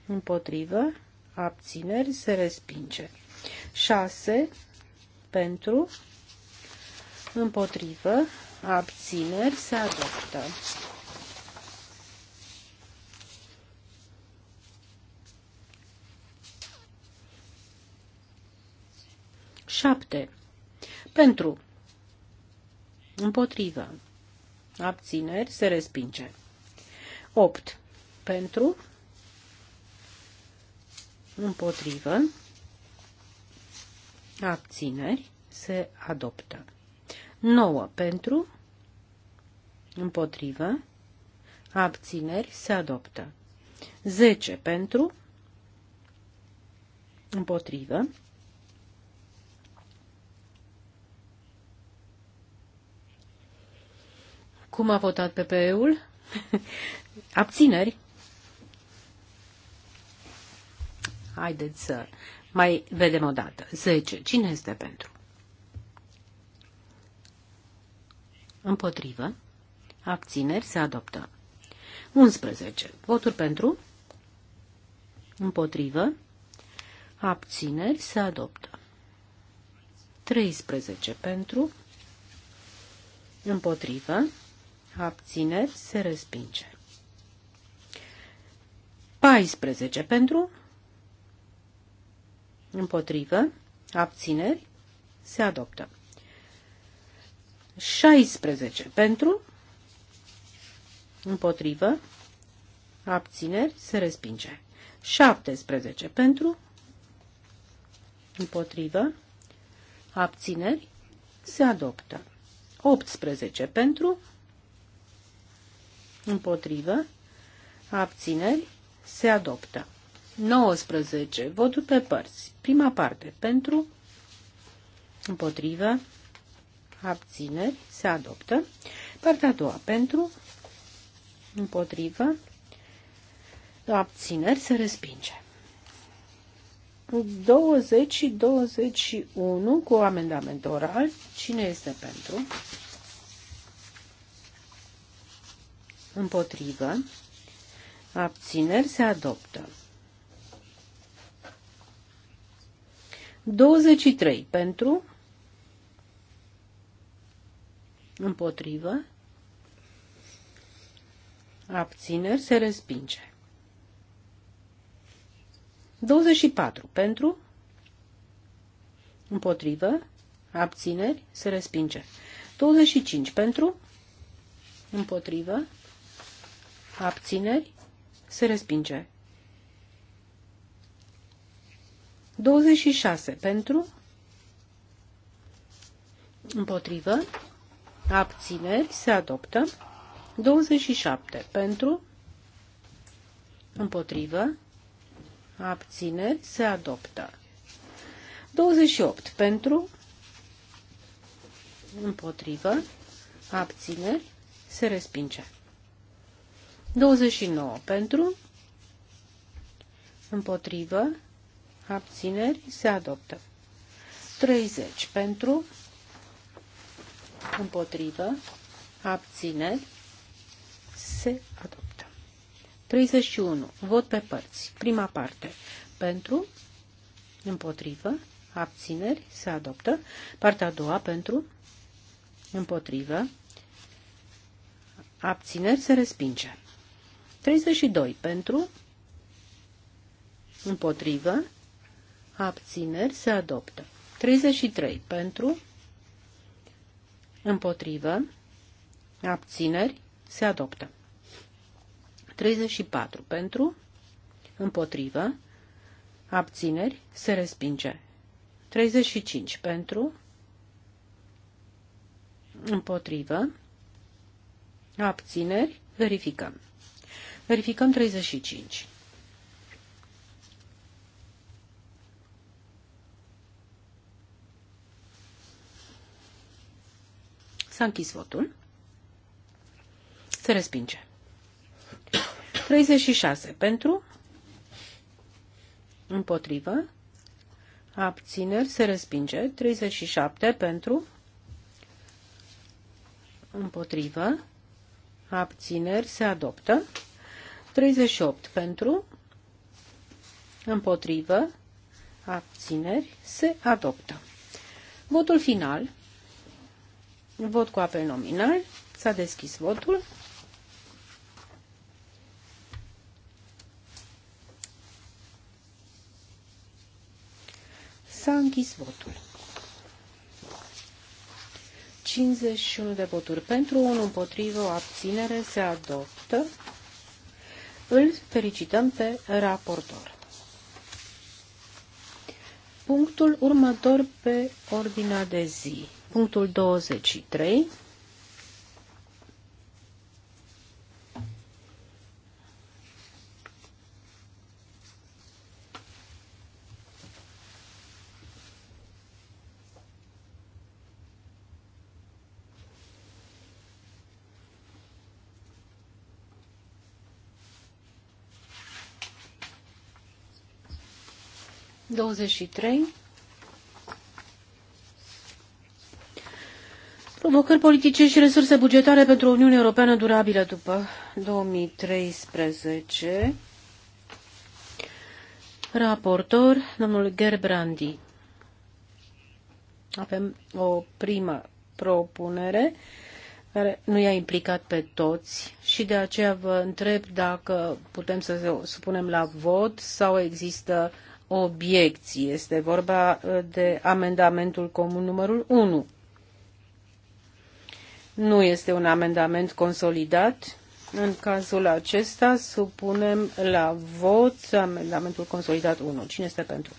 împotrivă, abțineri se respinge. 6 pentru, împotrivă, abțineri se adoptă. Șapte. Pentru. Împotrivă abțineri, se respinge. 8 pentru, împotrivă, abțineri, se adoptă. 9 pentru, împotrivă, abțineri, se adoptă. 10 pentru, împotrivă, Cum a votat PPE-ul? Abțineri? Haideți să mai vedem o dată. 10. Cine este pentru? Împotrivă. Abțineri se adoptă. 11. Voturi pentru? Împotrivă. Abțineri se adoptă. 13 pentru. Împotrivă abțineri, se respinge. 14 pentru, împotrivă, abțineri, se adoptă. 16 pentru, împotrivă, abțineri, se respinge. 17 pentru, împotrivă, abțineri, se adoptă. 18 pentru, Împotrivă. Abțineri. Se adoptă. 19. votul pe părți. Prima parte. Pentru. Împotrivă. Abțineri. Se adoptă. Partea a doua. Pentru. Împotrivă. Abțineri. Se respinge. 20 și 21 cu amendament oral. Cine este pentru? împotrivă, abțineri se adoptă. 23 pentru, împotrivă, abțineri se respinge. 24 pentru, împotrivă, abțineri se respinge. 25 pentru, împotrivă, Abțineri? Se respinge. 26 pentru, împotrivă, abțineri, se adoptă. 27 pentru, împotrivă, abțineri, se adoptă. 28 pentru, împotrivă, abțineri, se respinge. 29 pentru, împotrivă, abțineri, se adoptă. 30 pentru, împotrivă, abțineri, se adoptă. 31. Vot pe părți. Prima parte. Pentru, împotrivă, abțineri, se adoptă. Partea a doua pentru, împotrivă, abțineri, se respinge. 32 pentru, împotrivă, abțineri, se adoptă. 33 pentru, împotrivă, abțineri, se adoptă. 34 pentru, împotrivă, abțineri, se respinge. 35 pentru, împotrivă, abțineri, verificăm. Verificăm 35. S-a închis votul. Se respinge. 36 pentru, împotrivă, abțineri, se respinge. 37 pentru, împotrivă, abțineri, se adoptă. 38 pentru, împotrivă, abțineri, se adoptă. Votul final, vot cu apel nominal, s-a deschis votul. S-a închis votul. 51 de voturi pentru, 1 împotrivă, o abținere, se adoptă. Îl felicităm pe raportor. Punctul următor pe ordinea de zi. Punctul 23 23. Provocări politice și resurse bugetare pentru o Uniune Europeană durabilă după 2013. Raportor, domnul Gerbrandi. Avem o primă propunere care nu i-a implicat pe toți și de aceea vă întreb dacă putem să o supunem la vot sau există uh, obiecții. Este vorba uh, de amendamentul comun numărul 1. Nu este un amendament consolidat. În cazul acesta supunem la vot amendamentul consolidat 1. Cine este pentru?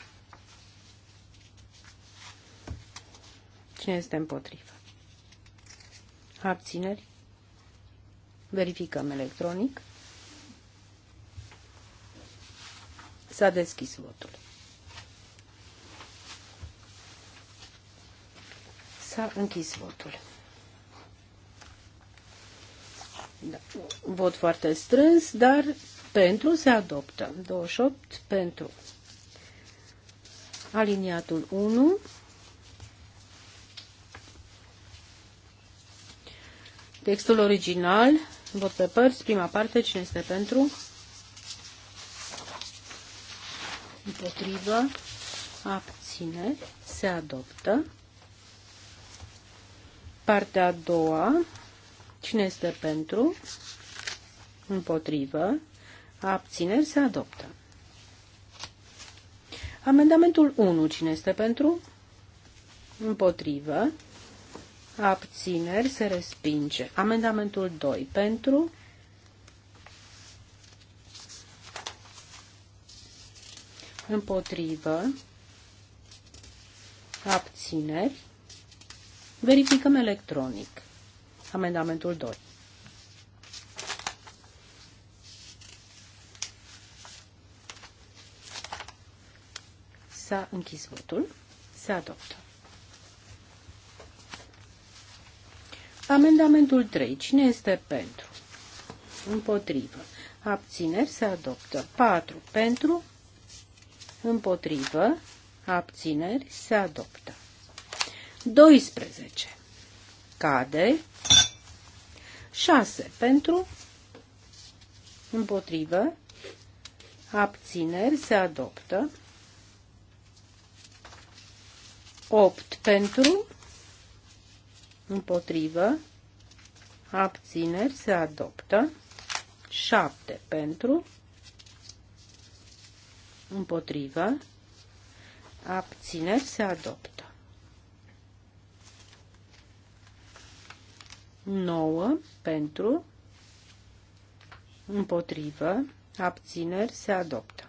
Cine este împotrivă? Abțineri? Verificăm electronic. S-a deschis votul. S-a închis votul. Da. Vot foarte strâns, dar pentru se adoptă. 28 pentru. Aliniatul 1. Textul original, vot pe părți, prima parte, cine este pentru? împotrivă, abține, se adoptă. Partea a doua, cine este pentru, împotrivă, abțineri, se adoptă. Amendamentul 1, cine este pentru, împotrivă, abțineri, se respinge. Amendamentul 2, pentru, împotrivă, abțineri, verificăm electronic. Amendamentul 2. S-a închis votul. Se adoptă. Amendamentul 3. Cine este pentru? Împotrivă. Abțineri se adoptă. 4. Pentru împotrivă, abțineri, se adoptă. 12. Cade. 6. Pentru, împotrivă, abțineri, se adoptă. 8 pentru, împotrivă, abțineri, se adoptă, 7 pentru, împotrivă, abțineri, se adoptă. 9 pentru, împotrivă, abțineri, se adoptă.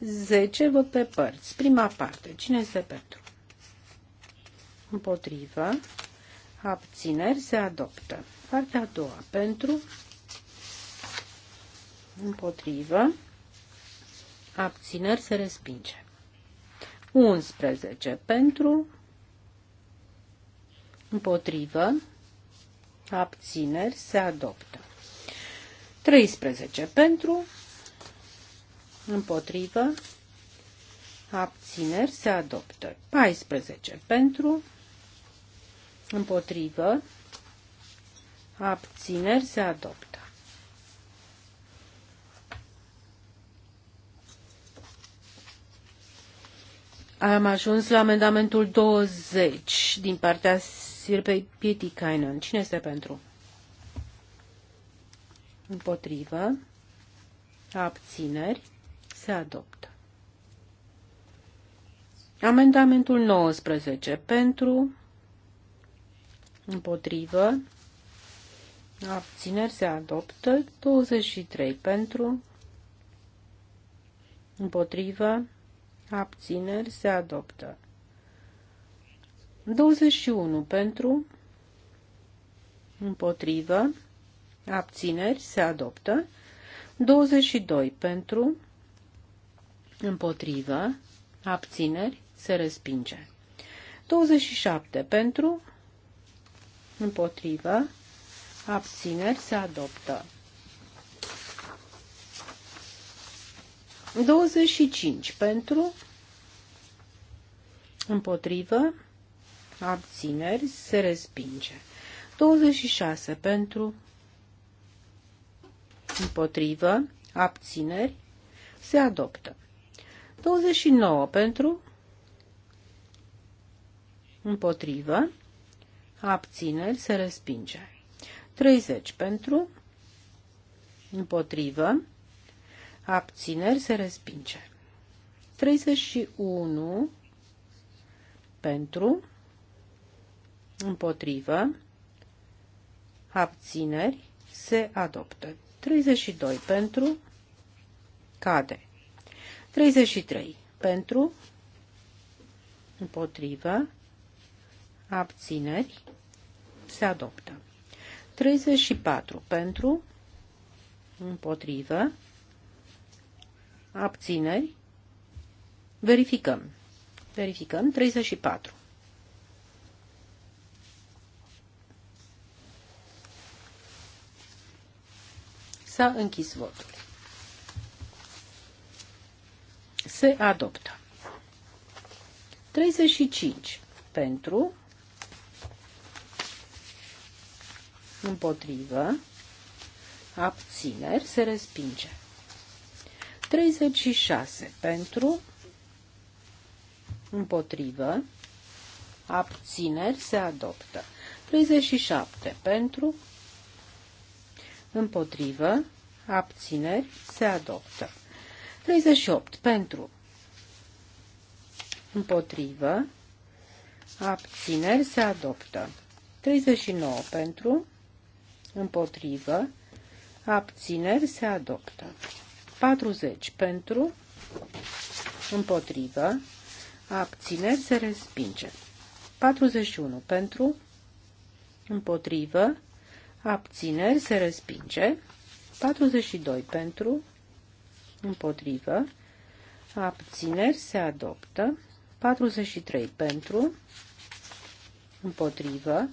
10 vă pe părți. Prima parte. Cine este pentru? Împotrivă. Abțineri se adoptă. Partea a doua. Pentru. Împotrivă abțineri se respinge. 11 pentru, împotrivă, abțineri se adoptă. 13 pentru, împotrivă, abțineri se adoptă. 14 pentru, împotrivă, abțineri se adoptă. Am ajuns la amendamentul 20 din partea Sirpei Pietikainen. Cine este pentru? Împotrivă. Abțineri. Se adoptă. Amendamentul 19. Pentru. Împotrivă. Abțineri se adoptă. 23. Pentru. Împotrivă abțineri se adoptă. 21 pentru, împotrivă, abțineri se adoptă. 22 pentru, împotrivă, abțineri se respinge. 27 pentru, împotrivă, abțineri se adoptă. 25 pentru, împotrivă, abțineri, se respinge. 26 pentru, împotrivă, abțineri, se adoptă. 29 pentru, împotrivă, abțineri, se respinge. 30 pentru, împotrivă, abțineri se respinge. 31 pentru, împotrivă, abțineri se adoptă. 32 pentru, cade. 33 pentru, împotrivă, abțineri se adoptă. 34 pentru, împotrivă, abțineri, verificăm. Verificăm 34. S-a închis votul. Se adoptă. 35 pentru, împotrivă, abțineri, se respinge. 36 pentru, împotrivă, abțineri se adoptă. 37 pentru, împotrivă, abțineri se adoptă. 38 pentru, împotrivă, abțineri se adoptă. 39 pentru, împotrivă, abțineri se adoptă. 40 pentru, împotrivă, abține, se respinge. 41 pentru, împotrivă, abțineri se respinge. 42 pentru, împotrivă, abțineri se adoptă. 43 pentru, împotrivă,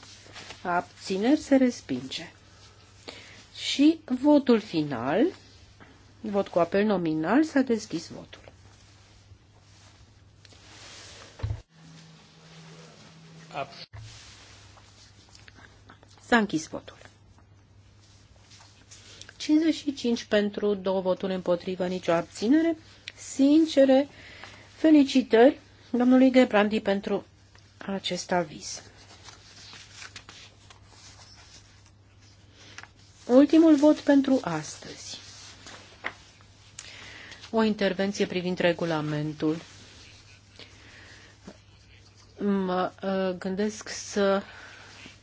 abțineri se respinge. Și votul final Vot cu apel nominal. S-a deschis votul. S-a închis votul. 55 pentru, două voturi împotrivă, nicio abținere. Sincere, felicitări domnului Gebrandi pentru acest aviz. Ultimul vot pentru astăzi o intervenție privind regulamentul. Mă ă, gândesc să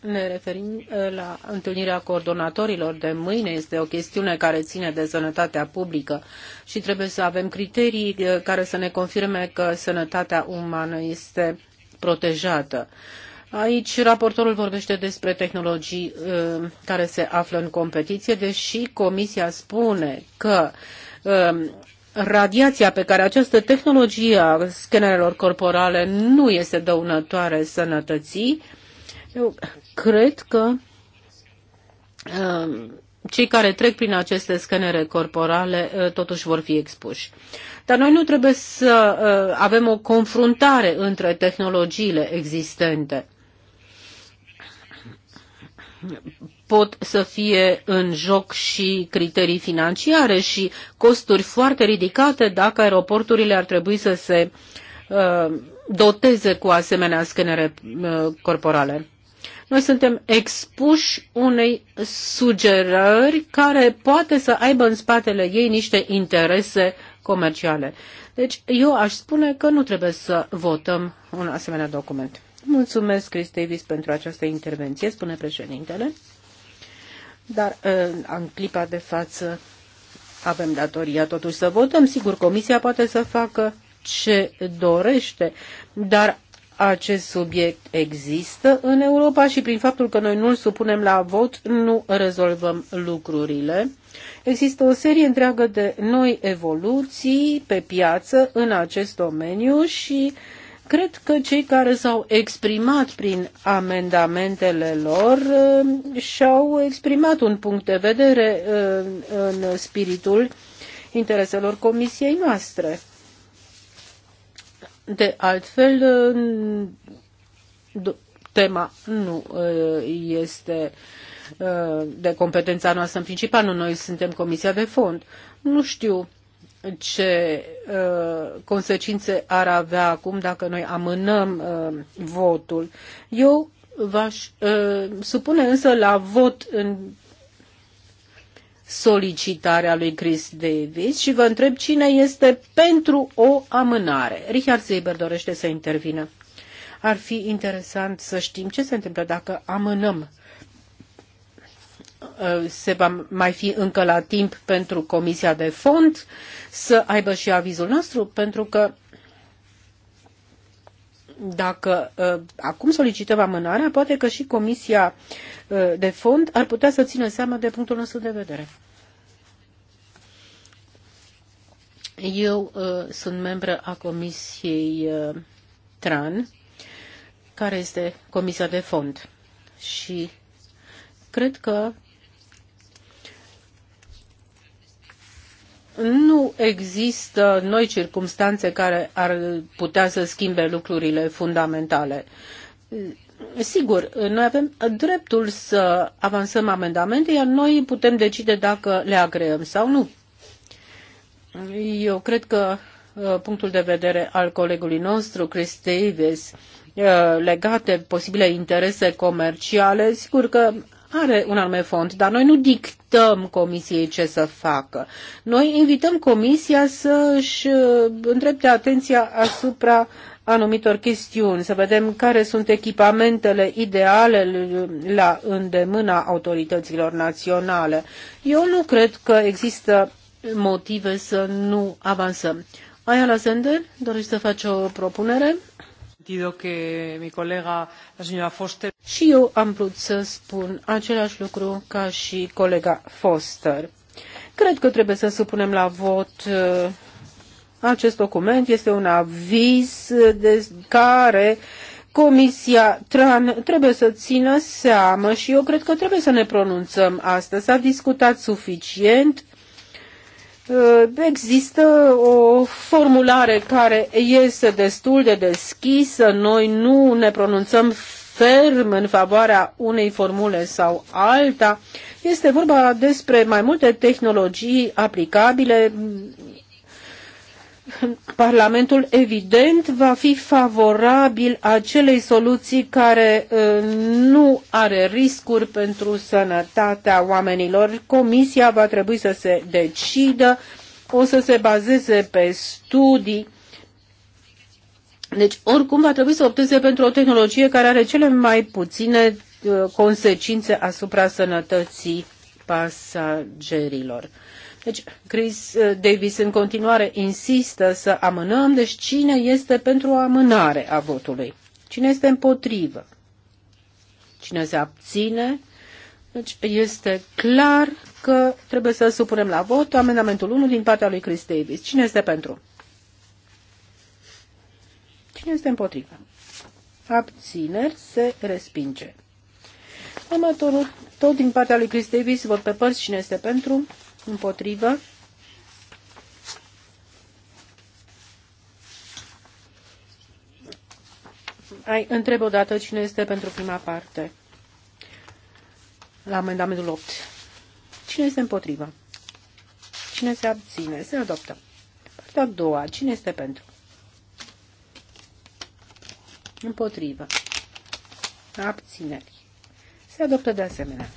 ne referim ă, la întâlnirea coordonatorilor de mâine. Este o chestiune care ține de sănătatea publică și trebuie să avem criterii ă, care să ne confirme că sănătatea umană este protejată. Aici raportorul vorbește despre tehnologii care se află în competiție, deși Comisia spune că radiația pe care această tehnologie a scanerelor corporale nu este dăunătoare sănătății, eu cred că um, cei care trec prin aceste scanere corporale uh, totuși vor fi expuși. Dar noi nu trebuie să uh, avem o confruntare între tehnologiile existente pot să fie în joc și criterii financiare și costuri foarte ridicate dacă aeroporturile ar trebui să se uh, doteze cu asemenea scanere uh, corporale. Noi suntem expuși unei sugerări care poate să aibă în spatele ei niște interese comerciale. Deci eu aș spune că nu trebuie să votăm un asemenea document. Mulțumesc, Chris Davis, pentru această intervenție, spune președintele. Dar ă, în clipa de față avem datoria totuși să votăm. Sigur, Comisia poate să facă ce dorește, dar acest subiect există în Europa și prin faptul că noi nu îl supunem la vot, nu rezolvăm lucrurile. Există o serie întreagă de noi evoluții pe piață în acest domeniu și uh, Cred că cei care s-au exprimat prin amendamentele lor uh, și-au exprimat un punct de vedere în, uh, în spiritul intereselor comisiei noastre. De altfel, uh, tema nu este de competența noastră în principal, nu noi suntem Comisia de Fond. Nu știu ce uh, consecințe ar avea acum dacă noi amânăm uh, votul. Eu v-aș uh, supune însă la vot în solicitarea lui Chris Davis și vă întreb cine este pentru o amânare. Richard Seiber dorește să intervină. Ar fi interesant să știm ce se întâmplă dacă amânăm. Uh, se va mai fi încă la timp pentru Comisia de Fond să aibă și avizul nostru, pentru că dacă uh, acum solicităm amânarea, poate că și Comisia uh, de Fond ar putea să țină seama de punctul nostru de vedere. Eu uh, sunt membră a Comisiei uh, TRAN, care este Comisia de Fond. Și cred că nu există noi circumstanțe care ar putea să schimbe lucrurile fundamentale. Sigur, noi avem dreptul să avansăm amendamente, iar noi putem decide dacă le agreăm sau nu. Eu cred că uh, punctul de vedere al colegului nostru, Chris Davis, uh, legate posibile interese comerciale, sigur că are un anume fond, dar noi nu dictăm comisiei ce să facă. Noi invităm comisia să își uh, îndrepte atenția asupra anumitor chestiuni, să vedem care sunt echipamentele ideale la îndemâna autorităților naționale. Eu nu cred că există motive să nu avansăm. Aia la Sender, dorești să faci o propunere? Și eu am vrut să spun același lucru ca și colega Foster. Cred că trebuie să supunem la vot uh, acest document. Este un aviz uh, de care Comisia TRAN trebuie să țină seamă și eu cred că trebuie să ne pronunțăm astăzi. S-a discutat suficient Uh, există o formulare care este destul de deschisă. Noi nu ne pronunțăm ferm în favoarea unei formule sau alta. Este vorba despre mai multe tehnologii aplicabile Parlamentul evident va fi favorabil acelei soluții care uh, nu are riscuri pentru sănătatea oamenilor. Comisia va trebui să se decidă, o să se bazeze pe studii. Deci, oricum, va trebui să opteze pentru o tehnologie care are cele mai puține uh, consecințe asupra sănătății pasagerilor. Deci, Chris eh, Davis în continuare insistă să amânăm, deci cine este pentru o amânare a votului? Cine este împotrivă? Cine se abține? Deci este clar că trebuie să supunem la vot amendamentul 1 din partea lui Chris Davis. Cine este pentru? Cine este împotrivă? Abțineri se respinge. Următorul, tot din partea lui Chris Davis, vot pe părți. Cine este pentru? Împotrivă. Ai, întreb dată cine este pentru prima parte. La amendamentul 8. Cine este împotrivă? Cine se abține? Se adoptă. Partea a doua. Cine este pentru? Împotrivă. Abțineri. Se adoptă de asemenea.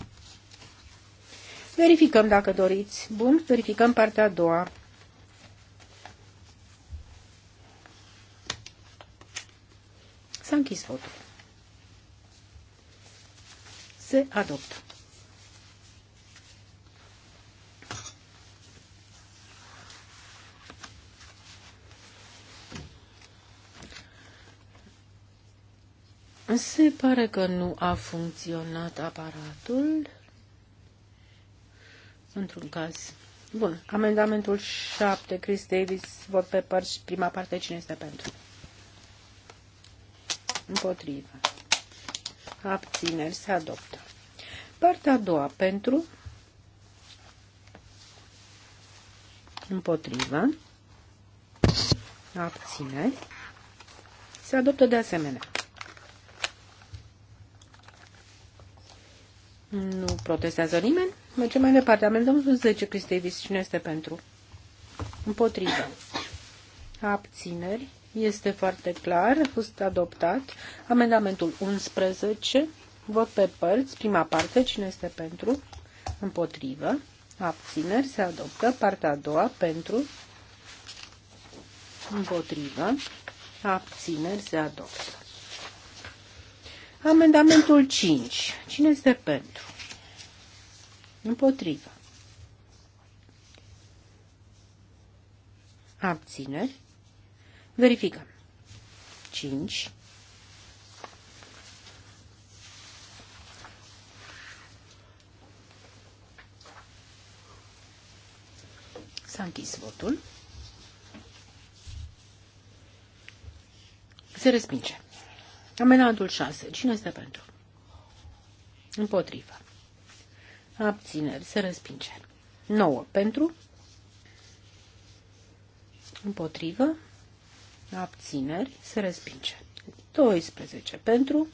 Verificăm dacă doriți. Bun, verificăm partea a doua. S-a închis votul. Se adoptă. Se pare că nu a funcționat aparatul într-un caz. Bun. Amendamentul 7, Chris Davis, vot pe părți, prima parte, cine este pentru? Împotrivă. Abțineri, se adoptă. Partea a doua, pentru? Împotrivă. Abțineri. Se adoptă de asemenea. Nu protestează nimeni? Mergem mai departe. Amendamentul 10, Cristei Vis. Cine este pentru? împotriva? Abțineri. Este foarte clar. A fost adoptat. Amendamentul 11. Vot pe părți. Prima parte. Cine este pentru? Împotrivă. Abțineri. Se adoptă. Partea a doua. Pentru. Împotrivă. Abțineri. Se adoptă. Amendamentul 5. Cine este pentru? Împotrivă. Abțineri. Verificăm. 5. S-a închis votul. Se respinge. Amenantul 6. Cine este pentru? Împotriva abțineri, se respinge. 9 pentru, împotrivă, abțineri, se respinge. 12 pentru,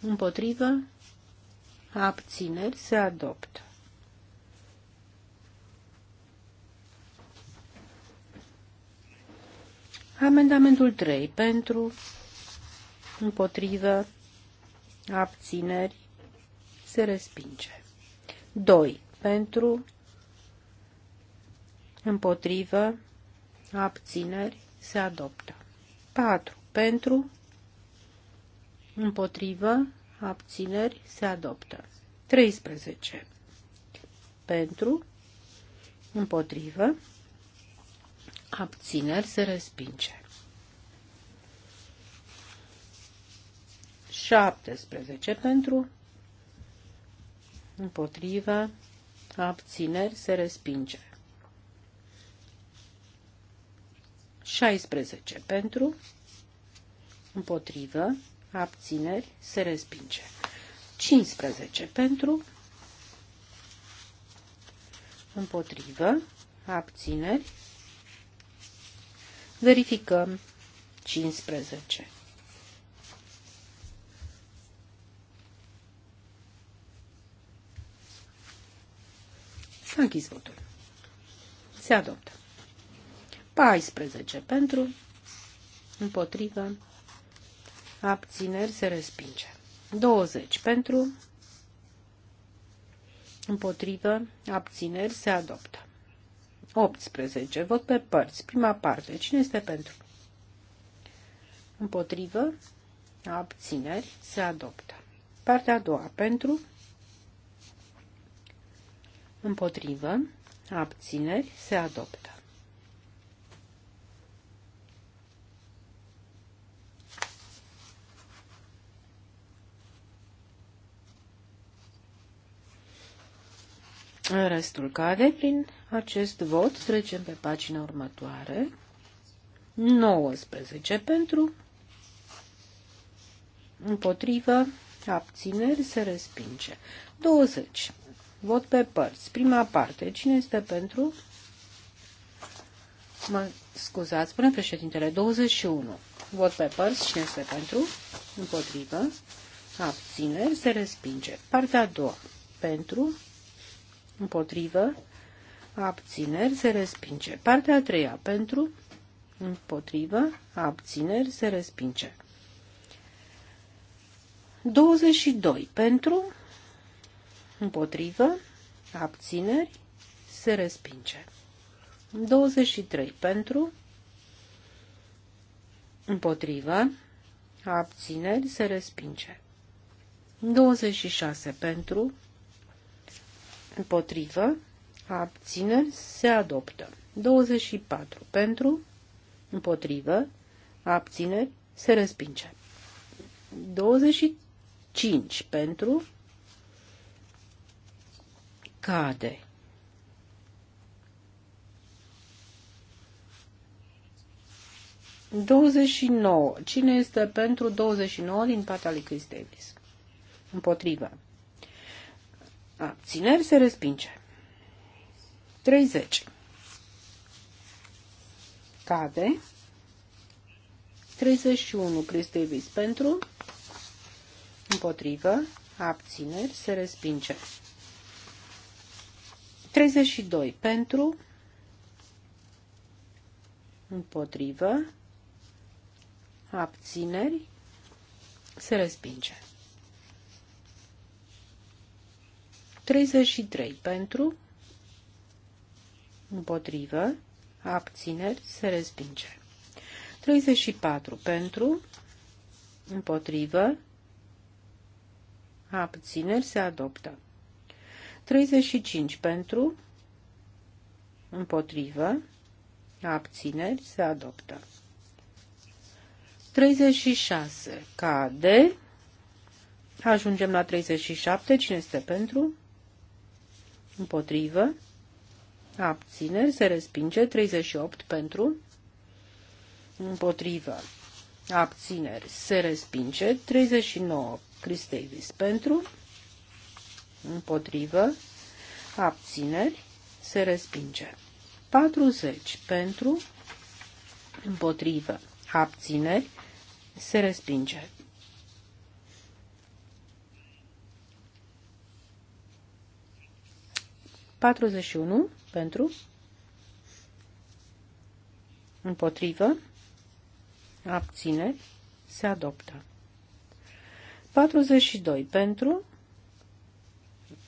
împotrivă, abțineri, se adoptă. Amendamentul 3 pentru, împotrivă, abțineri, se respinge. 2. Pentru, împotrivă, abțineri, se adoptă. 4. Pentru, împotrivă, abțineri, se adoptă. 13. Pentru, împotrivă, abțineri, se respinge. 17 pentru, împotrivă, abțineri, se respinge. 16 pentru, împotrivă, abțineri, se respinge. 15 pentru, împotrivă, abțineri, verificăm 15. S-a închis votul. Se adoptă. 14 pentru, împotrivă, abțineri se respinge. 20 pentru, împotrivă, abțineri se adoptă. 18. Vot pe părți. Prima parte. Cine este pentru? Împotrivă, abțineri se adoptă. Partea a doua. Pentru, Împotrivă. Abțineri. Se adoptă. Restul cade prin acest vot. Trecem pe pagina următoare. 19 pentru, împotrivă, abțineri, se respinge. 20 Vot pe părți. Prima parte. Cine este pentru? Mă scuzați, spune președintele. 21. Vot pe părți. Cine este pentru? Împotrivă. Abțineri. Se respinge. Partea a doua. Pentru. Împotrivă. Abțineri. Se respinge. Partea a treia. Pentru. Împotrivă. Abțineri. Se respinge. 22. Pentru împotrivă, abțineri, se respinge. 23 pentru, împotrivă, abțineri, se respinge. 26 pentru, împotrivă, abțineri, se adoptă. 24 pentru, împotrivă, abțineri, se respinge. 25 pentru, cade. Douăzeci Cine este pentru 29 din partea lui Chris Davis? Împotrivă. Abțineri se respinge. 30. Cade. 31. Chris Davis pentru. Împotrivă. Abțineri se respinge. 32 pentru, împotrivă, abțineri, se respinge. 33 pentru, împotrivă, abțineri, se respinge. 34 pentru, împotrivă, abțineri, se adoptă. 35 pentru, împotrivă, abțineri, se adoptă. 36 cade. Ajungem la 37. Cine este pentru? Împotrivă. Abțineri. Se respinge. 38 pentru. Împotrivă. Abțineri. Se respinge. 39. Cristevis Davis pentru împotrivă, abțineri, se respinge. 40 pentru, împotrivă, abțineri, se respinge. Patruzeci și unu pentru, împotrivă, abțineri, se adoptă. 42 pentru,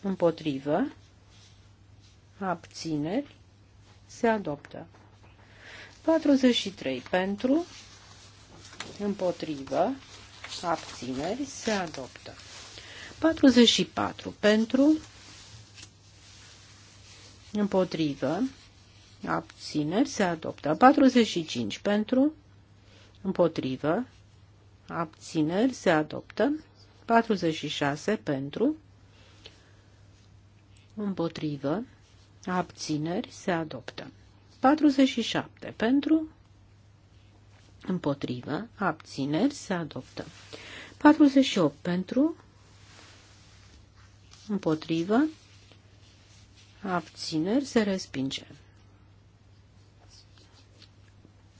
împotrivă, abțineri, se adoptă. 43 pentru, împotrivă, abțineri, se adoptă. 44 pentru, împotrivă, abțineri, se adoptă. 45 pentru, împotrivă, abțineri, se adoptă. 46 pentru, împotrivă, abțineri, se adoptă. 47 pentru, împotrivă, abțineri, se adoptă. 48 pentru, împotrivă, abțineri, se respinge.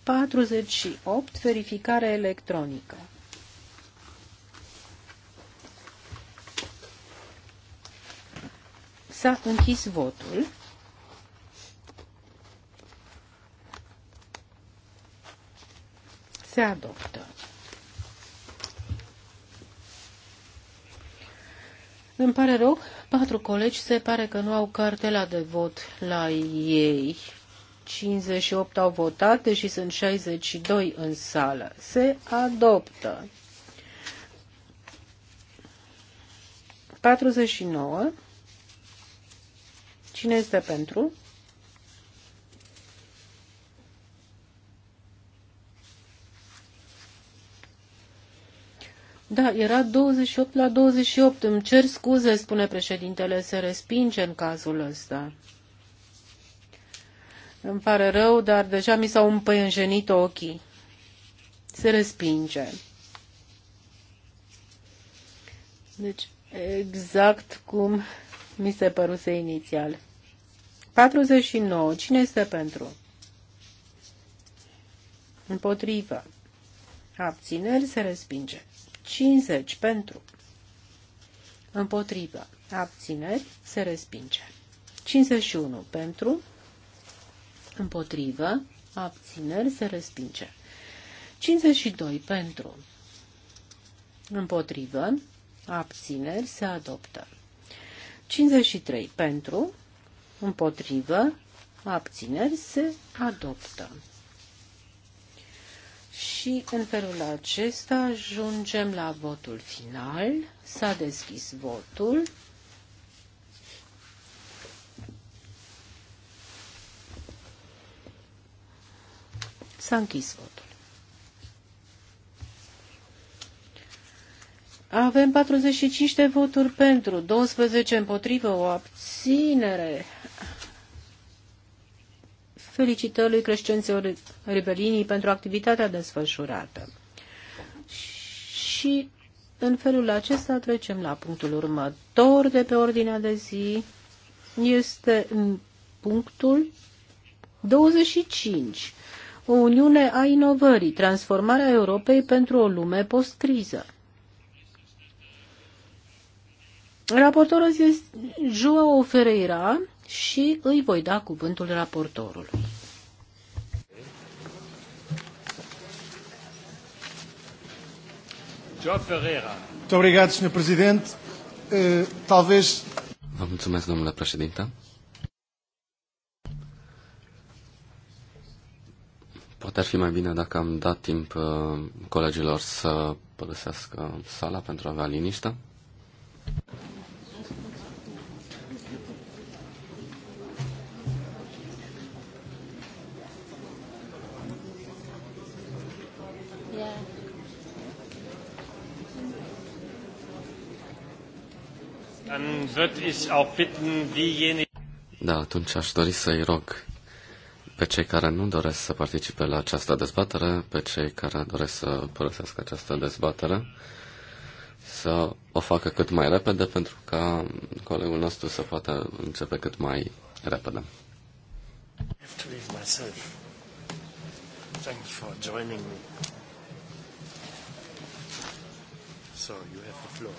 48, verificare electronică. S-a închis votul. Se adoptă. Îmi pare rău, patru colegi se pare că nu au cartela de vot la ei. 58 au votat, deși sunt 62 în sală. Se adoptă. 49. Cine este pentru? Da, era 28 la 28. Îmi cer scuze, spune președintele, se respinge în cazul ăsta. Îmi pare rău, dar deja mi s-au împăienjenit ochii. Se respinge. Deci, exact cum mi se păruse inițial. 49. Cine este pentru? Împotrivă. Abțineri se respinge. 50 pentru. Împotrivă. Abțineri se respinge. 51 pentru. Împotrivă. Abțineri se respinge. 52 pentru. Împotrivă. Abțineri se adoptă. 53 pentru împotrivă, abțineri, se adoptă. Și în felul acesta ajungem la votul final. S-a deschis votul. S-a închis votul. Avem 45 de voturi pentru, 12 împotrivă, o abținere felicitări lui Crescențio rebelini pentru activitatea desfășurată. Și în felul acesta trecem la punctul următor de pe ordinea de zi. Este punctul 25. O uniune a inovării, transformarea Europei pentru o lume post-criză. Raportorul este Joao Ferreira și îi voi da cuvântul raportorului. Muito obrigado, eh, talvez. Vă mulțumesc, domnule președinte. Poate ar fi mai bine dacă am dat timp eh, colegilor să părăsească sala pentru a avea liniște. Da, atunci aș dori să-i rog pe cei care nu doresc să participe la această dezbatere, pe cei care doresc să părăsească această dezbatere, să o facă cât mai repede pentru ca colegul nostru să poată începe cât mai repede. So you have the floor.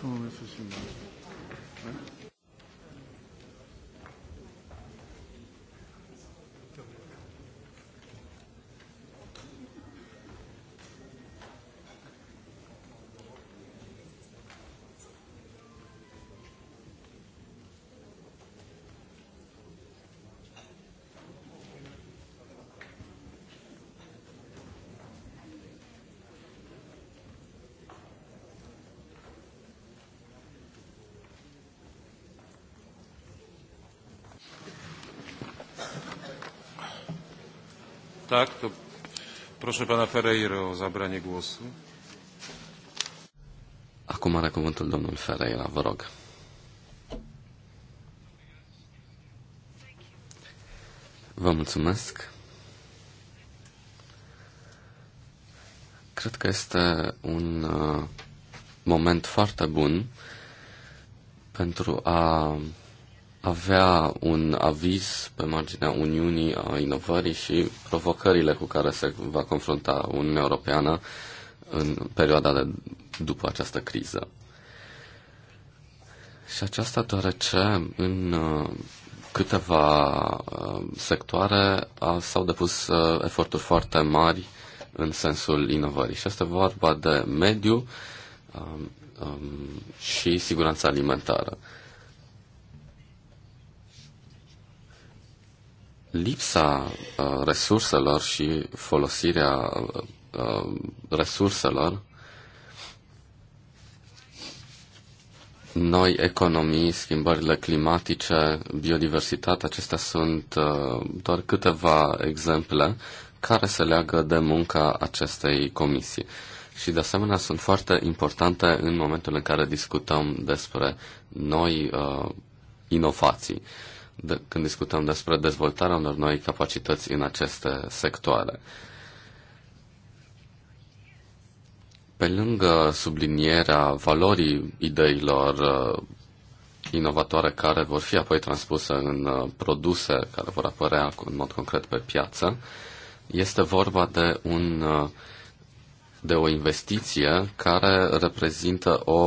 Cum tak, to proszę pana Ferreira o zabranie głosu. Acum are cuvântul domnul Ferreira, vă rog. Vă mulțumesc. Cred că este un uh, moment foarte bun pentru a avea un aviz pe marginea Uniunii, a inovării și provocările cu care se va confrunta Uniunea Europeană în perioada de după această criză. Și aceasta deoarece în uh, câteva uh, sectoare s-au depus uh, eforturi foarte mari în sensul inovării. Și este vorba de mediu um, um, și siguranța alimentară. lipsa uh, resurselor și folosirea uh, resurselor, noi economii, schimbările climatice, biodiversitatea, acestea sunt uh, doar câteva exemple care se leagă de munca acestei comisii. Și de asemenea sunt foarte importante în momentul în care discutăm despre noi uh, inovații. Uh, de, când discutăm despre dezvoltarea unor noi capacități în aceste sectoare. Pe lângă sublinierea valorii ideilor uh, inovatoare care vor fi apoi transpuse în uh, produse care vor apărea în mod concret pe piață, este vorba de un uh, de o investiție care reprezintă o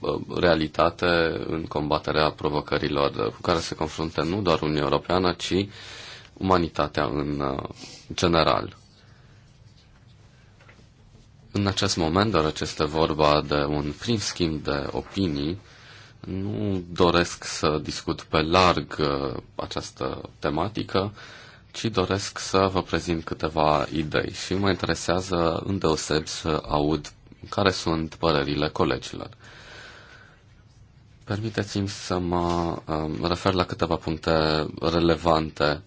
uh, realitate în combaterea provocărilor cu care se confruntă nu doar Uniunea Europeană, ci umanitatea în uh, general. În acest moment, deoarece este vorba de un prim schimb de opinii, nu doresc să discut pe larg uh, această tematică, ci doresc să vă prezint câteva idei și mă interesează îndeoseb să aud care sunt părerile colegilor. Permiteți-mi să mă um, refer la câteva puncte relevante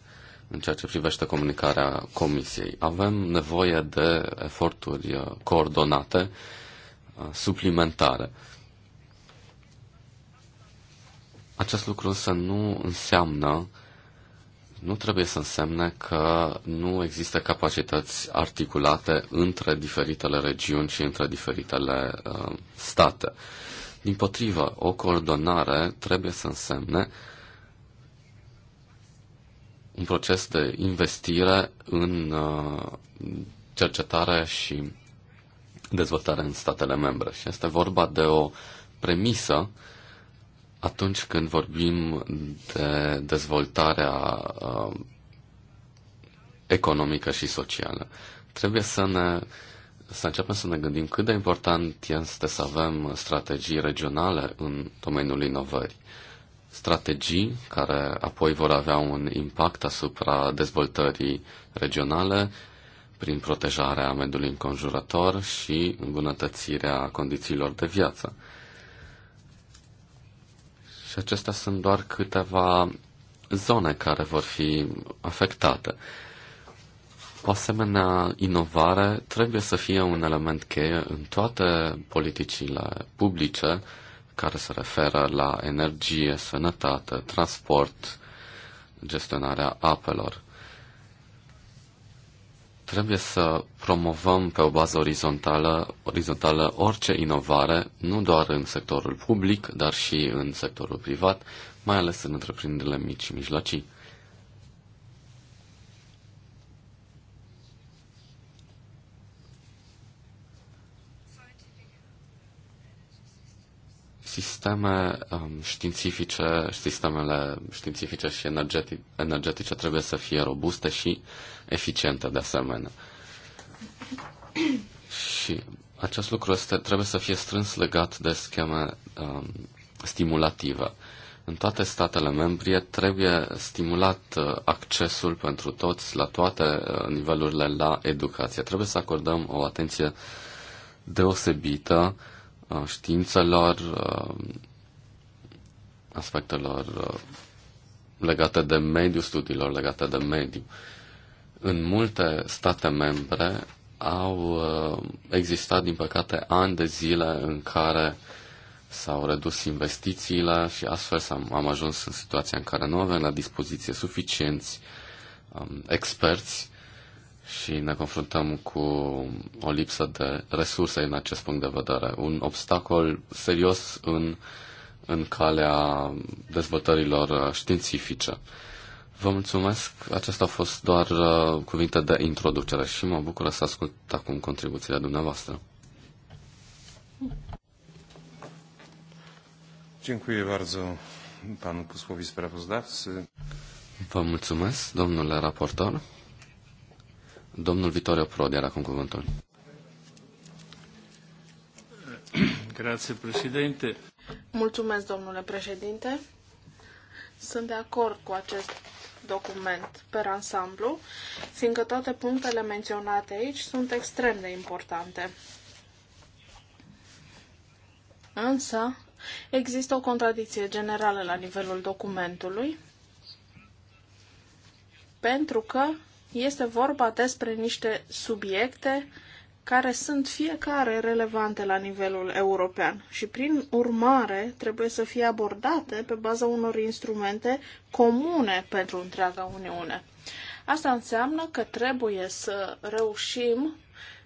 în ceea ce privește comunicarea Comisiei. Avem nevoie de eforturi uh, coordonate, uh, suplimentare. Acest lucru să nu înseamnă nu trebuie să însemne că nu există capacități articulate între diferitele regiuni și între diferitele uh, state. Din potrivă, o coordonare trebuie să însemne un proces de investire în uh, cercetare și dezvoltare în statele membre. Și este vorba de o premisă uh, atunci când vorbim de dezvoltarea uh, economică și socială, trebuie să ne să începem să ne gândim cât de important este să avem strategii regionale în domeniul inovării. Strategii care apoi vor avea un impact asupra dezvoltării regionale prin protejarea mediului înconjurător și îmbunătățirea condițiilor de viață. Și acestea sunt doar câteva zone care vor fi afectate. O asemenea inovare trebuie să fie un element cheie în toate politicile publice care se referă la energie, sănătate, transport, gestionarea apelor. Trebuie să promovăm pe o bază orizontală, orizontală orice inovare, nu doar în sectorul public, dar și în sectorul privat, mai ales în întreprinderile mici și mijlocii. sisteme um, științifice, sistemele științifice și energetic, energetice trebuie să fie robuste și uh, eficientă de asemenea. Și acest lucru este, trebuie să fie strâns legat de scheme um, stimulative. În toate statele membre trebuie stimulat uh, accesul pentru toți, la toate uh, nivelurile, la educație. Trebuie să acordăm o atenție deosebită uh, științelor, aspectelor legate de mediu, studiilor legate de mediu în multe state membre au uh, existat, din păcate, ani de zile în care s-au redus investițiile și astfel am, ajuns în situația în care nu avem la dispoziție suficienți um, experți și ne confruntăm cu o lipsă de resurse în acest punct de vedere. Un obstacol serios în, în calea dezvoltărilor științifice. Uh, Vă mulțumesc. Acesta a fost doar uh, cuvinte de introducere și mă bucură să ascult acum contribuțiile dumneavoastră. Dziękuję bardzo panu posłowi sprawozdawcy. Vă mulțumesc, domnule raportor. Domnul Vitorio Prodi era cu cuvântul. Grazie, președinte. Mulțumesc, domnule președinte. Sunt de acord cu acest document per ansamblu, fiindcă toate punctele menționate aici sunt extrem de importante. Însă, există o contradicție generală la nivelul documentului, pentru că este vorba despre niște subiecte uh, care sunt fiecare relevante la nivelul european și, prin urmare, trebuie să fie abordate pe baza unor instrumente comune pentru întreaga Uniune. Asta înseamnă că trebuie să reușim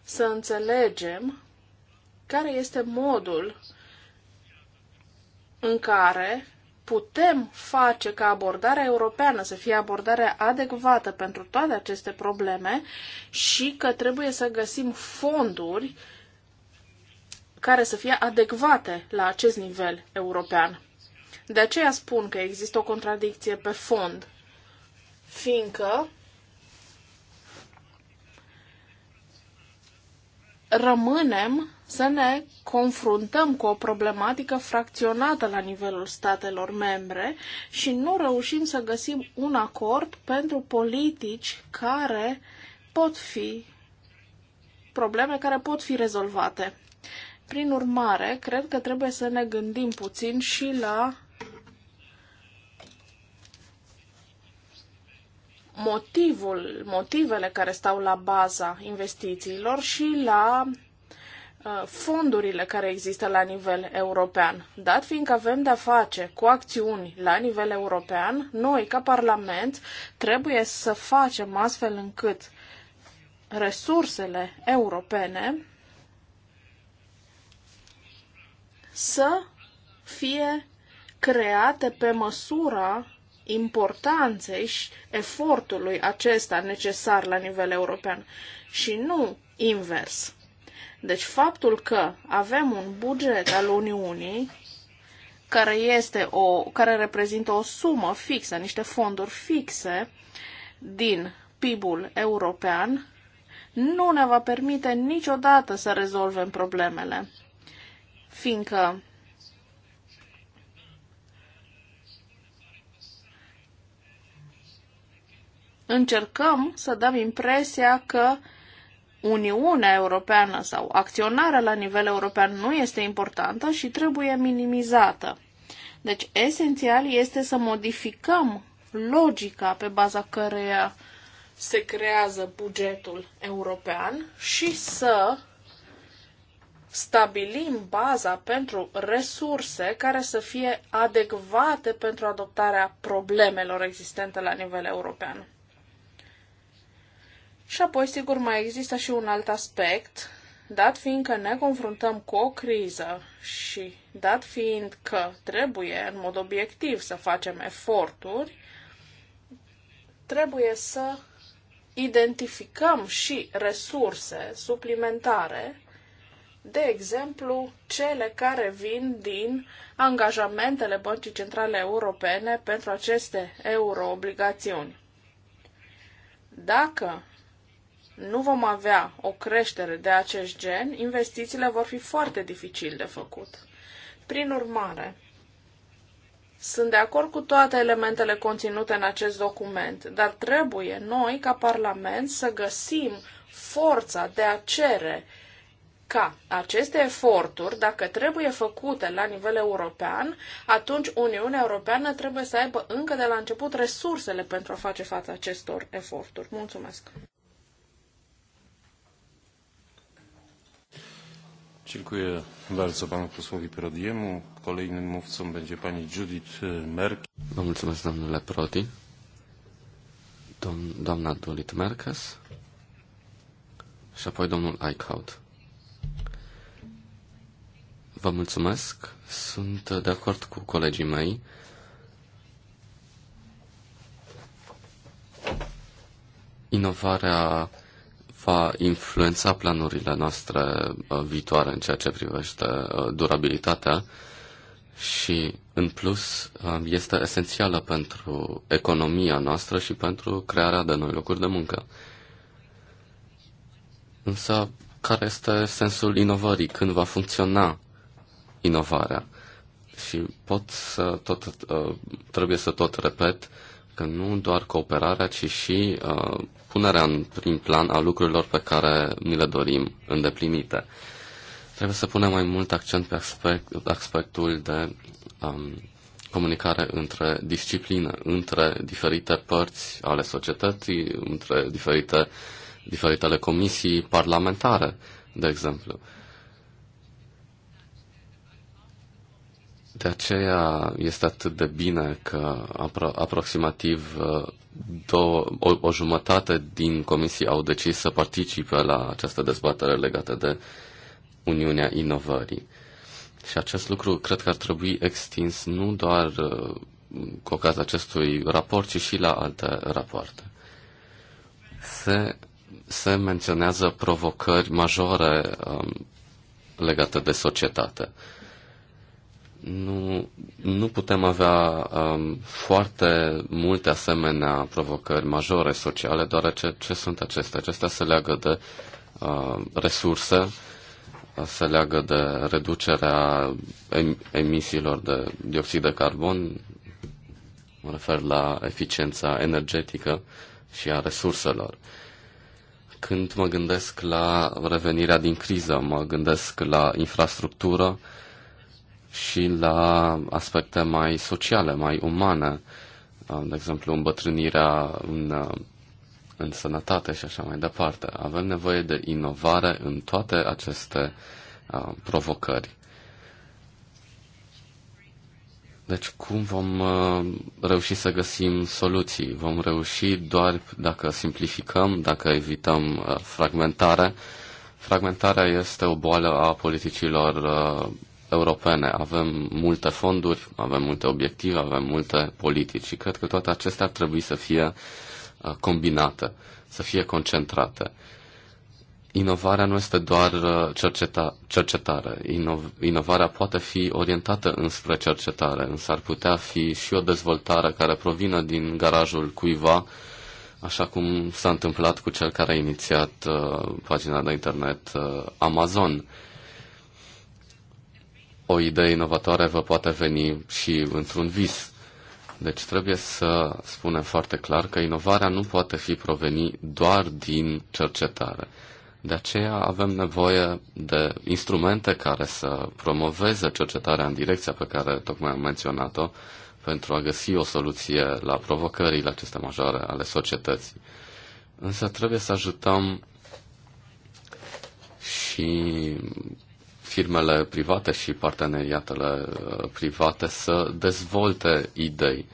să înțelegem care este modul în care putem face ca abordarea europeană să fie abordarea adecvată pentru toate aceste probleme și că trebuie să găsim fonduri care să fie adecvate la acest nivel european. De aceea spun că există o contradicție pe fond, fiindcă rămânem să ne confruntăm cu o problematică fracționată la nivelul statelor membre și nu reușim să găsim un acord pentru politici care pot fi probleme care pot fi rezolvate. Prin urmare, cred că trebuie să ne gândim puțin și la motivul, motivele care stau la baza investițiilor și la Uh, fondurile care există la nivel european. Dat fiind că avem de-a face cu acțiuni la nivel european, noi, ca Parlament, trebuie să facem astfel încât resursele europene să fie create pe măsura importanței și efortului acesta necesar la nivel european și nu invers. Deci faptul că avem un buget al Uniunii care, este o, care reprezintă o sumă fixă, niște fonduri fixe din PIB-ul european, nu ne va permite niciodată să rezolvem problemele, fiindcă încercăm să dăm impresia că Uniunea Europeană sau acționarea la nivel european nu este importantă și trebuie minimizată. Deci, esențial este să modificăm logica pe baza căreia se creează bugetul european și să stabilim baza pentru resurse care să fie adecvate pentru adoptarea problemelor existente la nivel european. Și apoi, sigur, mai există și un alt aspect, dat fiind că ne confruntăm cu o criză și dat fiind că trebuie, în mod obiectiv, să facem eforturi, trebuie să identificăm și resurse suplimentare, de exemplu, cele care vin din angajamentele Băncii Centrale Europene pentru aceste euroobligațiuni. Dacă nu vom avea o creștere de acest gen, investițiile vor fi foarte dificil de făcut. Prin urmare, sunt de acord cu toate elementele conținute în acest document, dar trebuie noi, ca Parlament, să găsim forța de a cere ca aceste eforturi, dacă trebuie făcute la nivel european, atunci Uniunea Europeană trebuie să aibă încă de la început resursele pentru a face față acestor eforturi. Mulțumesc! Dziękuję bardzo panu posłowi Prodiemu. Kolejnym mówcą będzie pani Judith Merk. Vă mulțumesc, domnule Prodi. Dom doamna Judith Merkes și apoi domnul Eichhout. Vă mulțumesc. Sunt de acord cu colegii mei. Inovarea va influența planurile noastre uh, viitoare în ceea ce privește uh, durabilitatea și, în plus, uh, este esențială pentru economia noastră și pentru crearea de noi locuri de muncă. Însă, care este sensul inovării? Când va funcționa inovarea? Și pot să tot, trebuie să tot repet, că nu doar cooperarea, ci și uh, punerea în prim plan a lucrurilor pe care ni le dorim îndeplinite. Trebuie să punem mai mult accent pe aspect, aspectul de um, comunicare între discipline, între diferite părți ale societății, între diferite, diferitele comisii parlamentare, de exemplu. Uh, De aceea este atât de bine că apro- aproximativ uh, două, o, o jumătate din comisii au decis să participe la această dezbatere legată de Uniunea Inovării. Și acest lucru cred că ar trebui extins nu doar uh, cu ocazia acestui raport, ci și la alte rapoarte. Se, se menționează provocări majore um, legate de societate. Uh, nu, nu putem avea um, foarte multe asemenea provocări majore sociale, deoarece ce sunt acestea? Acestea se leagă de uh, resurse, se leagă de reducerea emisiilor de dioxid de carbon, mă refer la eficiența energetică și a resurselor. Când mă gândesc la revenirea din criză, mă gândesc la infrastructură, și la aspecte mai sociale, mai umane, uh, de exemplu îmbătrânirea în, uh, în sănătate și așa mai departe. Avem nevoie de inovare în toate aceste uh, provocări. Deci cum vom reuși să găsim soluții? Vom reuși doar dacă simplificăm, dacă evităm fragmentarea. Fragmentarea este o boală a politicilor europene. Avem multe fonduri, avem multe obiective, avem multe politici și cred că toate acestea ar trebui să fie uh, combinate, să fie concentrate. Inovarea nu este doar uh, cerceta, cercetare. Ino, inovarea poate fi orientată înspre cercetare, însă ar putea fi și o dezvoltare care provine din garajul cuiva, așa cum s-a întâmplat cu cel care a inițiat uh, pagina de internet uh, Amazon. Uh, o idee inovatoare vă poate veni și într-un vis. Deci trebuie să spunem foarte clar că inovarea nu poate fi proveni doar din cercetare. De aceea avem nevoie de instrumente care să promoveze cercetarea în direcția pe care tocmai am menționat-o pentru a găsi o soluție la provocările acestea majore ale societății. Însă trebuie să ajutăm și firmele private și parteneriatele uh, private să dezvolte idei.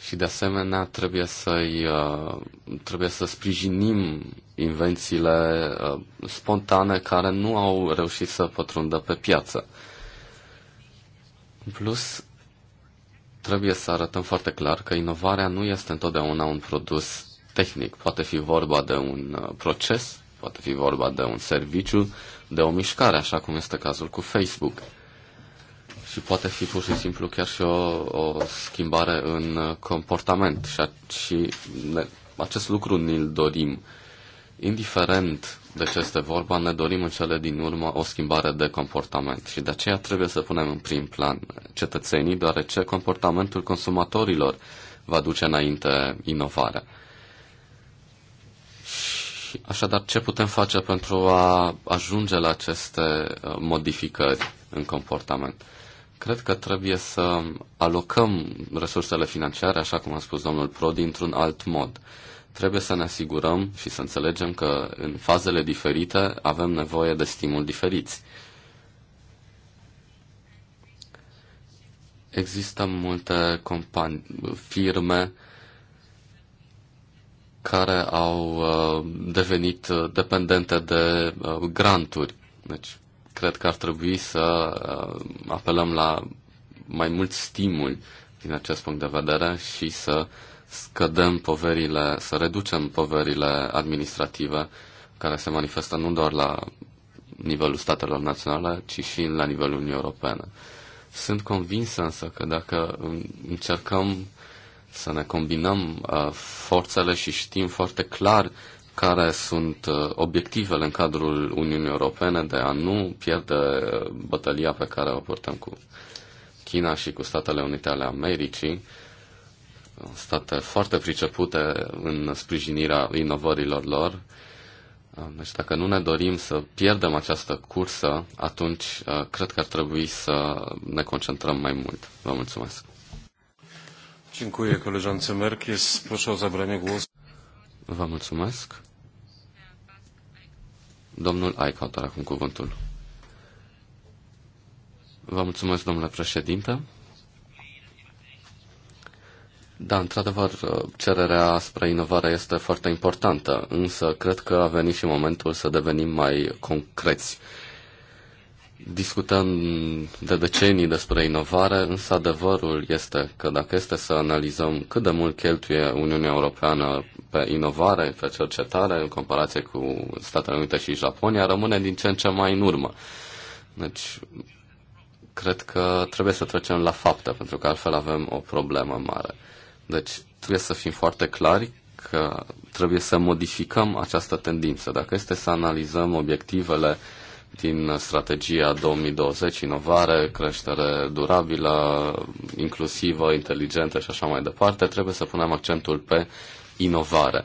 Și de asemenea trebuie să uh, trebuie să sprijinim invențiile uh, spontane care nu au reușit să pătrundă pe piață. În plus, trebuie să arătăm foarte clar că inovarea nu este întotdeauna un produs tehnic. Poate fi vorba de un proces Poate fi vorba de un serviciu, de o mișcare, așa cum este cazul cu Facebook. Și poate fi pur și simplu chiar și o, o schimbare în comportament. Și, a, și ne, acest lucru ne-l dorim. Indiferent de ce este vorba, ne dorim în cele din urmă o schimbare de comportament și de aceea trebuie să punem în prim plan cetățenii, deoarece comportamentul consumatorilor va duce înainte inovarea. Și așadar, ce putem face pentru a ajunge la aceste uh, modificări în comportament? Cred că trebuie să alocăm resursele financiare, așa cum a spus domnul Prodi, într-un alt mod. Trebuie să ne asigurăm și să înțelegem că în fazele diferite avem nevoie de stimuli diferiți. Există multe companii, firme care au uh, devenit uh, dependente de uh, granturi. Deci, cred că ar trebui să apelăm la mai mult stimul din acest punct de vedere și să scădem poverile, să reducem poverile administrative care se manifestă nu doar la nivelul statelor naționale, ci și la nivelul Uniunii Europene. Sunt convins însă că dacă încercăm să ne combinăm uh, forțele și știm foarte clar care sunt uh, obiectivele în cadrul Uniunii Europene de a nu pierde uh, bătălia pe care o purtăm cu China și cu Statele Unite ale Americii, state foarte pricepute în sprijinirea inovărilor lor. Deci dacă nu ne dorim să pierdem această cursă, atunci cred că ar trebui să ne concentrăm mai mult. Vă mulțumesc! Dziękuję koleżance Merkies. Proszę o zabranie głosu. Vă mulțumesc. Domnul Aicaut are acum cuvântul. Vă mulțumesc, domnule președinte. Da, într-adevăr, cererea spre inovare este foarte importantă, însă cred că a venit și momentul să devenim mai concreți Discutăm de decenii despre inovare, însă adevărul este că dacă este să analizăm cât de mult cheltuie Uniunea Europeană pe inovare, pe cercetare, în comparație cu Statele Unite și Japonia, rămâne din ce în ce mai în urmă. Deci, cred că trebuie să trecem la fapte, pentru că altfel avem o problemă mare. Deci, trebuie să fim foarte clari că trebuie să modificăm această tendință. Dacă este să analizăm obiectivele uh, din strategia 2020, inovare, creștere durabilă, inclusivă, inteligentă și așa mai departe, trebuie să punem accentul pe inovare.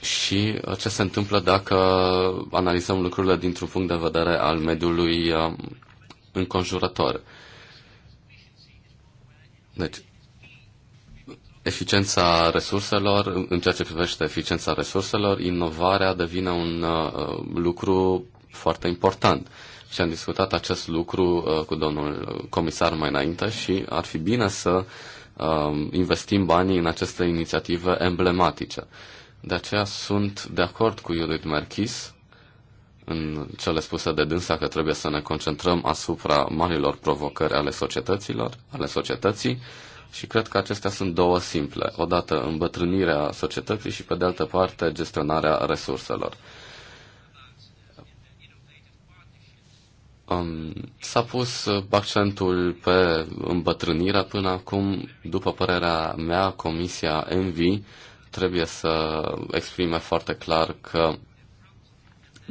Și uh, ce se întâmplă dacă analizăm lucrurile dintr-un punct de vedere al mediului uh, înconjurător. Deci, Eficiența resurselor, în ceea ce privește eficiența resurselor, inovarea devine un uh, lucru foarte important. Și am discutat acest lucru uh, cu domnul comisar mai înainte și ar fi bine să uh, investim banii în aceste inițiative emblematice. De aceea sunt de acord cu Judith Merchis în cele spuse de dânsa că trebuie să ne concentrăm asupra marilor provocări ale societăților, ale societății, și cred că acestea sunt două simple. Odată îmbătrânirea societății și, pe de altă parte, gestionarea resurselor. Um, s-a pus accentul pe îmbătrânirea până acum. După părerea mea, Comisia Envi trebuie să exprime foarte clar că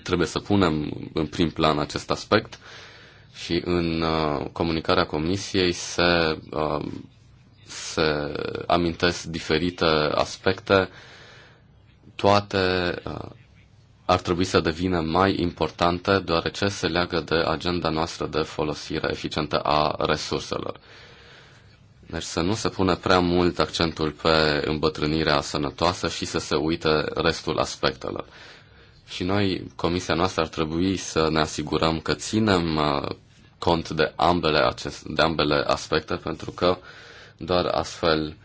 trebuie să punem în prim plan acest aspect și în uh, comunicarea Comisiei se uh, se amintesc diferite aspecte, toate uh, ar trebui să devină mai importante, deoarece se leagă de agenda noastră de folosire eficientă a resurselor. Deci să nu se pune prea mult accentul pe îmbătrânirea sănătoasă și să se uite restul aspectelor. Și noi, comisia noastră, ar trebui să ne asigurăm că ținem uh, cont de ambele, acest, de ambele aspecte, pentru că uh, doar astfel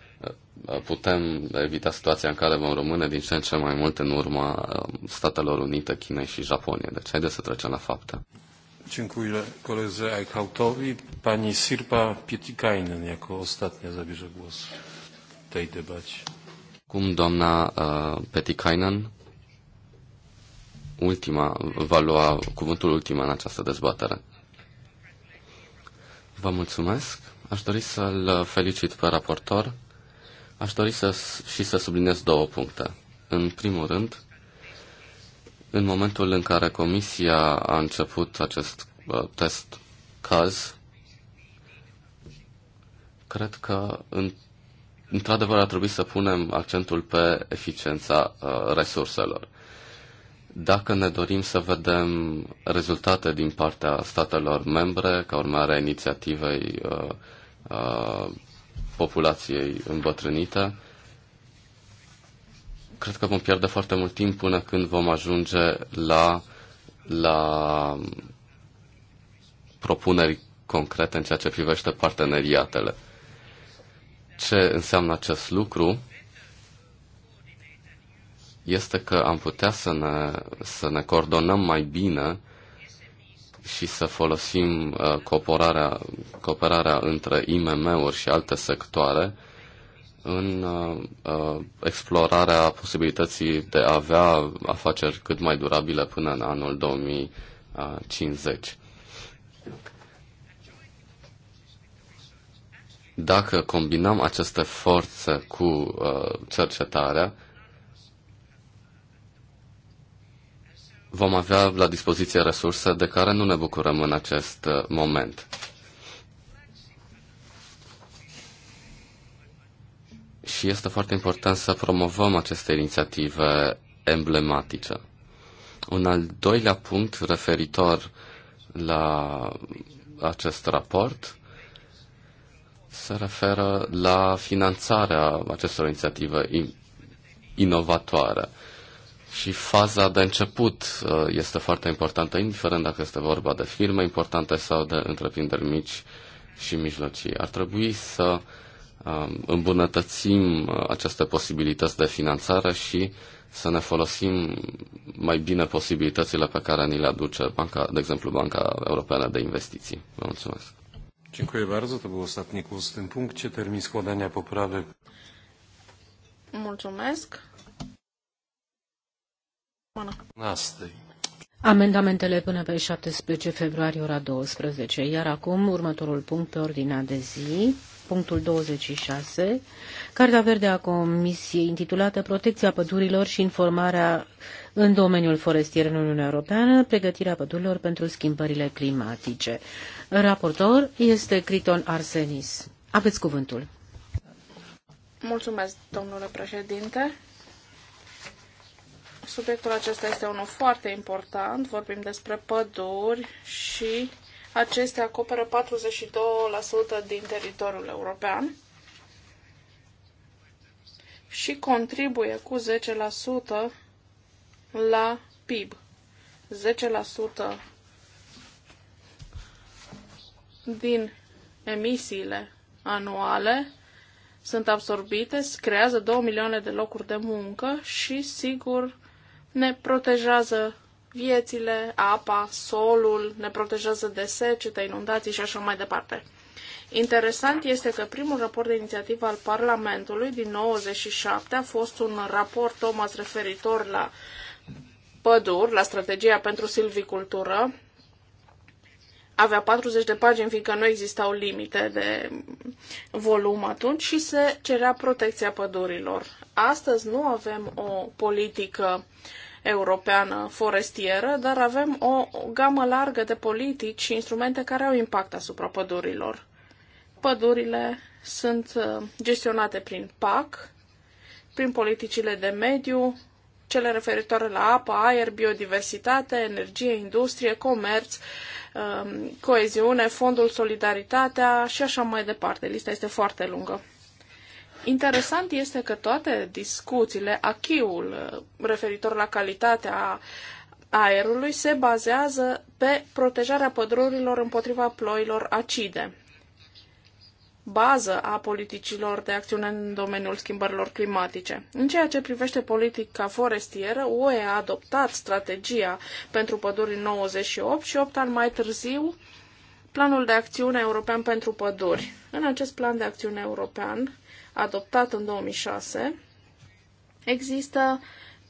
uh, putem evita situația în care vom rămâne din ce în ce mai mult în urma uh, Statelor Unite, China și Japonie. Deci haideți să trecem la fapte. Dziękuję koledze Eichhautowi. Pani Sirpa Pietikainen jako ostatnia zabierze głos w tej debacie. Cum doamna uh, Pietikainen, ultima, va lua cuvântul ultima în această dezbatere. Vă mulțumesc. Aș dori să-l felicit pe raportor. Aș dori să, și să subliniez două puncte. În primul rând, în momentul în care Comisia a început acest uh, test caz, cred că în, într-adevăr ar trebui să punem accentul pe eficiența uh, resurselor. Dacă ne dorim să vedem rezultate din partea statelor membre ca urmare a inițiativei uh, uh, populației îmbătrânite, cred că vom pierde foarte mult timp până când vom ajunge la, la propuneri concrete în ceea ce privește parteneriatele. Ce înseamnă acest lucru? este că am putea să ne, să ne coordonăm mai bine și să folosim uh, cooperarea, cooperarea între IMM-uri și alte sectoare în uh, uh, explorarea posibilității de a avea afaceri cât mai durabile până în anul 2050. Dacă combinăm aceste forțe cu uh, cercetarea, vom avea la dispoziție resurse de care nu ne bucurăm în acest uh, moment. Și este foarte important să promovăm aceste inițiative emblematice. Un al doilea punct referitor la acest raport se referă la finanțarea acestor inițiative inovatoare. Și faza de început uh, este foarte importantă, indiferent dacă este vorba de firme importante sau de întreprinderi mici și mijlocii. Ar trebui să um, îmbunătățim uh, aceste posibilități de finanțare și să ne folosim mai bine posibilitățile pe care ni le aduce, banca, de exemplu, Banca Europeană de Investiții. Vă mulțumesc. Dziękuję bardzo. To był ostatni głos w tym punkcie. Termin składania poprawek. Mulțumesc. Amendamentele până pe 17 februarie ora 12, iar acum următorul punct pe ordinea de zi, punctul 26, Carta Verde a Comisiei intitulată Protecția pădurilor și informarea în domeniul forestier în Uniunea Europeană, pregătirea pădurilor pentru schimbările climatice. Raportor este Criton Arsenis. Aveți cuvântul. Mulțumesc, domnule președinte. Subiectul acesta este unul foarte important. Vorbim despre păduri și acestea acoperă 42% din teritoriul european și contribuie cu 10% la PIB. 10% din emisiile anuale sunt absorbite, creează 2 milioane de locuri de muncă și, sigur, ne protejează viețile, apa, solul, ne protejează de secete, inundații și așa mai departe. Interesant este că primul raport de inițiativă al Parlamentului din 97 a fost un raport Thomas referitor la păduri, la strategia pentru silvicultură. Avea 40 de pagini, fiindcă nu existau limite de volum atunci și se cerea protecția pădurilor. Astăzi nu avem o politică uh, europeană forestieră, dar avem o gamă largă de politici și instrumente care au impact asupra pădurilor. Pădurile sunt uh, gestionate prin PAC, prin politicile de mediu, cele referitoare la apă, aer, biodiversitate, energie, industrie, comerț, um, coeziune, fondul Solidaritatea și așa mai departe. Lista este foarte lungă. Interesant este că toate discuțiile, achiul uh, referitor la calitatea aerului, se bazează pe protejarea pădurilor împotriva ploilor acide, bază a politicilor de acțiune în domeniul schimbărilor climatice. În ceea ce privește politica forestieră, UE a adoptat strategia pentru păduri 98 și 8 ani mai târziu planul de acțiune european pentru păduri. În acest plan de acțiune european, adoptat în 2006, există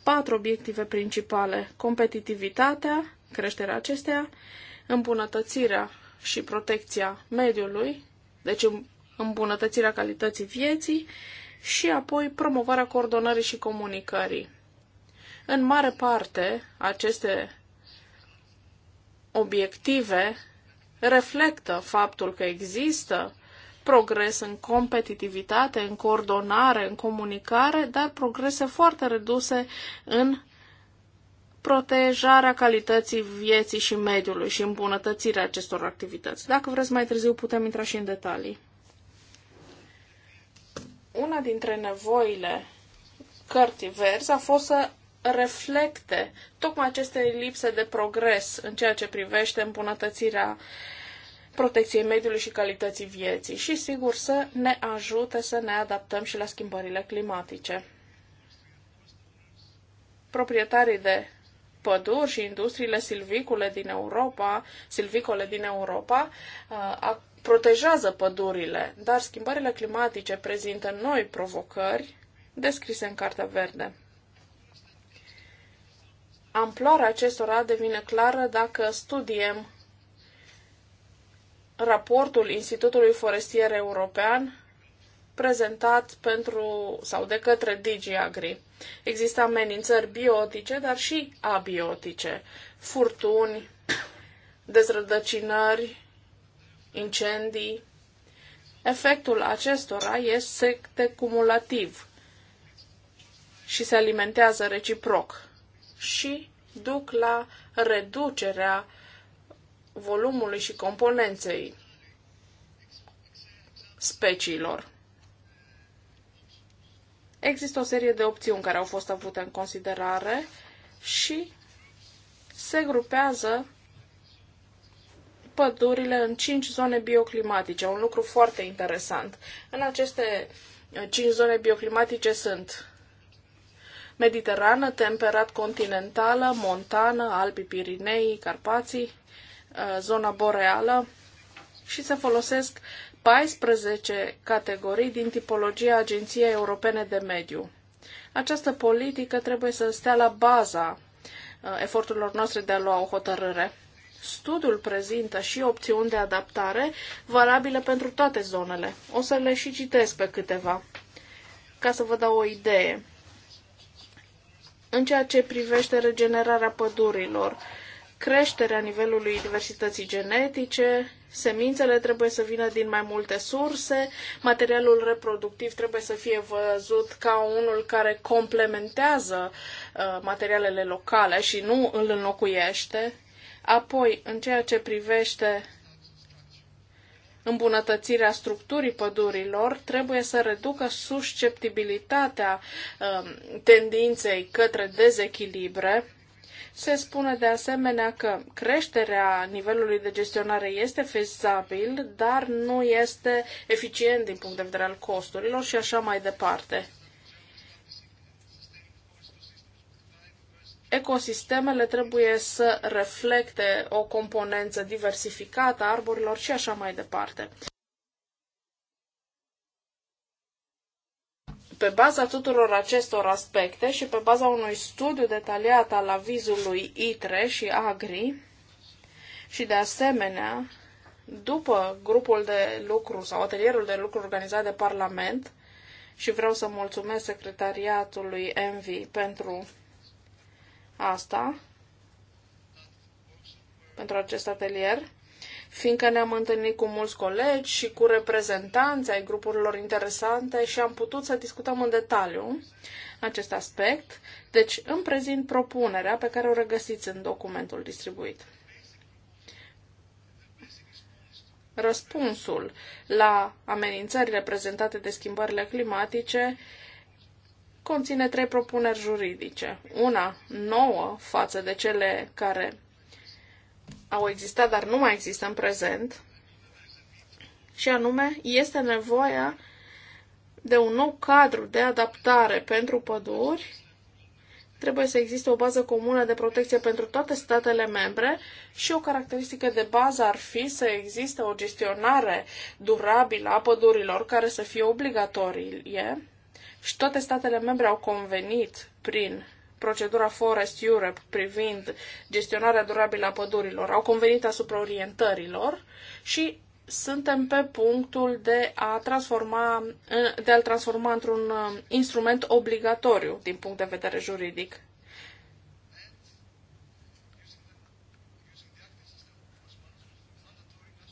patru obiective principale. Competitivitatea, creșterea acesteia, îmbunătățirea și protecția mediului, deci îmbunătățirea calității vieții și apoi promovarea coordonării și comunicării. În mare parte, aceste obiective reflectă faptul că există progres în competitivitate, în coordonare, în comunicare, dar progrese foarte reduse în protejarea calității vieții și mediului și îmbunătățirea acestor activități. Dacă vreți mai târziu putem intra și în detalii. Una dintre nevoile cărții verzi a fost să reflecte tocmai aceste lipse de progres în ceea ce privește îmbunătățirea uh, protecției mediului și calității vieții și, sigur, să ne ajute să ne adaptăm și la schimbările climatice. Proprietarii de păduri și industriile silvicole din Europa, silvicole din Europa uh, a, protejează pădurile, dar schimbările climatice prezintă noi provocări descrise în Cartea Verde. Amploarea acestora devine clară dacă studiem raportul Institutului Forestier European prezentat pentru sau de către DigiAgri. Există amenințări biotice, dar și abiotice, furtuni, dezrădăcinări, incendii. Efectul acestora este cumulativ și se alimentează reciproc și duc la reducerea volumului și componenței speciilor. Există o serie de opțiuni care au fost avute în considerare și se grupează pădurile în cinci zone bioclimatice, un lucru foarte interesant. În aceste cinci zone bioclimatice sunt mediterană, temperat continentală, montană, Alpii Pirinei, Carpații, Uh, zona boreală și se folosesc 14 categorii din tipologia Agenției Europene de Mediu. Această politică trebuie să stea la baza uh, eforturilor noastre de a lua o hotărâre. Studiul prezintă și opțiuni de adaptare valabile pentru toate zonele. O să le și citesc pe câteva, ca să vă dau o idee. În ceea ce privește regenerarea pădurilor, uh, creșterea nivelului diversității genetice, semințele trebuie să vină din mai multe surse, materialul reproductiv trebuie să fie văzut ca unul care complementează uh, materialele locale și nu îl înlocuiește. Apoi, în ceea ce privește îmbunătățirea structurii pădurilor trebuie să reducă susceptibilitatea um, tendinței către dezechilibre se spune de asemenea că creșterea nivelului de gestionare este fezabil, dar nu este eficient din punct de vedere al costurilor și așa mai departe. Ecosistemele trebuie să reflecte o componență diversificată a arborilor și așa mai departe. Pe baza tuturor acestor aspecte și pe baza unui studiu detaliat al avizului ITRE și AGRI și de asemenea, după grupul de lucru sau atelierul de lucru organizat de Parlament, și vreau să mulțumesc secretariatului Envi pentru asta, pentru acest atelier fiindcă ne-am întâlnit cu mulți colegi și cu reprezentanți ai grupurilor interesante și am putut să discutăm în detaliu acest aspect. Deci îmi prezint propunerea pe care o regăsiți în documentul distribuit. Răspunsul la amenințările prezentate de schimbările climatice conține trei propuneri juridice. Una nouă față de cele care au existat, dar nu mai există în prezent, și anume este nevoia de un nou cadru de adaptare pentru păduri trebuie să existe o bază comună de protecție pentru toate statele membre și o caracteristică de bază ar fi să existe o gestionare durabilă a pădurilor care să fie obligatorie și toate statele membre au convenit prin procedura Forest Europe privind gestionarea durabilă a pădurilor. Au convenit asupra orientărilor și suntem pe punctul de a transforma, de a-l transforma într-un uh, instrument obligatoriu din punct de vedere juridic.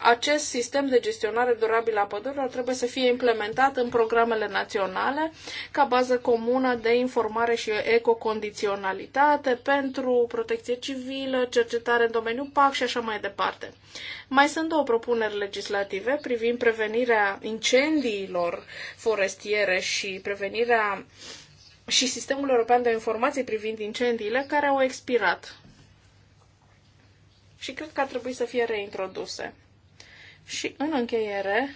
acest sistem de gestionare durabilă a pădurilor trebuie să fie implementat în programele naționale ca bază comună de informare și ecocondiționalitate pentru protecție civilă, cercetare în domeniul PAC și așa mai departe. Mai sunt două propuneri legislative privind prevenirea incendiilor forestiere și prevenirea și Sistemul European de Informații privind incendiile care au expirat și cred că ar trebui să fie reintroduse. Și în încheiere,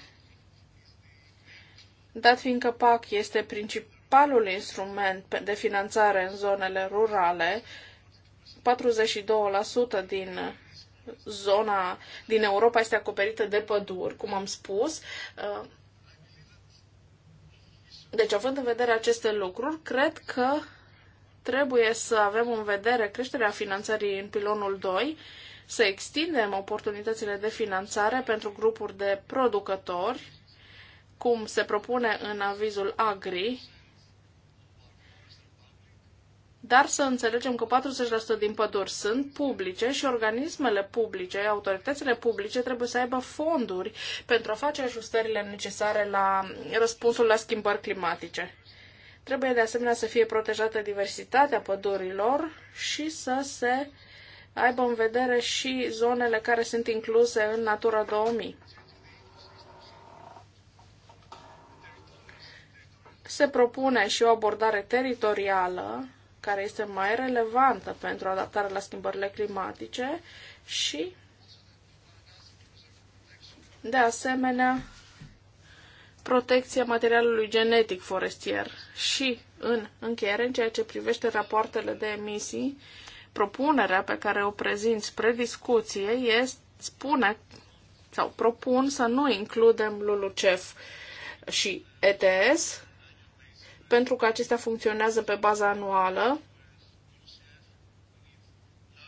dat fiindcă PAC este principalul instrument de finanțare în zonele rurale, 42% din zona din Europa este acoperită de păduri, cum am spus. Uh, deci, având în vedere aceste lucruri, cred că trebuie să avem în vedere creșterea finanțării în pilonul 2 să extindem oportunitățile de finanțare pentru grupuri de producători, cum se propune în avizul Agri, dar să înțelegem că 40% din păduri sunt publice și organismele publice, autoritățile publice trebuie să aibă fonduri pentru a face ajustările necesare la răspunsul la schimbări climatice. Trebuie de asemenea să fie protejată diversitatea pădurilor și să se aibă în vedere și zonele care sunt incluse în Natura 2000. Se propune și o abordare teritorială care este mai relevantă pentru adaptarea la schimbările climatice și, de asemenea, protecția materialului genetic forestier. Și, în încheiere, în ceea ce privește rapoartele de emisii, propunerea pe care o prezint spre discuție este, spune sau propun să nu includem LULUCEF și ETS, pentru că acestea funcționează pe baza anuală,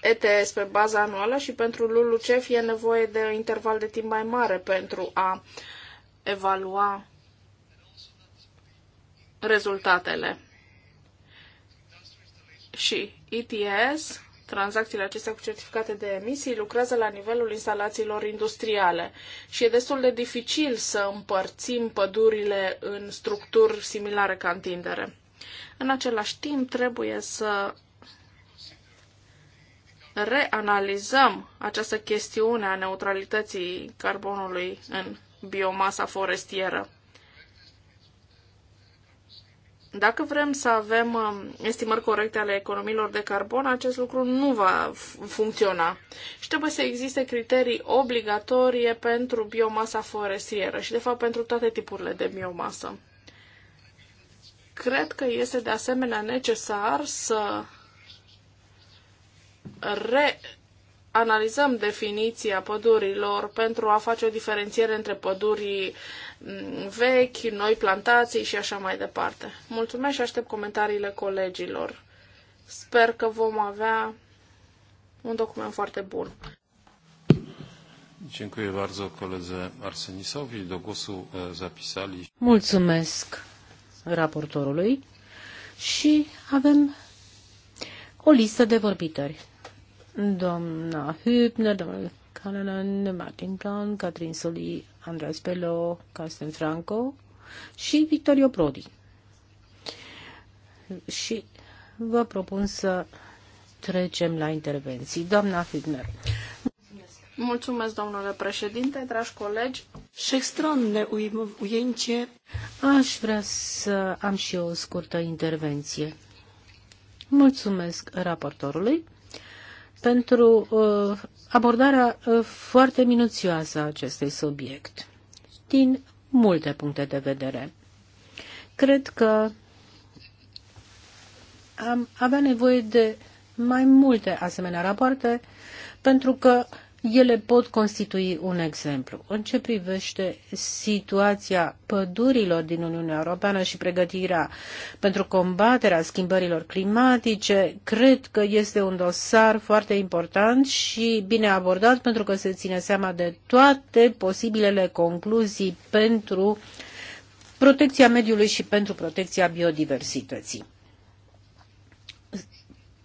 ETS pe baza anuală și pentru LULUCEF e nevoie de un interval de timp mai mare pentru a evalua rezultatele. Și ETS, tranzacțiile acestea cu certificate de emisii, lucrează la nivelul instalațiilor industriale și e destul de dificil să împărțim pădurile în structuri similare ca întindere. În același timp, trebuie să reanalizăm această chestiune a neutralității carbonului în biomasa forestieră. Dacă vrem să avem um, estimări corecte ale economiilor de carbon, acest lucru nu va funcționa. Și trebuie să existe criterii obligatorie pentru biomasa forestieră și, de fapt, pentru toate tipurile de biomasă. Cred că este de asemenea necesar să re analizăm definiția pădurilor pentru a face o diferențiere între pădurii uh, vechi, noi plantații și așa mai departe. Mulțumesc și aștept comentariile colegilor. Sper că vom avea un document foarte bun. Dziękuję bardzo koledze Arsenisowi. Do głosu zapisali. Mulțumesc raportorului și avem o listă de vorbitori. Doamna Hübner, domnul Canan, Martin Kahn, Catherine Soli, Andras Pelo, Carsten Franco și Victorio Prodi. Și vă propun să trecem la intervenții. Doamna Figner. Mulțumesc, domnule președinte, dragi colegi. Și extraordinar ujęcie. Aș vrea să am și eu o scurtă intervenție. Mulțumesc raportorului pentru uh, abordarea uh, foarte minuțioasă a acestui subiect, din multe puncte de vedere. Cred că am avea nevoie de mai multe asemenea rapoarte, pentru că ele pot constitui un exemplu. În ce privește situația pădurilor din Uniunea Europeană și pregătirea pentru combaterea schimbărilor climatice, cred că este un dosar foarte important și bine abordat pentru că se ține seama de toate posibilele concluzii pentru protecția mediului și pentru protecția biodiversității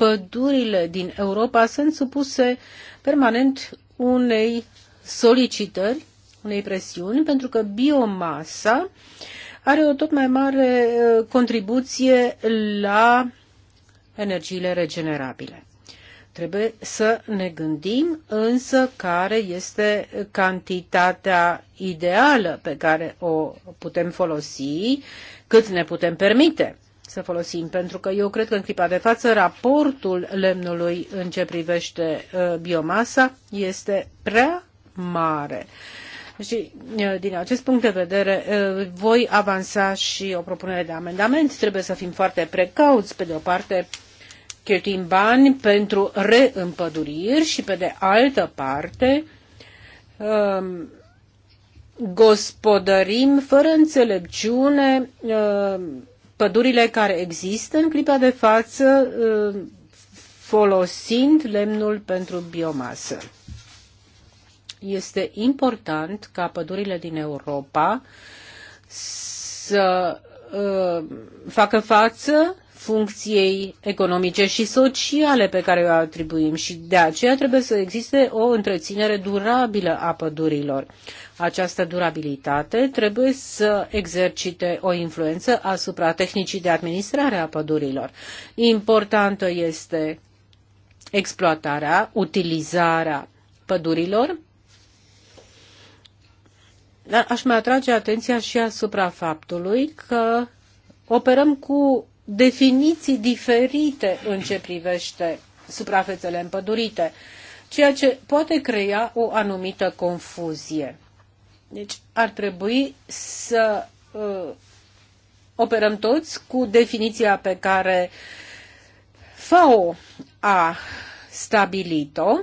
pădurile din Europa sunt supuse permanent unei solicitări, unei presiuni, pentru că biomasa are o tot mai mare uh, contribuție la energiile regenerabile. Trebuie să ne gândim însă care este cantitatea ideală pe care o putem folosi, cât ne putem permite să folosim, pentru că eu cred că în clipa de față raportul lemnului în ce privește uh, biomasa este prea mare. Și uh, din acest punct de vedere uh, voi avansa și o propunere de amendament. Trebuie să fim foarte precauți, pe de o parte cheltuim bani pentru reîmpăduriri și pe de altă parte um, gospodărim fără înțelepciune uh, pădurile care există în clipa de față uh, folosind lemnul pentru biomasă. Este important ca pădurile din Europa să uh, facă față funcției economice și sociale pe care o atribuim și de aceea trebuie să existe o întreținere durabilă a pădurilor. Această durabilitate trebuie să exercite o influență asupra tehnicii de administrare a pădurilor. Importantă este exploatarea, utilizarea pădurilor. Dar aș mai atrage atenția și asupra faptului că operăm cu definiții diferite în ce privește suprafețele împădurite, ceea ce poate crea o anumită confuzie. Deci ar trebui să uh, operăm toți cu definiția pe care FAO a stabilit-o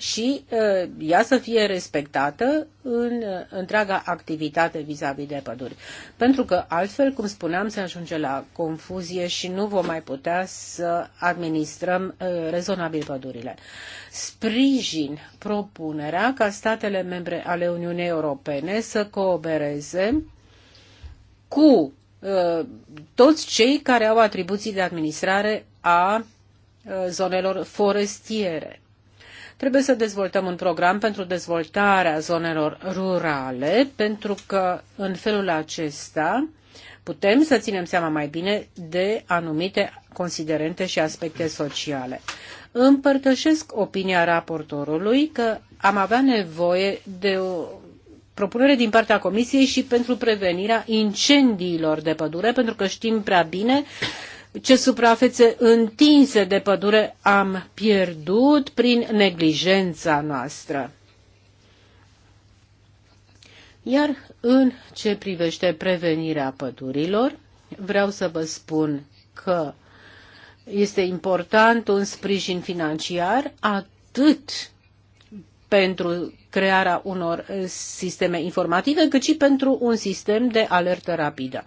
și uh, ea să fie respectată în uh, întreaga activitate vis-a-vis -vis de păduri. Pentru că altfel, cum spuneam, se ajunge la confuzie și nu vom mai putea să administrăm uh, rezonabil pădurile. Sprijin propunerea ca statele membre ale Uniunii Europene să coopereze cu toți cei care au atribuții de administrare a zonelor forestiere Trebuie să dezvoltăm un program pentru dezvoltarea zonelor rurale, pentru că în felul acesta putem să ținem seama mai bine de anumite considerente și aspecte sociale. Împărtășesc opinia raportorului că am avea nevoie de o propunere din partea Comisiei și pentru prevenirea incendiilor de pădure, pentru că știm prea bine ce suprafețe întinse de pădure am pierdut prin neglijența noastră. Iar în ce privește prevenirea pădurilor, vreau să vă spun că este important un sprijin financiar atât pentru crearea unor sisteme informative, cât și pentru un sistem de alertă rapidă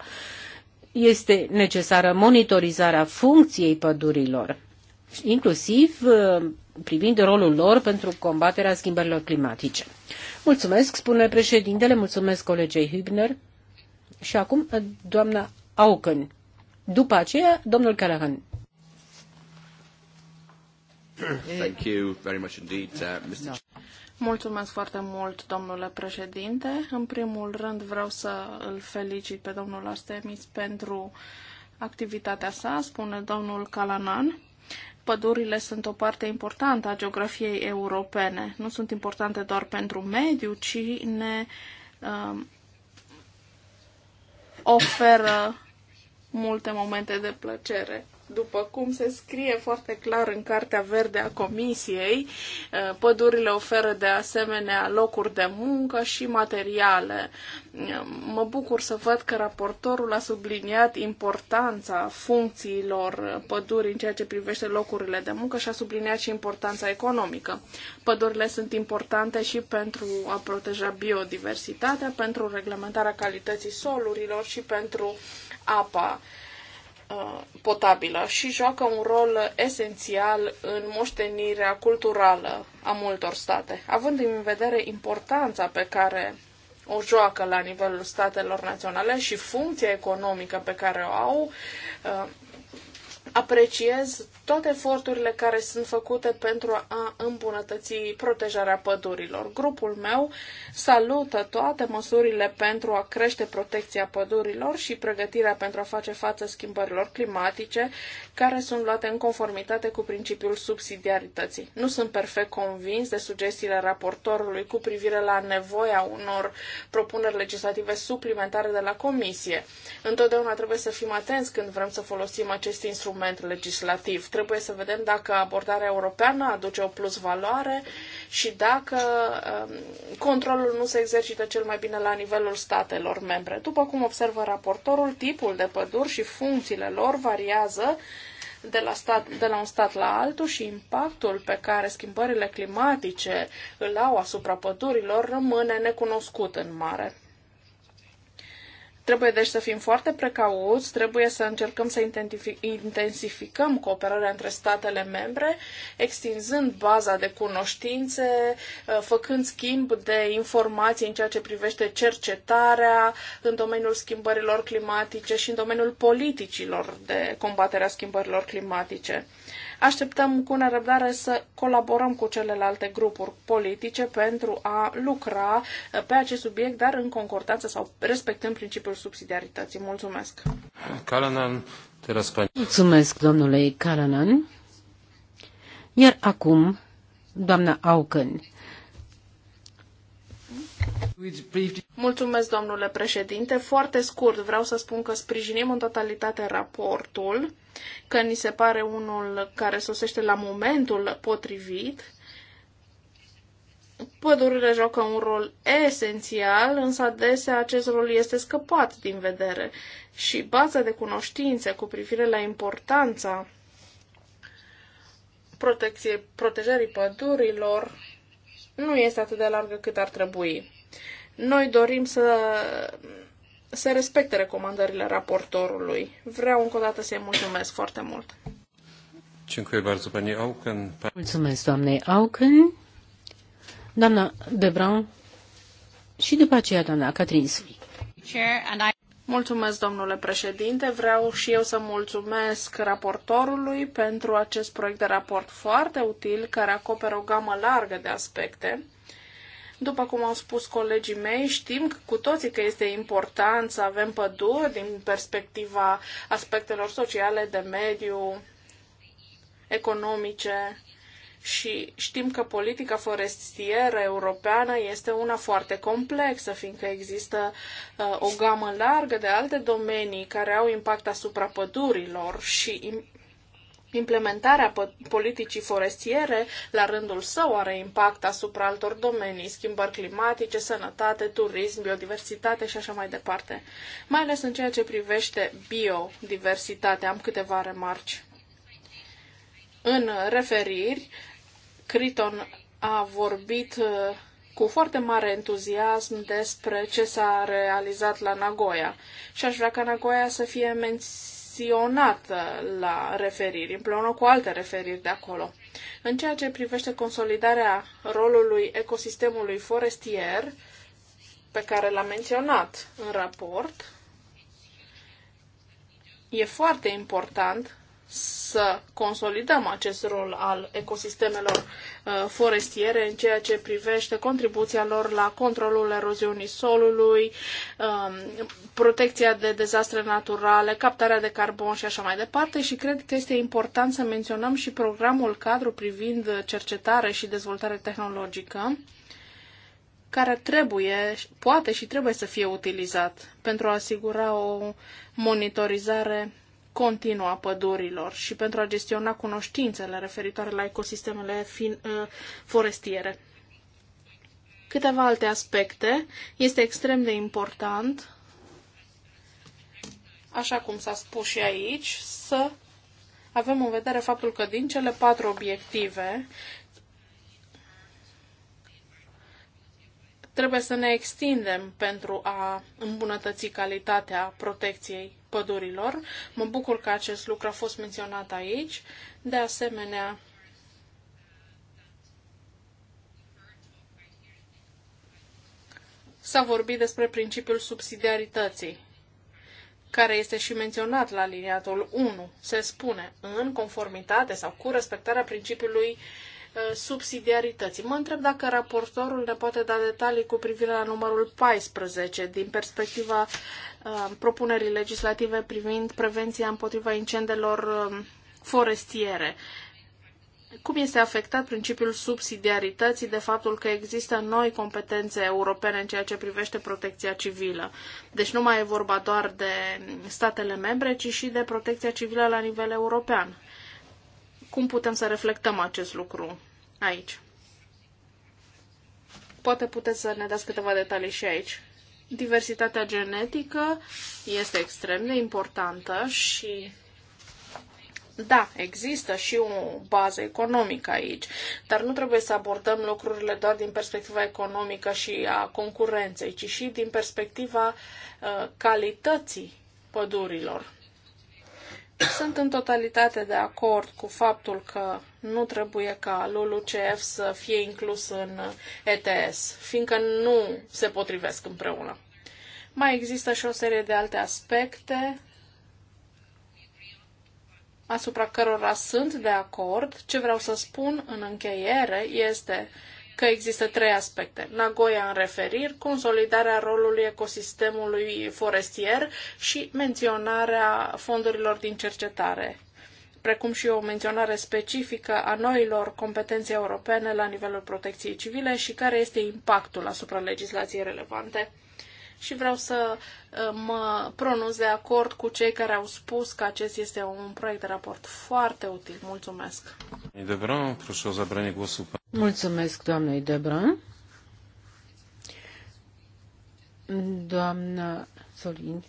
este necesară monitorizarea funcției pădurilor, inclusiv uh, privind rolul lor pentru combaterea schimbărilor climatice. Mulțumesc, spune președintele, mulțumesc colegei Hübner. Și acum, uh, doamna Auken. După aceea, domnul Callahan. Thank you very much indeed, uh, Mr. No. Mulțumesc foarte mult, domnule președinte. În primul rând vreau să îl felicit pe domnul Artemis pentru activitatea sa, spune domnul Calanan. Pădurile sunt o parte importantă a geografiei europene. Nu sunt importante doar pentru mediu, ci ne uh, oferă multe momente de plăcere după cum se scrie foarte clar în Cartea Verde a Comisiei, eh, pădurile oferă de asemenea locuri de muncă și materiale. Eh, mă bucur să văd că raportorul a subliniat importanța funcțiilor pădurii în ceea ce privește locurile de muncă și a subliniat și importanța economică. Pădurile sunt importante și pentru a proteja biodiversitatea, pentru reglementarea calității solurilor și pentru apa Uh, potabilă și joacă un rol esențial în moștenirea culturală a multor state. Având în vedere importanța pe care o joacă la nivelul statelor naționale și funcția economică pe care o au, uh, apreciez toate eforturile care sunt făcute pentru a îmbunătăți protejarea pădurilor. Grupul meu salută toate măsurile pentru a crește protecția pădurilor și pregătirea pentru a face față schimbărilor climatice, care sunt luate în conformitate cu principiul subsidiarității. Nu sunt perfect convins de sugestiile raportorului cu privire la nevoia unor propuneri legislative suplimentare de la Comisie. Întotdeauna trebuie să fim atenți când vrem să folosim acest instrument legislativ trebuie să vedem dacă abordarea europeană aduce o plus valoare și dacă um, controlul nu se exercită cel mai bine la nivelul statelor membre. După cum observă raportorul, tipul de păduri și funcțiile lor variază de la, stat, de la un stat la altul și impactul pe care schimbările climatice îl au asupra pădurilor rămâne necunoscut în mare. Trebuie deci să fim foarte precauți, trebuie să încercăm să intensificăm cooperarea între statele membre, extinzând baza de cunoștințe, uh, făcând schimb de informații în ceea ce privește cercetarea în domeniul schimbărilor climatice și în domeniul politicilor de combaterea schimbărilor climatice. Așteptăm cu nerăbdare să colaborăm cu celelalte grupuri politice pentru a lucra uh, pe acest subiect, dar în concordanță sau respectând principiul subsidiarității. Mulțumesc! te Mulțumesc, domnule Kalanan. Iar acum, doamna Aucăni, Mulțumesc, domnule președinte. Foarte scurt, vreau să spun că sprijinim în totalitate raportul, că ni se pare unul care sosește la momentul potrivit. Pădurile joacă un rol esențial, însă adesea acest rol este scăpat din vedere și baza de cunoștințe cu privire la importanța protecției protejării pădurilor nu este atât de largă cât ar trebui. Noi dorim să se respecte recomandările raportorului. Vreau încă o dată să-i mulțumesc foarte mult. Mulțumesc, doamnei Auken. Doamna Debran și după aceea doamna Catrin Mulțumesc, domnule președinte. Vreau și eu să mulțumesc raportorului pentru acest proiect de raport foarte util, care acoperă o gamă largă de aspecte. După cum au spus colegii mei, știm cu toții că este important să avem păduri din perspectiva aspectelor sociale, de mediu, economice și știm că politica forestieră europeană este una foarte complexă, fiindcă există uh, o gamă largă de alte domenii care au impact asupra pădurilor și Implementarea politicii forestiere, la rândul său, are impact asupra altor domenii, schimbări climatice, sănătate, turism, biodiversitate și așa mai departe. Mai ales în ceea ce privește biodiversitatea, am câteva remarci. În referiri, Criton a vorbit uh, cu foarte mare entuziasm despre ce s-a realizat la Nagoya și aș vrea ca Nagoya să fie menținut menționat la referiri, împreună cu alte referiri de acolo. În ceea ce privește consolidarea rolului ecosistemului forestier, pe care l-am menționat în raport, e foarte important să consolidăm acest rol al ecosistemelor uh, forestiere în ceea ce privește contribuția lor la controlul eroziunii solului, um, protecția de dezastre naturale, captarea de carbon și așa mai departe și cred că este important să menționăm și programul cadru privind cercetare și dezvoltare tehnologică care trebuie, poate și trebuie să fie utilizat pentru a asigura o monitorizare continuă a pădurilor și pentru a gestiona cunoștințele referitoare la ecosistemele uh, forestiere. Câteva alte aspecte. Este extrem de important, așa cum s-a spus și aici, să avem în vedere faptul că din cele patru obiective trebuie să ne extindem pentru a îmbunătăți calitatea protecției pădurilor. Mă bucur că acest lucru a fost menționat aici. De asemenea, s-a vorbit despre principiul subsidiarității, care este și menționat la liniatul 1. Se spune, în conformitate sau cu respectarea principiului uh, subsidiarității. Mă întreb dacă raportorul ne poate da detalii cu privire la numărul 14 din perspectiva Uh, propunerii legislative privind prevenția împotriva incendiilor um, forestiere. Cum este afectat principiul subsidiarității de faptul că există noi competențe europene în ceea ce privește protecția civilă? Deci nu mai e vorba doar de statele membre, ci și de protecția civilă la nivel european. Cum putem să reflectăm acest lucru aici? Poate puteți să ne dați câteva detalii și aici. Diversitatea genetică este extrem de importantă și da, există și o bază economică aici, dar nu trebuie să abordăm lucrurile doar din perspectiva economică și a concurenței, ci și din perspectiva uh, calității pădurilor. Sunt în totalitate de acord cu faptul că nu trebuie ca LULUCF să fie inclus în ETS, fiindcă nu se potrivesc împreună. Mai există și o serie de alte aspecte asupra cărora sunt de acord. Ce vreau să spun în încheiere este că există trei aspecte. Nagoya în referiri, consolidarea rolului ecosistemului forestier și menționarea fondurilor din cercetare precum și o menționare specifică a noilor competențe europene la nivelul protecției civile și care este impactul asupra legislației relevante și vreau să uh, mă pronunț de acord cu cei care au spus că acest este un proiect de raport foarte util. Mulțumesc! Mulțumesc, doamnei Debrun. Doamna Solin.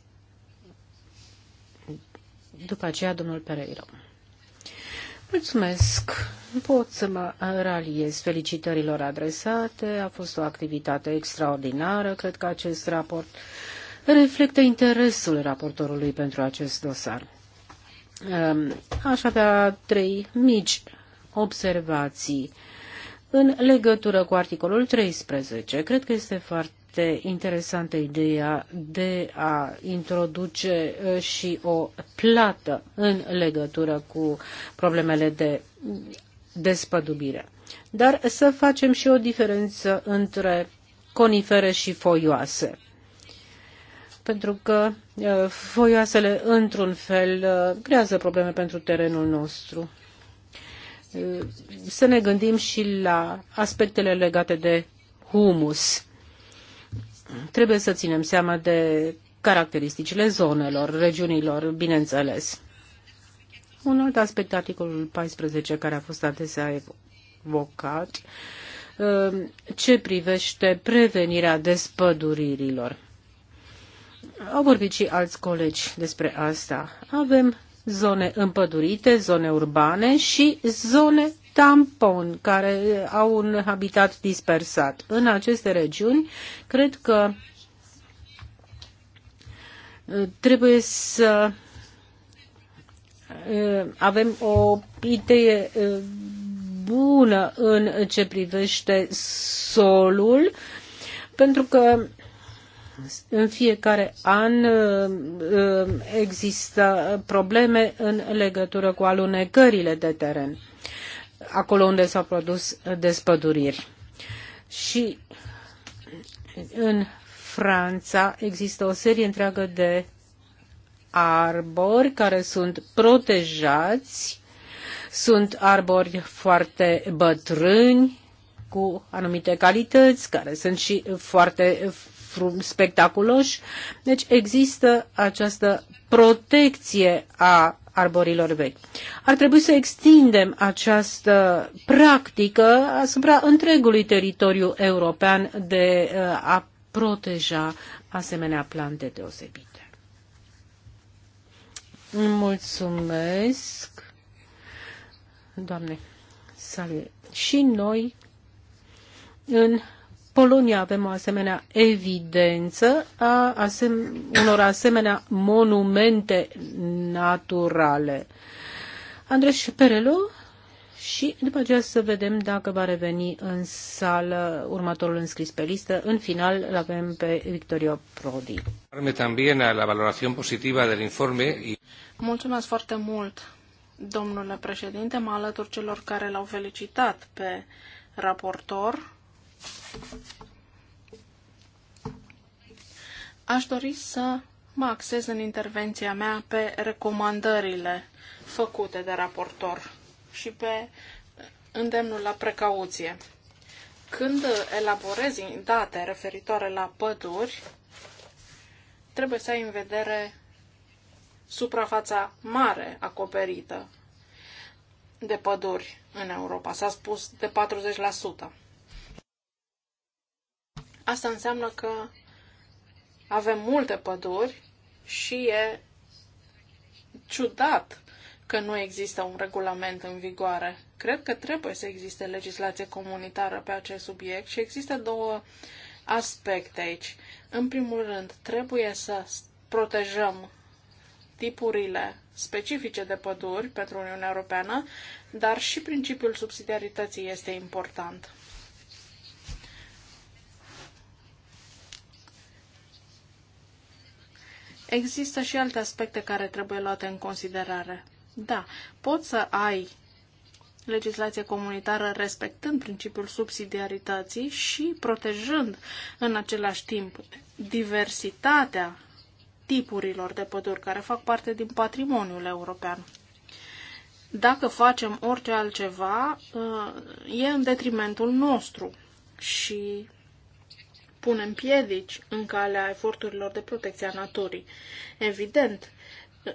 După aceea, domnul Pereira. Mulțumesc! Pot să mă raliez felicitărilor adresate. A fost o activitate extraordinară. Cred că acest raport reflectă interesul raportorului pentru acest dosar. Aș avea trei mici observații în legătură cu articolul 13. Cred că este foarte foarte interesantă ideea de a introduce uh, și o plată în legătură cu problemele de despădubire. Dar să facem și o diferență între conifere și foioase. Pentru că uh, foioasele, într-un fel, uh, creează probleme pentru terenul nostru să ne gândim și la aspectele legate de humus. Trebuie să ținem seama de caracteristicile zonelor, regiunilor, bineînțeles. Un alt aspect, articolul 14, care a fost adesea evocat, uh, ce privește prevenirea despăduririlor. Au vorbit și alți colegi despre asta. Avem zone împădurite, zone urbane și zone tampon, care au un habitat dispersat. În aceste regiuni, cred că uh, trebuie să uh, avem o idee uh, bună în ce privește solul, pentru că în fiecare an uh, uh, există probleme în legătură cu alunecările de teren, acolo unde s-au produs despăduriri. Și în Franța există o serie întreagă de arbori care sunt protejați, sunt arbori foarte bătrâni, cu anumite calități, care sunt și foarte spectaculoși. Deci există această protecție a arborilor vechi. Ar trebui să extindem această practică asupra întregului teritoriu european de uh, a proteja asemenea plante deosebite. Mulțumesc, Doamne, Salut. Și noi, în Polonia avem o asemenea evidență a asem- unor asemenea monumente naturale. Andres Perelu și după aceea să vedem dacă va reveni în sală următorul înscris pe listă. În final îl avem pe Victorio Prodi. Mulțumesc foarte mult, domnule președinte. Mă alătur celor care l-au felicitat pe raportor Aș dori să mă axez în intervenția mea pe recomandările făcute de raportor și pe îndemnul la precauție. Când elaborezi date referitoare la păduri, trebuie să ai în vedere suprafața mare acoperită de păduri în Europa. S-a spus de 40%. Asta înseamnă că avem multe păduri și e ciudat că nu există un regulament în vigoare. Cred că trebuie să existe legislație comunitară pe acest subiect și există două aspecte aici. În primul rând, trebuie să protejăm tipurile specifice de păduri pentru Uniunea Europeană, dar și principiul subsidiarității este important. Există și alte aspecte care trebuie luate în considerare. Da, poți să ai legislație comunitară respectând principiul subsidiarității și protejând în același timp diversitatea tipurilor de păduri care fac parte din patrimoniul european. Dacă facem orice altceva, uh, e în detrimentul nostru și punem piedici în calea eforturilor de protecție a naturii. Evident,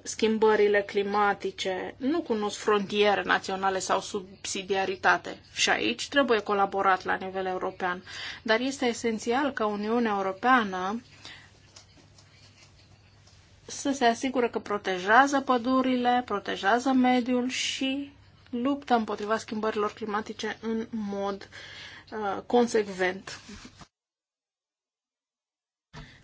schimbările climatice nu cunosc frontiere naționale sau subsidiaritate și aici trebuie colaborat la nivel european. Dar este esențial ca Uniunea Europeană să se asigure că protejează pădurile, protejează mediul și luptă împotriva schimbărilor climatice în mod uh, consecvent.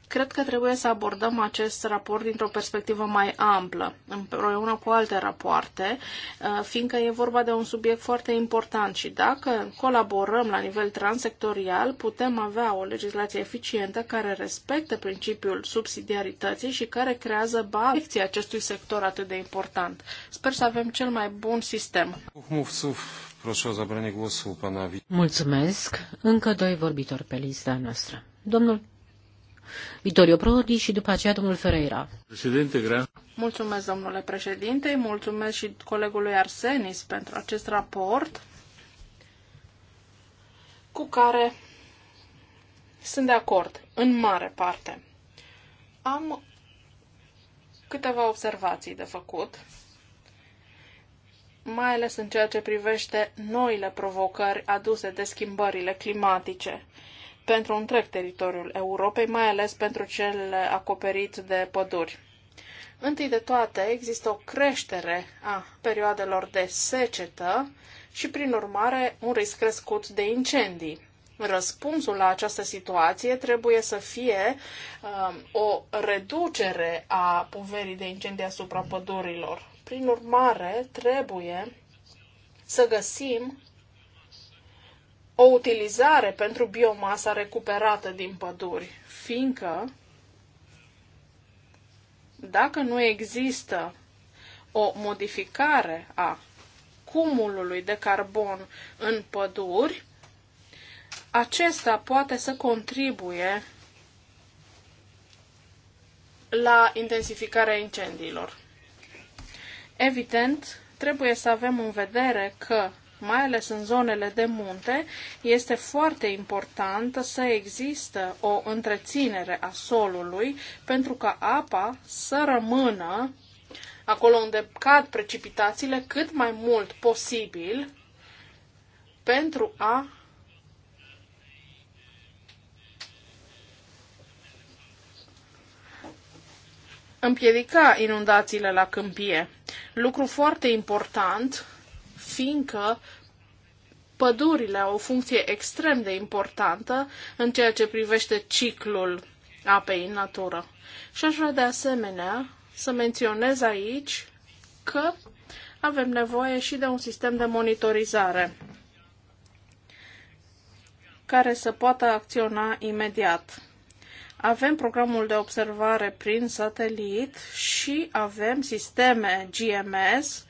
Cred că trebuie să abordăm acest raport dintr-o perspectivă mai amplă, împreună cu alte rapoarte, uh, fiindcă e vorba de un subiect foarte important și dacă colaborăm la nivel transsectorial, putem avea o legislație eficientă care respectă principiul subsidiarității și care creează balecția acestui sector atât de important. Sper să avem cel mai bun sistem. Mulțumesc. Încă doi vorbitori pe lista noastră. Domnul Vittorio Prodi și după aceea domnul Ferreira. Președinte, grea. Mulțumesc, domnule președinte, mulțumesc și colegului Arsenis pentru acest raport cu care sunt de acord, în mare parte. Am câteva observații de făcut, mai ales în ceea ce privește noile provocări aduse de schimbările climatice pentru întreg teritoriul Europei, mai ales pentru cel acoperit de păduri. Întâi de toate, există o creștere a perioadelor de secetă și, prin urmare, un risc crescut de incendii. Răspunsul la această situație trebuie să fie um, o reducere a poverii de incendii asupra pădurilor. Prin urmare, trebuie să găsim o utilizare pentru biomasa recuperată din păduri, fiindcă dacă nu există o modificare a cumulului de carbon în păduri, acesta poate să contribuie la intensificarea incendiilor. Evident, trebuie să avem în vedere că mai ales în zonele de munte, este foarte important să există o întreținere a solului pentru ca apa să rămână acolo unde cad precipitațiile cât mai mult posibil pentru a împiedica inundațiile la câmpie. Lucru foarte important fiindcă pădurile au o funcție extrem de importantă în ceea ce privește ciclul apei în natură. Și aș vrea de asemenea să menționez aici că avem nevoie și de un sistem de monitorizare care să poată acționa imediat. Avem programul de observare prin satelit și avem sisteme GMS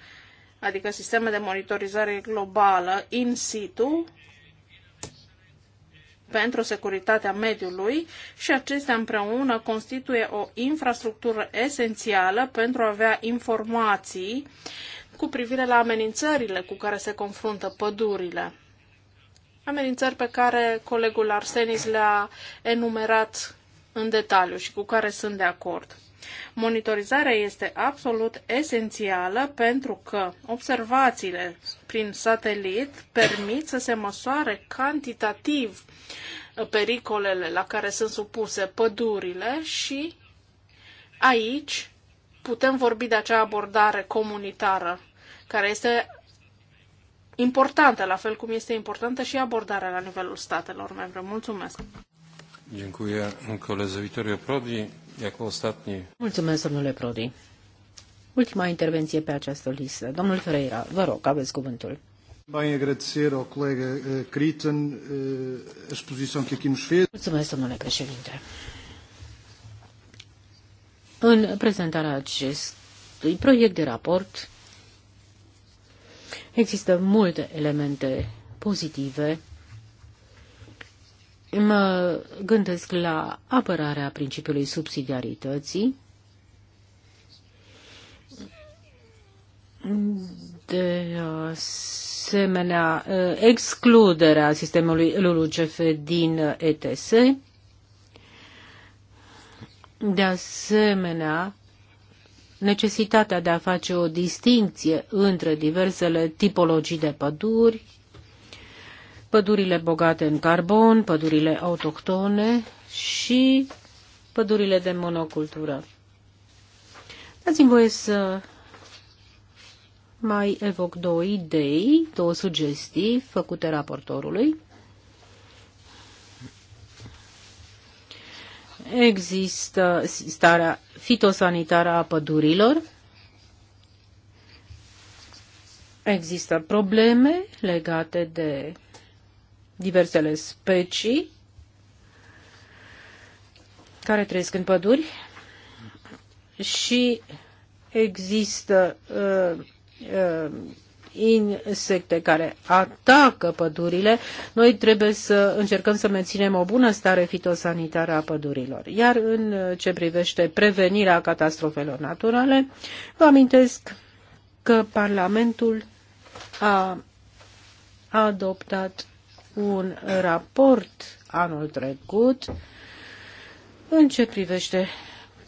adică sisteme de monitorizare globală in situ pentru securitatea mediului și acestea împreună constituie o infrastructură esențială pentru a avea informații cu privire la amenințările cu care se confruntă pădurile. Amenințări pe care colegul Arsenis le-a enumerat în detaliu și cu care sunt de acord. Monitorizarea este absolut esențială pentru că observațiile prin satelit permit să se măsoare cantitativ pericolele la care sunt supuse pădurile și aici putem vorbi de acea abordare comunitară care este importantă, la fel cum este importantă și abordarea la nivelul statelor membre. Mulțumesc! Dziękuję koledze Vitorio Prodi. Jako ostatni. Mulțumesc, domnule Prodi. Ultima intervenție pe această listă. Domnul Ferreira, vă rog, aveți cuvântul. Bem agradecer ao colega eh, Criton a exposição que aqui nos fez. Mulțumesc, domnule președinte. În prezentarea acestui proiect de raport există multe elemente pozitive mă gândesc la apărarea principiului subsidiarității, de asemenea excluderea sistemului LULUCF din ETS, de asemenea necesitatea de a face o distinție între diversele tipologii de păduri, pădurile bogate în carbon, pădurile autohtone și pădurile de monocultură. Dați-mi voie să mai evoc două idei, două sugestii făcute raportorului. Există starea fitosanitară a pădurilor. Există probleme legate de diversele specii care trăiesc în păduri și există uh, uh, insecte care atacă pădurile, noi trebuie să încercăm să menținem o bună stare fitosanitară a pădurilor. Iar în ce privește prevenirea catastrofelor naturale, vă amintesc că Parlamentul a adoptat un raport anul trecut în ce privește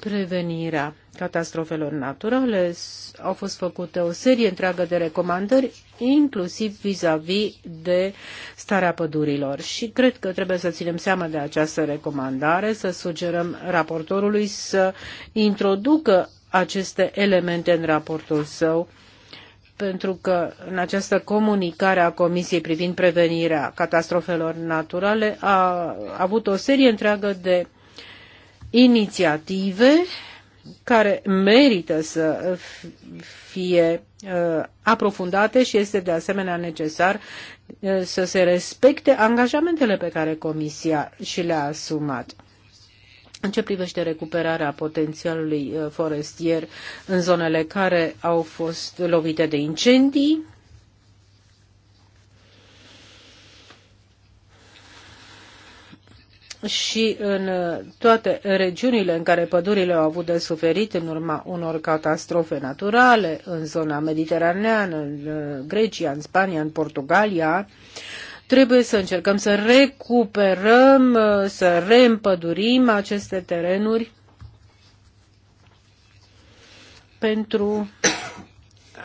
prevenirea catastrofelor naturale. Au fost făcute o serie întreagă de recomandări, inclusiv vis-a-vis -vis de starea pădurilor. Și cred că trebuie să ținem seama de această recomandare, să sugerăm raportorului să introducă aceste elemente în raportul său pentru că în această comunicare a Comisiei privind prevenirea catastrofelor naturale a avut o serie întreagă de inițiative care merită să fie uh, aprofundate și este de asemenea necesar uh, să se respecte angajamentele pe care Comisia și le-a asumat. În ce privește recuperarea potențialului uh, forestier în zonele care au fost lovite de incendii, și în uh, toate regiunile în care pădurile au avut de suferit în urma unor catastrofe naturale, în zona mediteraneană, în uh, Grecia, în Spania, în Portugalia, Trebuie să încercăm să recuperăm, să reîmpădurim aceste terenuri pentru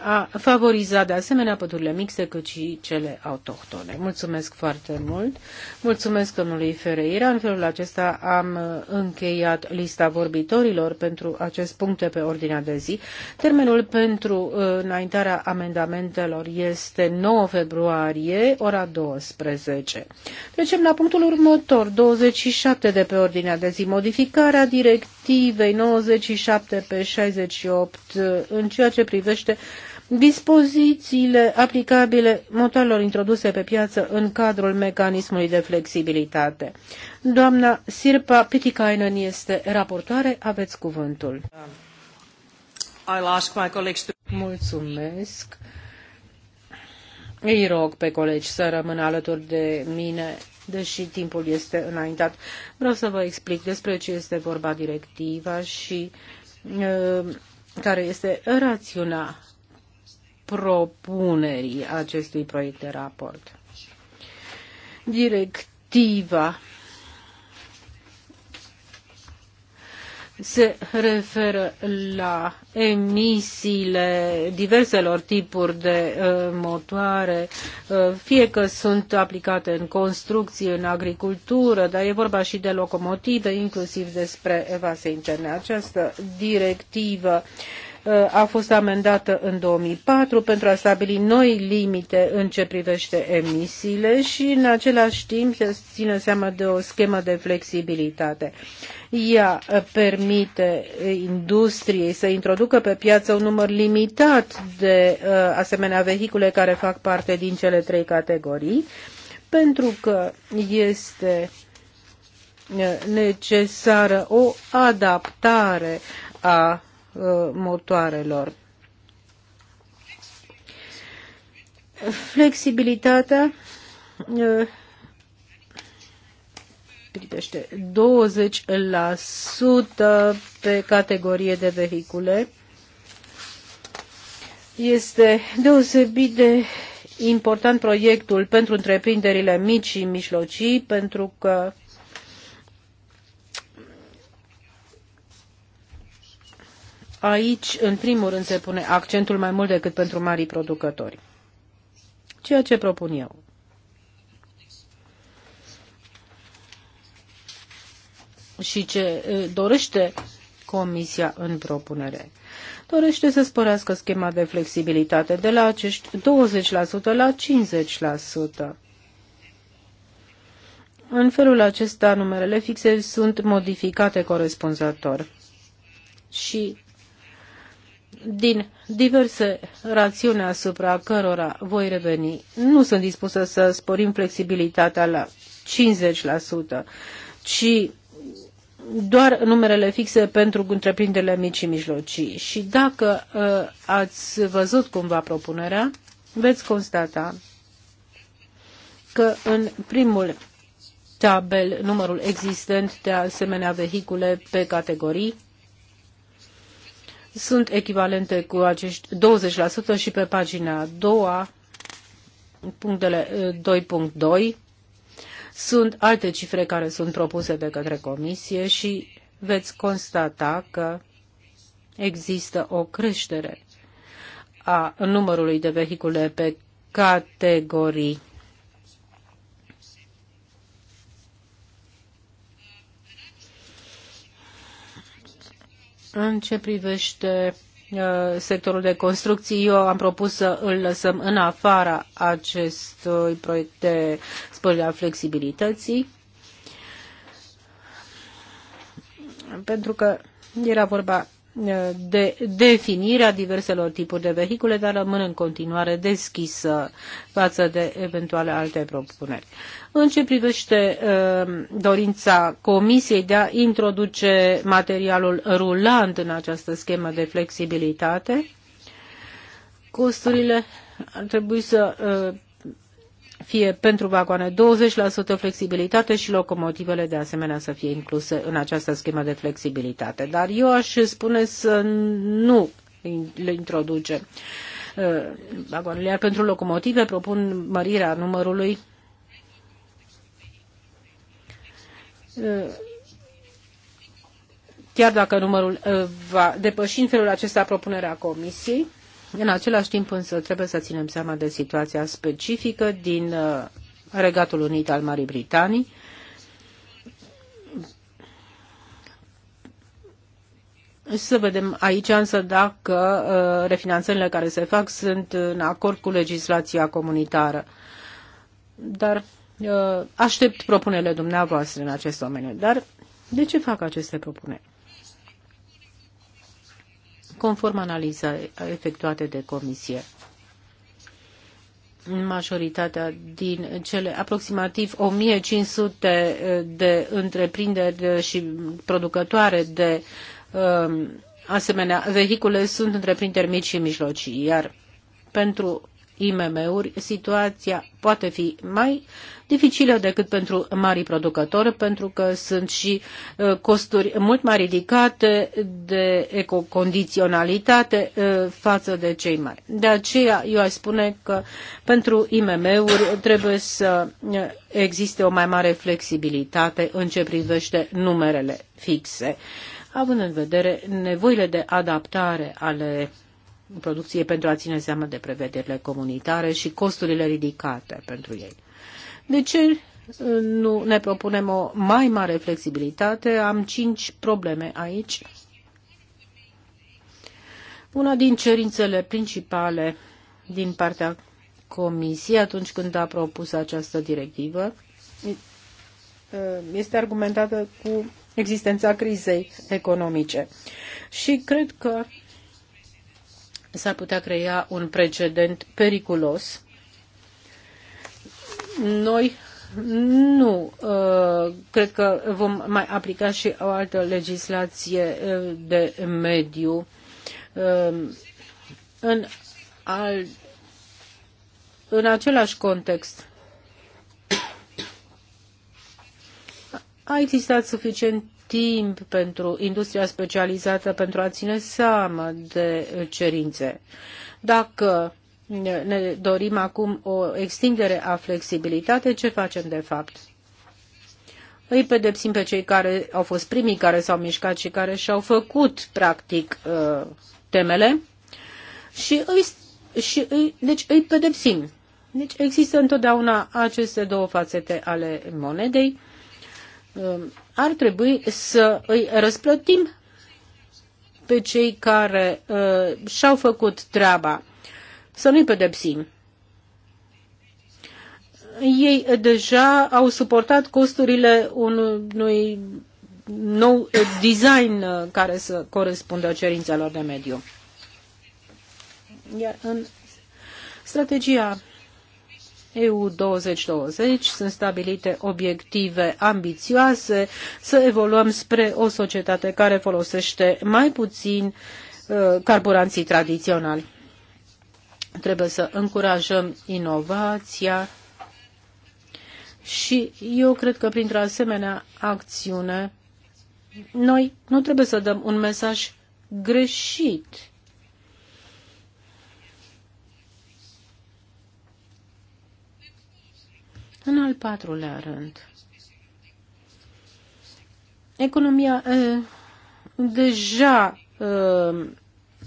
a favoriza de asemenea pădurile mixte cât și cele autohtone. Mulțumesc foarte mult. Mulțumesc domnului Ferreira. În felul acesta am încheiat lista vorbitorilor pentru acest punct de pe ordinea de zi. Termenul pentru uh, înaintarea amendamentelor este 9 februarie, ora 12. Trecem la punctul următor, 27 de pe ordinea de zi, modificarea directivei 97 pe 68 uh, în ceea ce privește dispozițiile aplicabile motoarelor introduse pe piață în cadrul mecanismului de flexibilitate. Doamna Sirpa Pitikainen este raportoare, aveți cuvântul. Mulțumesc. Îi rog pe colegi să rămână alături de mine, deși timpul este înaintat. Vreau să vă explic despre ce este vorba directiva și uh, care este rațiunea propunerii acestui proiect de raport. Directiva se referă la emisiile diverselor tipuri de uh, motoare, uh, fie că sunt aplicate în construcții, în agricultură, dar e vorba și de locomotive, inclusiv despre vase interne. Această directivă uh, Uh, a fost amendată în 2004 pentru a stabili noi limite în ce privește emisiile și în același timp se ține seama de o schemă de flexibilitate. Ea uh, permite uh, industriei să introducă pe piață un număr limitat de asemenea vehicule care fac parte din cele trei categorii pentru că este necesară o adaptare a Uh, motoarelor. Flexibilitatea uh, privește 20% pe categorie de vehicule. Este deosebit de important proiectul pentru întreprinderile mici și mijlocii, pentru că aici, în primul rând, se pune accentul mai mult decât pentru marii producători. Ceea ce propun eu. Și ce dorește Comisia în propunere. Dorește să sporească schema de flexibilitate de la acești 20% la 50%. În felul acesta, numerele fixe sunt modificate corespunzător. Și din diverse rațiuni asupra cărora voi reveni, nu sunt dispusă să sporim flexibilitatea la 50%, ci doar numerele fixe pentru întreprinderile mici și mijlocii. Și dacă uh, ați văzut cumva propunerea, veți constata că în primul tabel numărul existent de asemenea vehicule pe categorii sunt echivalente cu acești 20% și pe pagina a doua, punctele 2.2, sunt alte cifre care sunt propuse de către comisie și veți constata că există o creștere a numărului de vehicule pe categorii În ce privește uh, sectorul de construcții. Eu am propus să îl lăsăm în afara acestui proiect de spălare a flexibilității, pentru că era vorba de definirea diverselor tipuri de vehicule, dar rămân în continuare deschisă față de eventuale alte propuneri. În ce privește uh, dorința Comisiei de a introduce materialul rulant în această schemă de flexibilitate, costurile ar trebui să uh, fie pentru vagoane 20% flexibilitate și locomotivele de asemenea să fie incluse în această schemă de flexibilitate. Dar eu aș spune să nu le introduce uh, vagoanele, iar pentru locomotive propun mărirea numărului uh, chiar dacă numărul uh, va depăși în felul acesta propunerea Comisiei. În același timp însă trebuie să ținem seama de situația specifică din uh, Regatul Unit al Marii Britanii, Să vedem aici însă dacă uh, refinanțările care se fac sunt în acord cu legislația comunitară. Dar uh, aștept propunerile dumneavoastră în acest domeniu. Dar de ce fac aceste propuneri? conform analizei efectuate de comisie. Majoritatea din cele aproximativ 1500 eh, de întreprinderi și producătoare de eh, asemenea vehicule sunt întreprinderi mici și mijlocii, iar pentru IMM-uri, situația poate fi mai dificilă decât pentru mari producători, pentru că sunt și uh, costuri mult mai ridicate de ecocondiționalitate uh, față de cei mari. De aceea, eu aș spune că pentru IMM-uri trebuie să uh, existe o mai mare flexibilitate în ce privește numerele fixe, având în vedere nevoile de adaptare ale producție pentru a ține seama de prevederile comunitare și costurile ridicate pentru ei. De ce uh, nu ne propunem o mai mare flexibilitate? Am cinci probleme aici. Una din cerințele principale din partea Comisiei atunci când a propus această directivă uh, este argumentată cu existența crizei economice. Și cred că s-ar putea crea un precedent periculos. Noi nu. Uh, cred că vom mai aplica și o altă legislație uh, de mediu. Uh, în, al, în același context, a existat suficient timp pentru industria specializată pentru a ține seama de cerințe. Dacă ne dorim acum o extindere a flexibilitate, ce facem de fapt? Îi pedepsim pe cei care au fost primii care s-au mișcat și care și-au făcut practic uh, temele și îi, și îi, deci îi pedepsim. Deci există întotdeauna aceste două fațete ale monedei um, ar trebui să îi răsplătim pe cei care uh, și-au făcut treaba, să nu-i pedepsim. Ei deja au suportat costurile unui nou design uh, care să corespundă cerințelor de mediu. Iar în strategia EU 2020 sunt stabilite obiective ambițioase să evoluăm spre o societate care folosește mai puțin uh, carburanții tradiționali. Trebuie să încurajăm inovația și eu cred că printr-o asemenea acțiune noi nu trebuie să dăm un mesaj greșit În al patrulea rând, economia uh, deja uh,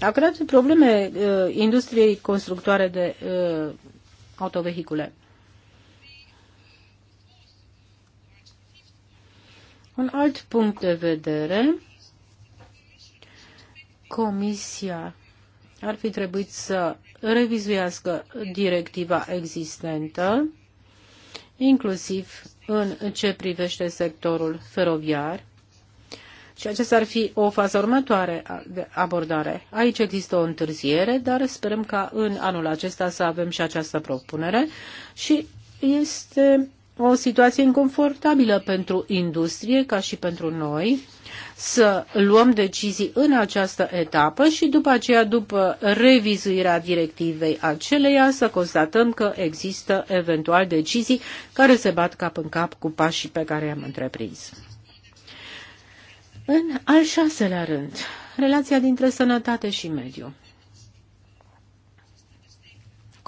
a creat probleme uh, industriei constructoare de uh, autovehicule. Un alt punct de vedere, Comisia ar fi trebuit să revizuiască directiva existentă inclusiv în ce privește sectorul feroviar. Și acesta ar fi o fază următoare de abordare. Aici există o întârziere, dar sperăm ca în anul acesta să avem și această propunere și este o situație inconfortabilă pentru industrie ca și pentru noi să luăm decizii în această etapă și după aceea, după revizuirea directivei aceleia, să constatăm că există eventual decizii care se bat cap în cap cu pașii pe care i-am întreprins. În al șaselea rând, relația dintre sănătate și mediu.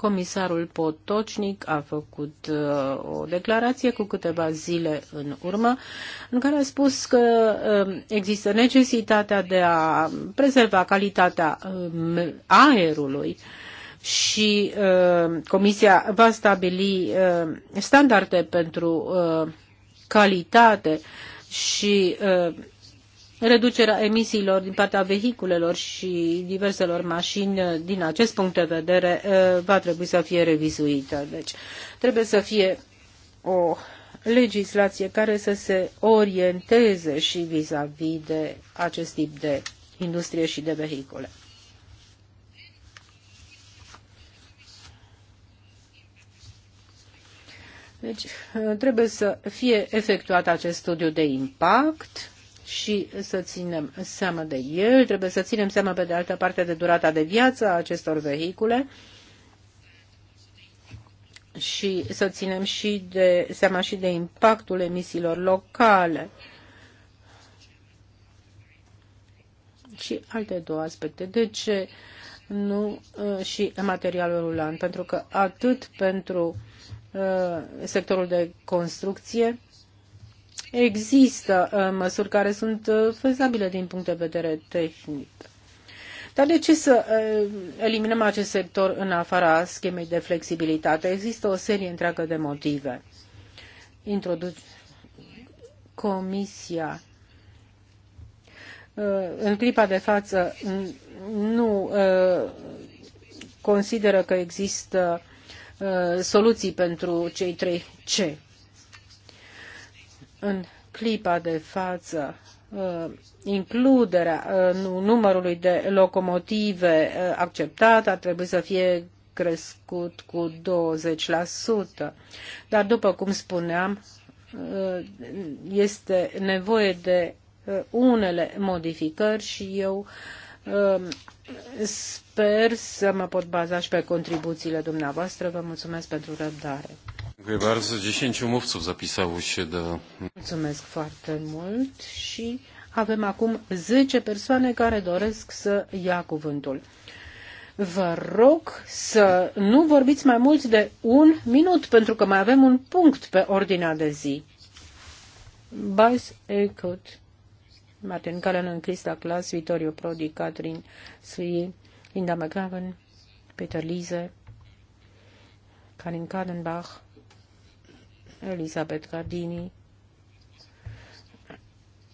Comisarul Potocnic a făcut uh, o declarație cu câteva zile în urmă în care a spus că um, există necesitatea de a prezerva calitatea um, aerului și um, Comisia va stabili standarde pentru uh, calitate și uh, reducerea emisiilor din partea vehiculelor și diverselor mașini, uh, din acest punct de vedere, uh, va trebui să fie revizuită. Deci trebuie să fie o legislație care să se orienteze și vis-a-vis -vis de acest tip de industrie și de vehicule. Deci uh, trebuie să fie efectuat acest studiu de impact și să ținem seama de el, trebuie să ținem seama pe de altă parte de durata de viață a acestor vehicule și să ținem și de, seama și de impactul emisiilor locale și alte două aspecte. De ce nu uh, și materialul rulant? Pentru că atât pentru uh, sectorul de construcție, Există uh, măsuri care sunt uh, fezabile din punct de vedere tehnic. Dar de ce să uh, eliminăm acest sector în afara schemei de flexibilitate? Există o serie întreagă de motive. Introduc Comisia în clipa de față nu consideră că există soluții pentru cei trei C în clipa de față uh, includerea uh, numărului de locomotive uh, acceptat ar trebui să fie crescut cu 20%. Dar, după cum spuneam, este nevoie de unele modificări și eu sper să mă pot baza și pe contribuțiile dumneavoastră. Vă mulțumesc pentru răbdare. Mulțumesc foarte mult și avem acum 10 persoane care doresc să ia cuvântul. Vă rog să nu vorbiți mai mult de un minut, pentru că mai avem un punct pe ordinea de zi. Baz Ecut, Martin Callanan, Crista Clas, Vittorio Prodi, Catherine Sui, Linda McGraven, Peter Lise, Karin Kadenbach, Elisabeth Cardini,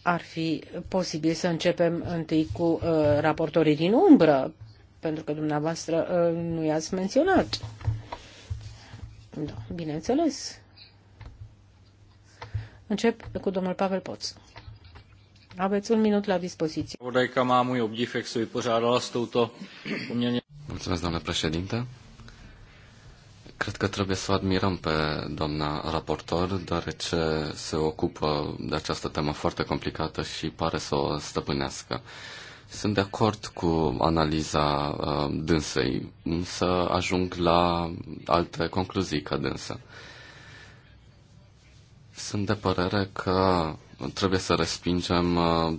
ar fi posibil să începem întâi cu uh, raportorii din umbră, pentru că dumneavoastră uh, nu i-ați menționat. Da, bineînțeles. Încep cu domnul Pavel Poț. Aveți un minut la dispoziție. Mulțumesc, doamnă președintă. Cred că trebuie să o admirăm pe doamna raportor, deoarece se ocupă de această temă foarte complicată și pare să o stăpânească. Sunt de acord cu analiza uh, dânsei, însă ajung la alte concluzii ca dânsă. Sunt de părere că trebuie să respingem uh,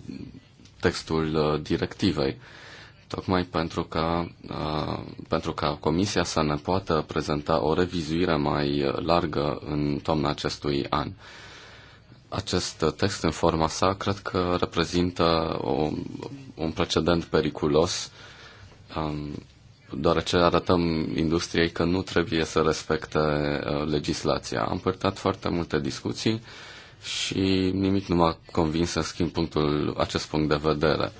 textul uh, directivei. Uh, tocmai pentru ca, uh, pentru ca Comisia să ne poată prezenta o revizuire mai largă în toamna acestui an. Acest text în forma sa cred că reprezintă o, un precedent periculos, um, deoarece arătăm industriei că nu trebuie să respecte uh, legislația. Am purtat foarte multe discuții și nimic nu m-a convins să schimb punctul, acest punct de vedere.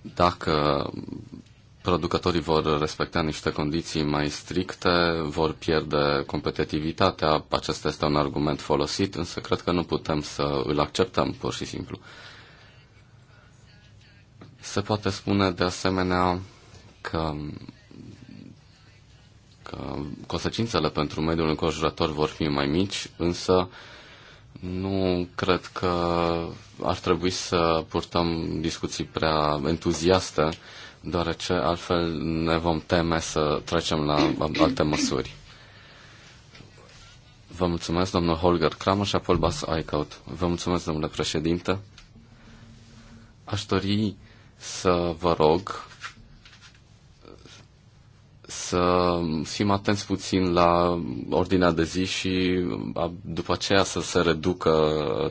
Dacă producătorii vor respecta niște condiții mai stricte, vor pierde competitivitatea. Acesta este un argument folosit, însă cred că nu putem să îl acceptăm pur și simplu. Se poate spune de asemenea că, că consecințele pentru mediul înconjurător vor fi mai mici, însă uh, nu cred că ar trebui să purtăm discuții prea entuziaste, deoarece altfel ne vom teme să trecem la alte măsuri. Vă mulțumesc, domnul Holger Kramer și Apol Bas Aicaut. Vă mulțumesc, domnule președinte. Aș dori să vă rog să fim atenți puțin la ordinea de zi și după aceea să se reducă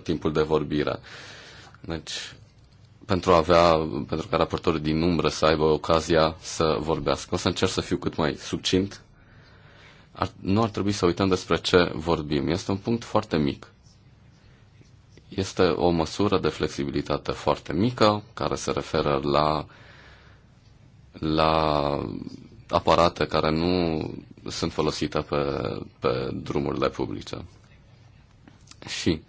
timpul de vorbire. Deci, pentru a avea, pentru ca raportorii din umbră să aibă ocazia să vorbească. O să încerc să fiu cât mai succint. Ar, nu ar trebui să uităm despre ce vorbim. Este un punct foarte mic. Este o măsură de flexibilitate foarte mică care se referă la, la aparate care nu sunt folosite pe, pe drumurile publice. Și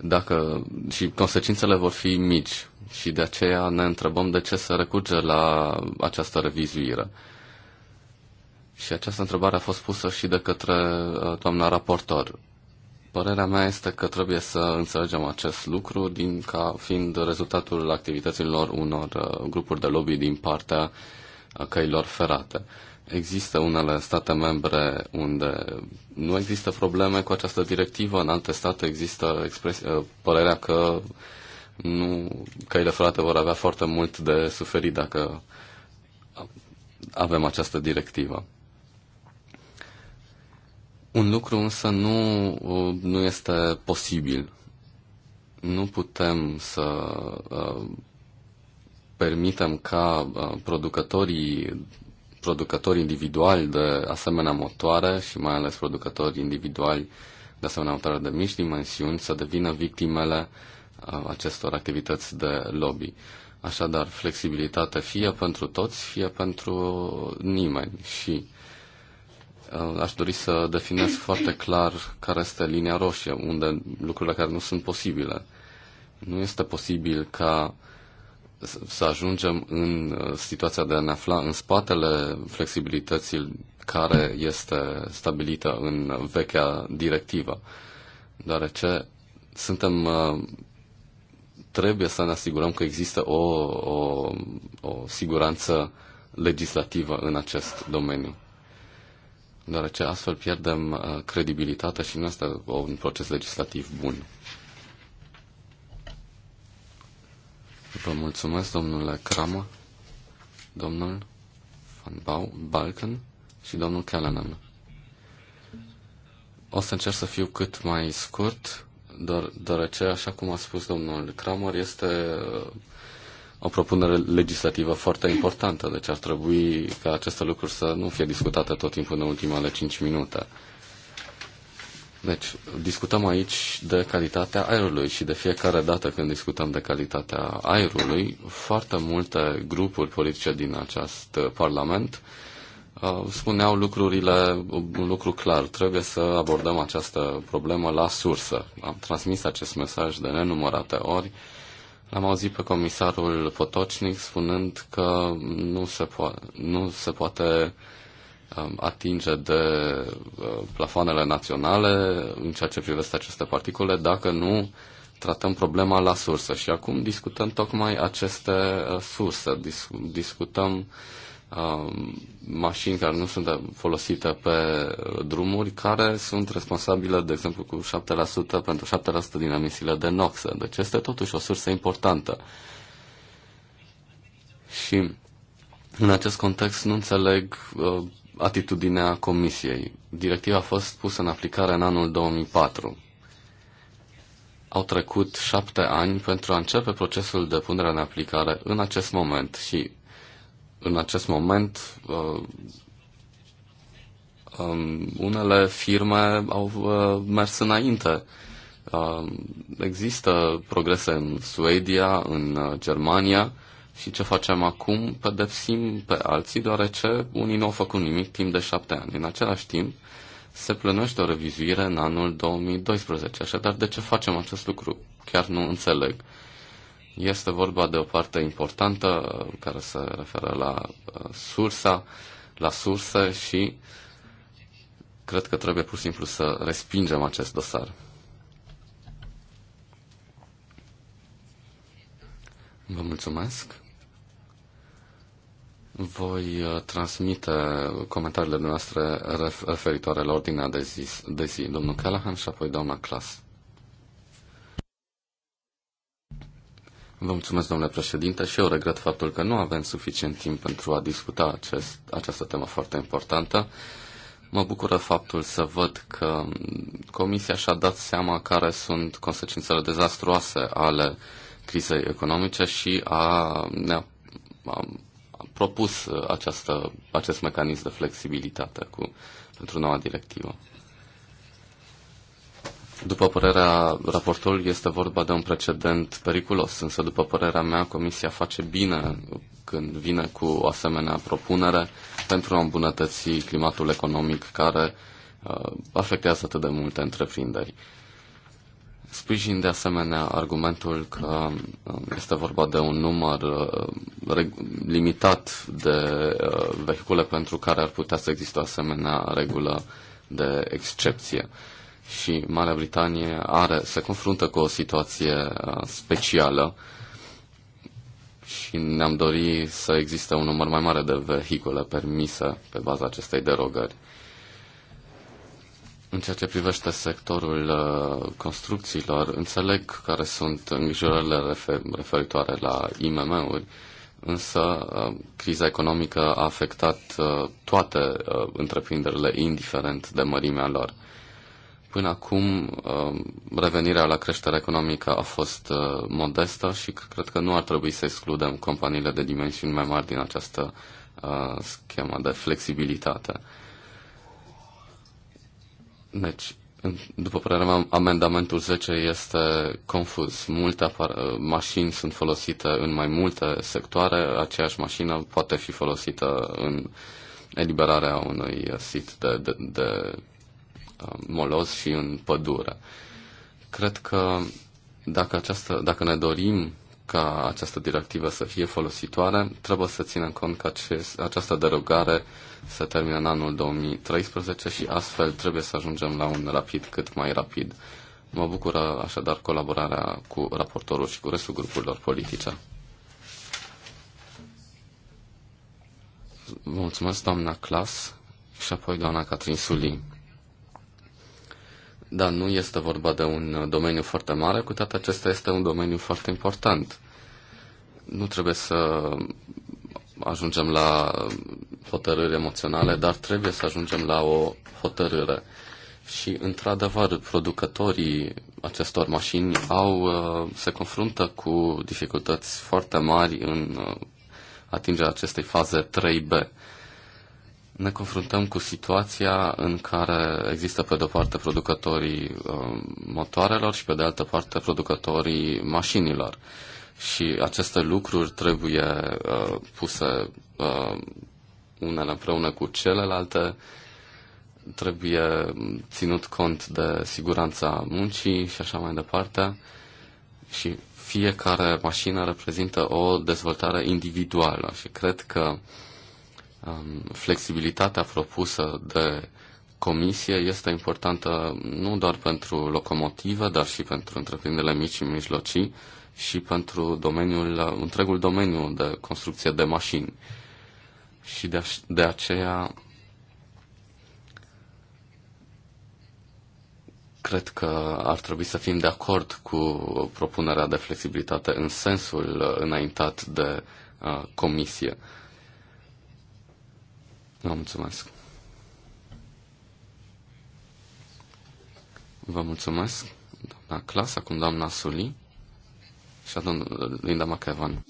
dacă și consecințele vor fi mici și de aceea ne întrebăm de ce se recurge la această revizuire. Și această întrebare a fost pusă și de către uh, doamna raportor. Părerea mea este că trebuie să înțelegem acest lucru din ca fiind rezultatul activităților unor uh, grupuri de lobby din partea uh, căilor ferate. Există unele state membre unde nu există probleme cu această directivă, în alte state există expres- părerea că nu, căile ferate vor avea foarte mult de suferit dacă avem această directivă. Un lucru însă nu, nu este posibil. Nu putem să uh, permitem ca uh, producătorii producători individuali de asemenea motoare și mai ales producători individuali de asemenea motoare de mici dimensiuni să devină victimele uh, acestor activități de lobby. Așadar, flexibilitate fie pentru toți, fie pentru nimeni. Și uh, aș dori să definez foarte clar care este linia roșie, unde lucrurile care nu sunt posibile. Nu este posibil ca să ajungem în uh, situația de a ne afla în spatele flexibilității care este stabilită în vechea directivă, deoarece suntem uh, trebuie să ne asigurăm că există o, o, o siguranță legislativă în acest domeniu. Deoarece astfel pierdem uh, credibilitatea și nu este un proces legislativ bun. Vă mulțumesc, domnule Kramă, domnul Van Bau, Balken și domnul Kellenan. O să încerc să fiu cât mai scurt, deoarece, așa cum a spus domnul Kramer, este uh, o propunere legislativă foarte importantă, deci ar trebui ca aceste lucruri să nu fie discutate tot timpul în ultimele 5 minute. Deci, discutăm aici de calitatea aerului și de fiecare dată când discutăm de calitatea aerului, foarte multe grupuri politice din acest Parlament uh, spuneau lucrurile, un lucru clar, trebuie să abordăm această problemă la sursă. Am transmis acest mesaj de nenumărate ori. L-am auzit pe comisarul Potocnic spunând că nu se, po- nu se poate uh, Um, atinge de uh, plafoanele naționale în ceea ce privește aceste particule dacă nu tratăm problema la sursă. Și acum discutăm tocmai aceste uh, surse. Dis- discutăm um, mașini care nu sunt folosite pe uh, drumuri, care sunt responsabile, de exemplu, cu 7% pentru 7% din emisiile de noxe. Deci este totuși o sursă importantă. Și în acest context nu înțeleg uh, atitudinea Comisiei. Directiva a fost pusă în aplicare în anul 2004. Au trecut șapte ani pentru a începe procesul de punere în aplicare în acest moment și în acest moment uh, um, unele firme au uh, mers înainte. Uh, există progrese în Suedia, în uh, Germania, și ce facem acum? Pedepsim pe alții, deoarece unii nu au făcut nimic timp de șapte ani. În același timp, se plănește o revizuire în anul 2012. Așadar, de ce facem acest lucru? Chiar nu înțeleg. Este vorba de o parte importantă care se referă la uh, sursa, la surse și cred că trebuie pur și simplu să respingem acest dosar. Vă mulțumesc. Voi uh, transmite comentariile noastre referitoare la ordinea de zi, de zi domnul Callahan și apoi doamna Clas. Vă mulțumesc, domnule președinte, și eu regret faptul că nu avem suficient timp pentru a discuta acest, această temă foarte importantă. Mă bucură faptul să văd că Comisia și-a dat seama care sunt consecințele dezastruoase ale crizei economice și a, ne-a a propus uh, această, acest mecanism de flexibilitate cu, pentru noua directivă. După părerea raportorului, este vorba de un precedent periculos, însă, după părerea mea, Comisia face bine când vine cu o asemenea propunere pentru a îmbunătăți climatul economic care uh, afectează atât de multe întreprinderi. Uh, Sprijin de asemenea argumentul că um, este vorba de un număr uh, limitat de uh, vehicule pentru care ar putea să existe o asemenea regulă de excepție. Și Marea Britanie are, se confruntă cu o situație uh, specială și ne-am dori să existe un număr mai mare de vehicule permise pe baza acestei derogări. În ceea ce privește sectorul uh, construcțiilor, înțeleg care sunt îngrijorările referitoare la IMM-uri, însă uh, criza economică a afectat uh, toate întreprinderile, indiferent de mărimea lor. Până acum, revenirea la creșterea economică a fost modestă și cred că nu ar trebui să excludem companiile de dimensiuni mai mari din această schemă de flexibilitate. Deci, după părerea mea, amendamentul 10 este confuz. Multe mașini sunt folosite în mai multe sectoare, aceeași mașină poate fi folosită în eliberarea unui sit de, de, de uh, moloz și în pădure. Cred că dacă, această, dacă ne dorim ca această directivă să fie folositoare, trebuie să ținem cont că acest, această derogare se termină în anul 2013 și astfel trebuie să ajungem la un rapid cât mai rapid. Mă bucură așadar colaborarea cu raportorul și cu restul grupurilor politice. Mulțumesc, doamna Clas și apoi doamna Catrin Sulin. Da, nu este vorba de un domeniu foarte mare, cu toate acesta este un domeniu foarte important. Nu trebuie să ajungem la hotărâri emoționale, dar trebuie să ajungem la o hotărâre. Și, într-adevăr, producătorii acestor mașini au, uh, se confruntă cu dificultăți foarte mari în uh, atingerea acestei faze 3B ne confruntăm cu situația în care există pe de-o parte producătorii uh, motoarelor și pe de altă parte producătorii mașinilor. Și aceste lucruri trebuie uh, puse uh, unele împreună cu celelalte, trebuie ținut cont de siguranța muncii și așa mai departe. Și fiecare mașină reprezintă o dezvoltare individuală și cred că uh, flexibilitatea propusă de comisie este importantă nu doar pentru locomotive, dar și pentru întreprinderile mici și mijlocii și pentru domeniul, întregul domeniu de construcție de mașini. Și de, de aceea cred că ar trebui să fim de acord cu propunerea de flexibilitate în sensul înaintat de uh, comisie. Uh, Vă mulțumesc. Vă mulțumesc, doamna Clas, acum doamna Suli și domnul Linda McEvan.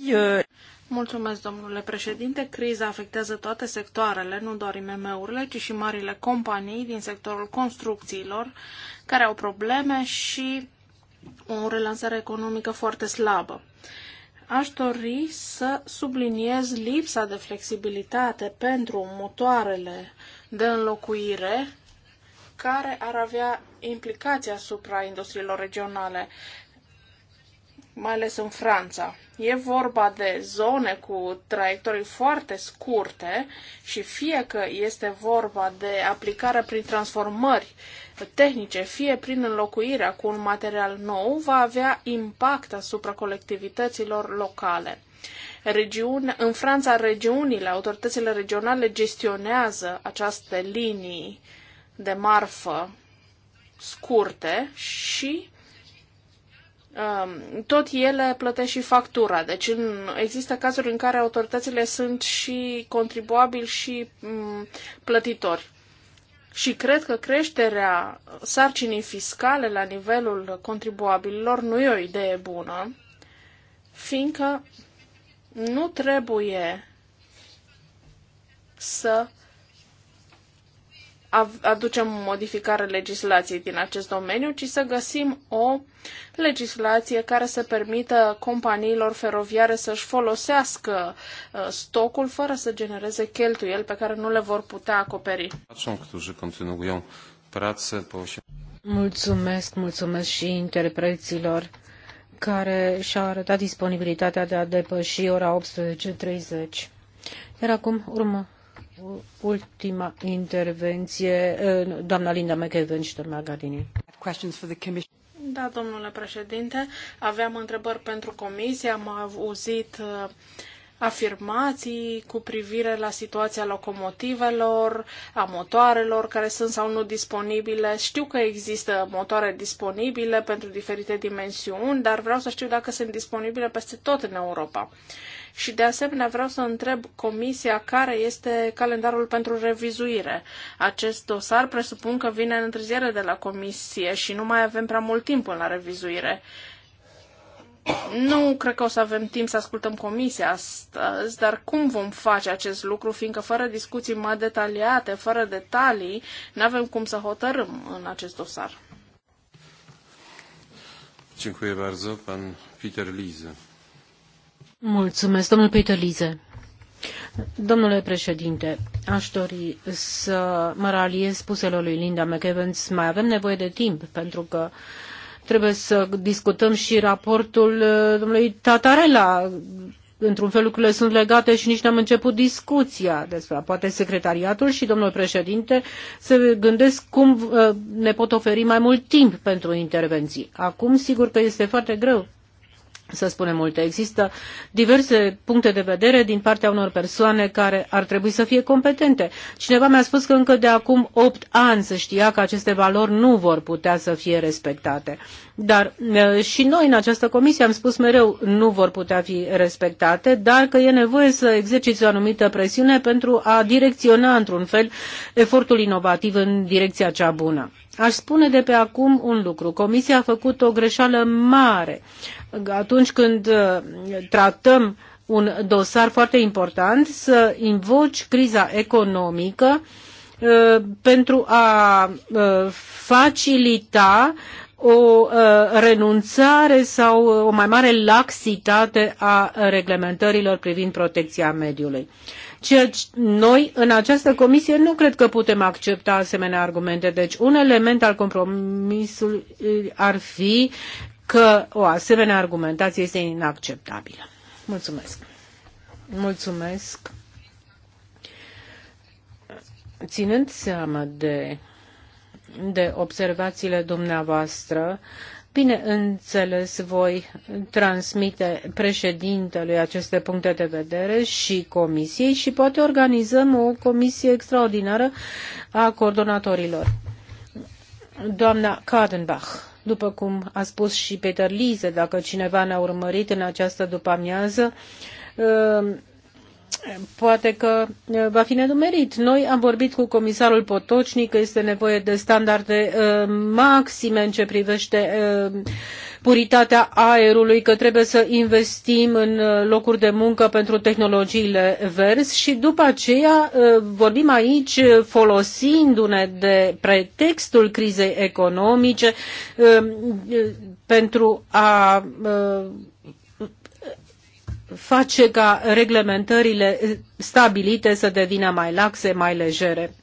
Mulțumesc, domnule președinte. Criza afectează toate sectoarele, nu doar IMM-urile, ci și marile companii din sectorul construcțiilor, care au probleme și o relansare economică foarte slabă aș dori să subliniez lipsa de flexibilitate pentru motoarele de înlocuire care ar avea implicații asupra industriilor regionale, mai ales în Franța. E vorba de zone cu traiectorii foarte scurte și fie că este vorba de aplicare prin transformări tehnice, fie prin înlocuirea cu un material nou, va avea impact asupra colectivităților locale. Regiune, în Franța, regiunile, autoritățile regionale gestionează aceste linii de marfă scurte și um, tot ele plătesc și factura. Deci în, există cazuri în care autoritățile sunt și contribuabili și mm, plătitori. Și cred că creșterea sarcinii fiscale la nivelul contribuabililor nu e o idee bună, fiindcă nu trebuie să aducem modificare legislației din acest domeniu, ci să găsim o legislație care să permită companiilor feroviare să-și folosească uh, stocul fără să genereze cheltuieli pe care nu le vor putea acoperi. Mulțumesc, mulțumesc și interpreților care și-au arătat disponibilitatea de a depăși ora 18.30. Iar acum urmă ultima intervenție, uh, doamna Linda McEwen și doamna Gardini. Da, domnule președinte, aveam întrebări pentru comisie, am auzit uh, afirmații cu privire la situația locomotivelor, a motoarelor care sunt sau nu disponibile. Știu că există motoare disponibile pentru diferite dimensiuni, dar vreau să știu dacă sunt disponibile peste tot în Europa. Și de asemenea vreau să întreb Comisia care este calendarul pentru revizuire. Acest dosar presupun că vine în întârziere de la Comisie și nu mai avem prea mult timp până la revizuire. Nu cred că o să avem timp să ascultăm comisia astăzi, dar cum vom face acest lucru, fiindcă fără discuții mai detaliate, fără detalii, nu avem cum să hotărâm în acest dosar. Dziękuję bardzo, pan Peter Liese. Mulțumesc, domnul Peter Lize. Domnule președinte, aș dori să mă raliez spuselor lui Linda McEvans. Mai avem nevoie de timp, pentru că trebuie să discutăm și raportul uh, domnului Tatarella. Într-un fel lucrurile sunt legate și nici n-am început discuția despre poate secretariatul și domnul președinte se gândesc cum uh, ne pot oferi mai mult timp pentru intervenții. Acum sigur că este foarte greu să spunem multe. Există diverse puncte de vedere din partea unor persoane care ar trebui să fie competente. Cineva mi-a spus că încă de acum 8 ani se știa că aceste valori nu vor putea să fie respectate. Dar și noi în această comisie am spus mereu nu vor putea fi respectate, dar că e nevoie să exerciți o anumită presiune pentru a direcționa într-un fel efortul inovativ în direcția cea bună. Aș spune de pe acum un lucru. Comisia a făcut o greșeală mare atunci când uh, tratăm un dosar foarte important să invoci criza economică uh, pentru a uh, facilita o uh, renunțare sau uh, o mai mare laxitate a reglementărilor privind protecția mediului. Ceea ce noi, în această comisie, nu cred că putem accepta asemenea argumente. Deci, un element al compromisului ar fi că o asemenea argumentație este inacceptabilă. Mulțumesc. Mulțumesc. Ținând seama de de observațiile dumneavoastră. Bineînțeles, voi transmite președintelui aceste puncte de vedere și comisiei și poate organizăm o comisie extraordinară a coordonatorilor. Doamna Kadenbach, după cum a spus și Peter Lise, dacă cineva ne-a urmărit în această după-amiază, poate că va fi nedumerit. Noi am vorbit cu comisarul Potocnic că este nevoie de standarde uh, maxime în ce privește uh, puritatea aerului, că trebuie să investim în locuri de muncă pentru tehnologiile verzi și după aceea vorbim aici folosindu-ne de pretextul crizei economice pentru a face ca reglementările stabilite să devină mai laxe, mai legere.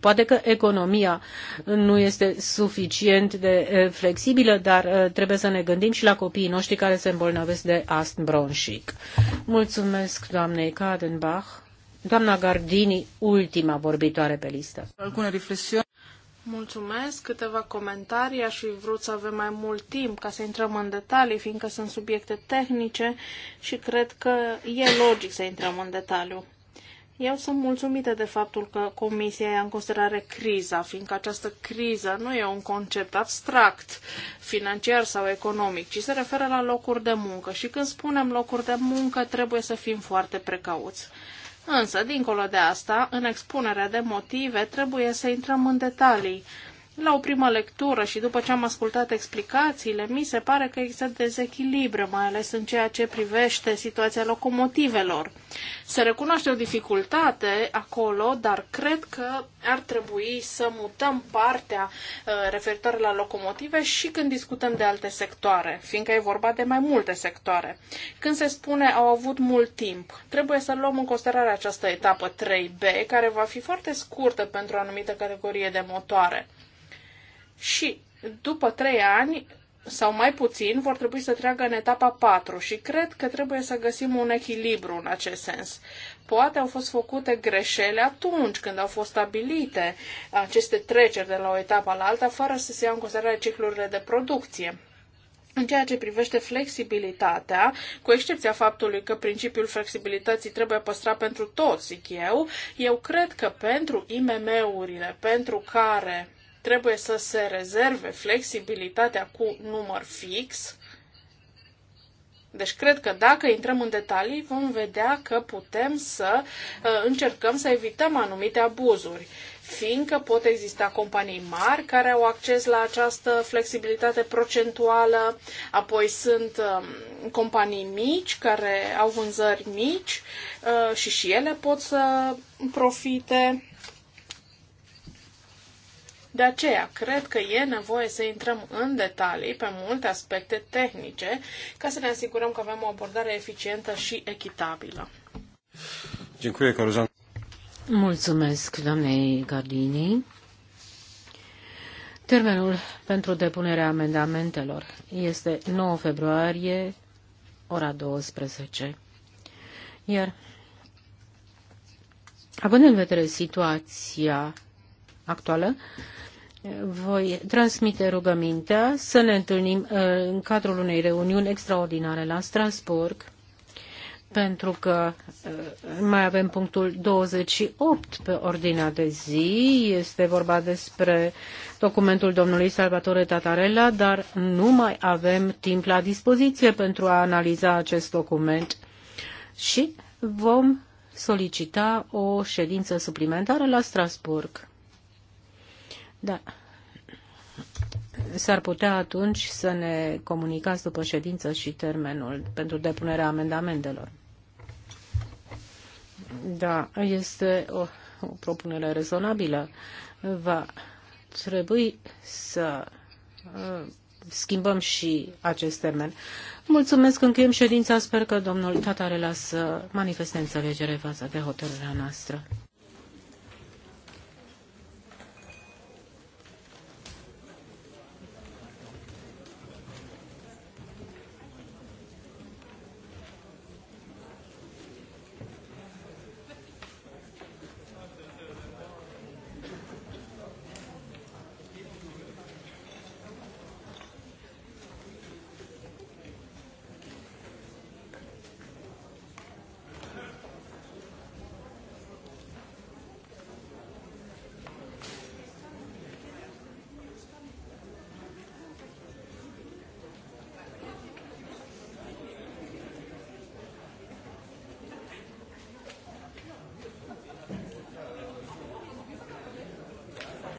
Poate că economia nu este suficient de flexibilă, dar trebuie să ne gândim și la copiii noștri care se îmbolnăvesc de astm bronșic. Mulțumesc doamnei Kadenbach. Doamna Gardini, ultima vorbitoare pe listă. Alcune reflexiuni. Mulțumesc, câteva comentarii. Aș fi vrut să avem mai mult timp ca să intrăm în detalii, fiindcă sunt subiecte tehnice și cred că e logic să intrăm în detaliu. Eu sunt mulțumită de faptul că Comisia ia în considerare criza, fiindcă această criză nu e un concept abstract, financiar sau economic, ci se referă la locuri de muncă. Și când spunem locuri de muncă, trebuie să fim foarte precauți. Însă, dincolo de asta, în expunerea de motive trebuie să intrăm în detalii la o primă lectură și după ce am ascultat explicațiile, mi se pare că există dezechilibre, mai ales în ceea ce privește situația locomotivelor. Se recunoaște o dificultate acolo, dar cred că ar trebui să mutăm partea uh, referitoare la locomotive și când discutăm de alte sectoare, fiindcă e vorba de mai multe sectoare. Când se spune au avut mult timp, trebuie să luăm în considerare această etapă 3B, care va fi foarte scurtă pentru o anumită categorie de motoare și după trei ani sau mai puțin vor trebui să treacă în etapa 4 și cred că trebuie să găsim un echilibru în acest sens. Poate au fost făcute greșeli atunci când au fost stabilite aceste treceri de la o etapă la alta fără să se ia în considerare ciclurile de producție. În ceea ce privește flexibilitatea, cu excepția faptului că principiul flexibilității trebuie păstrat pentru toți, zic eu, eu cred că pentru IMM-urile pentru care trebuie să se rezerve flexibilitatea cu număr fix. Deci cred că dacă intrăm în detalii vom vedea că putem să uh, încercăm să evităm anumite abuzuri fiindcă pot exista companii mari care au acces la această flexibilitate procentuală, apoi sunt um, companii mici care au vânzări mici uh, și și ele pot să profite. De aceea, cred că e nevoie să intrăm în detalii pe multe aspecte tehnice ca să ne asigurăm că avem o abordare eficientă și echitabilă. Mulțumesc, doamnei Gardini. Termenul pentru depunerea amendamentelor este 9 februarie, ora 12. Iar, având în vedere situația actuală, voi transmite rugămintea să ne întâlnim uh, în cadrul unei reuniuni extraordinare la Strasburg, pentru că uh, mai avem punctul 28 pe ordinea de zi. Este vorba despre documentul domnului Salvatore Tatarella, dar nu mai avem timp la dispoziție pentru a analiza acest document și vom solicita o ședință suplimentară la Strasburg. Da. S-ar putea atunci să ne comunicați după ședință și termenul pentru depunerea amendamentelor. Da, este o, o propunere rezonabilă. Va trebui să uh, schimbăm și acest termen. Mulțumesc, încheiem ședința. Sper că domnul Tatarela să manifeste înțelegere față de hotărârea noastră.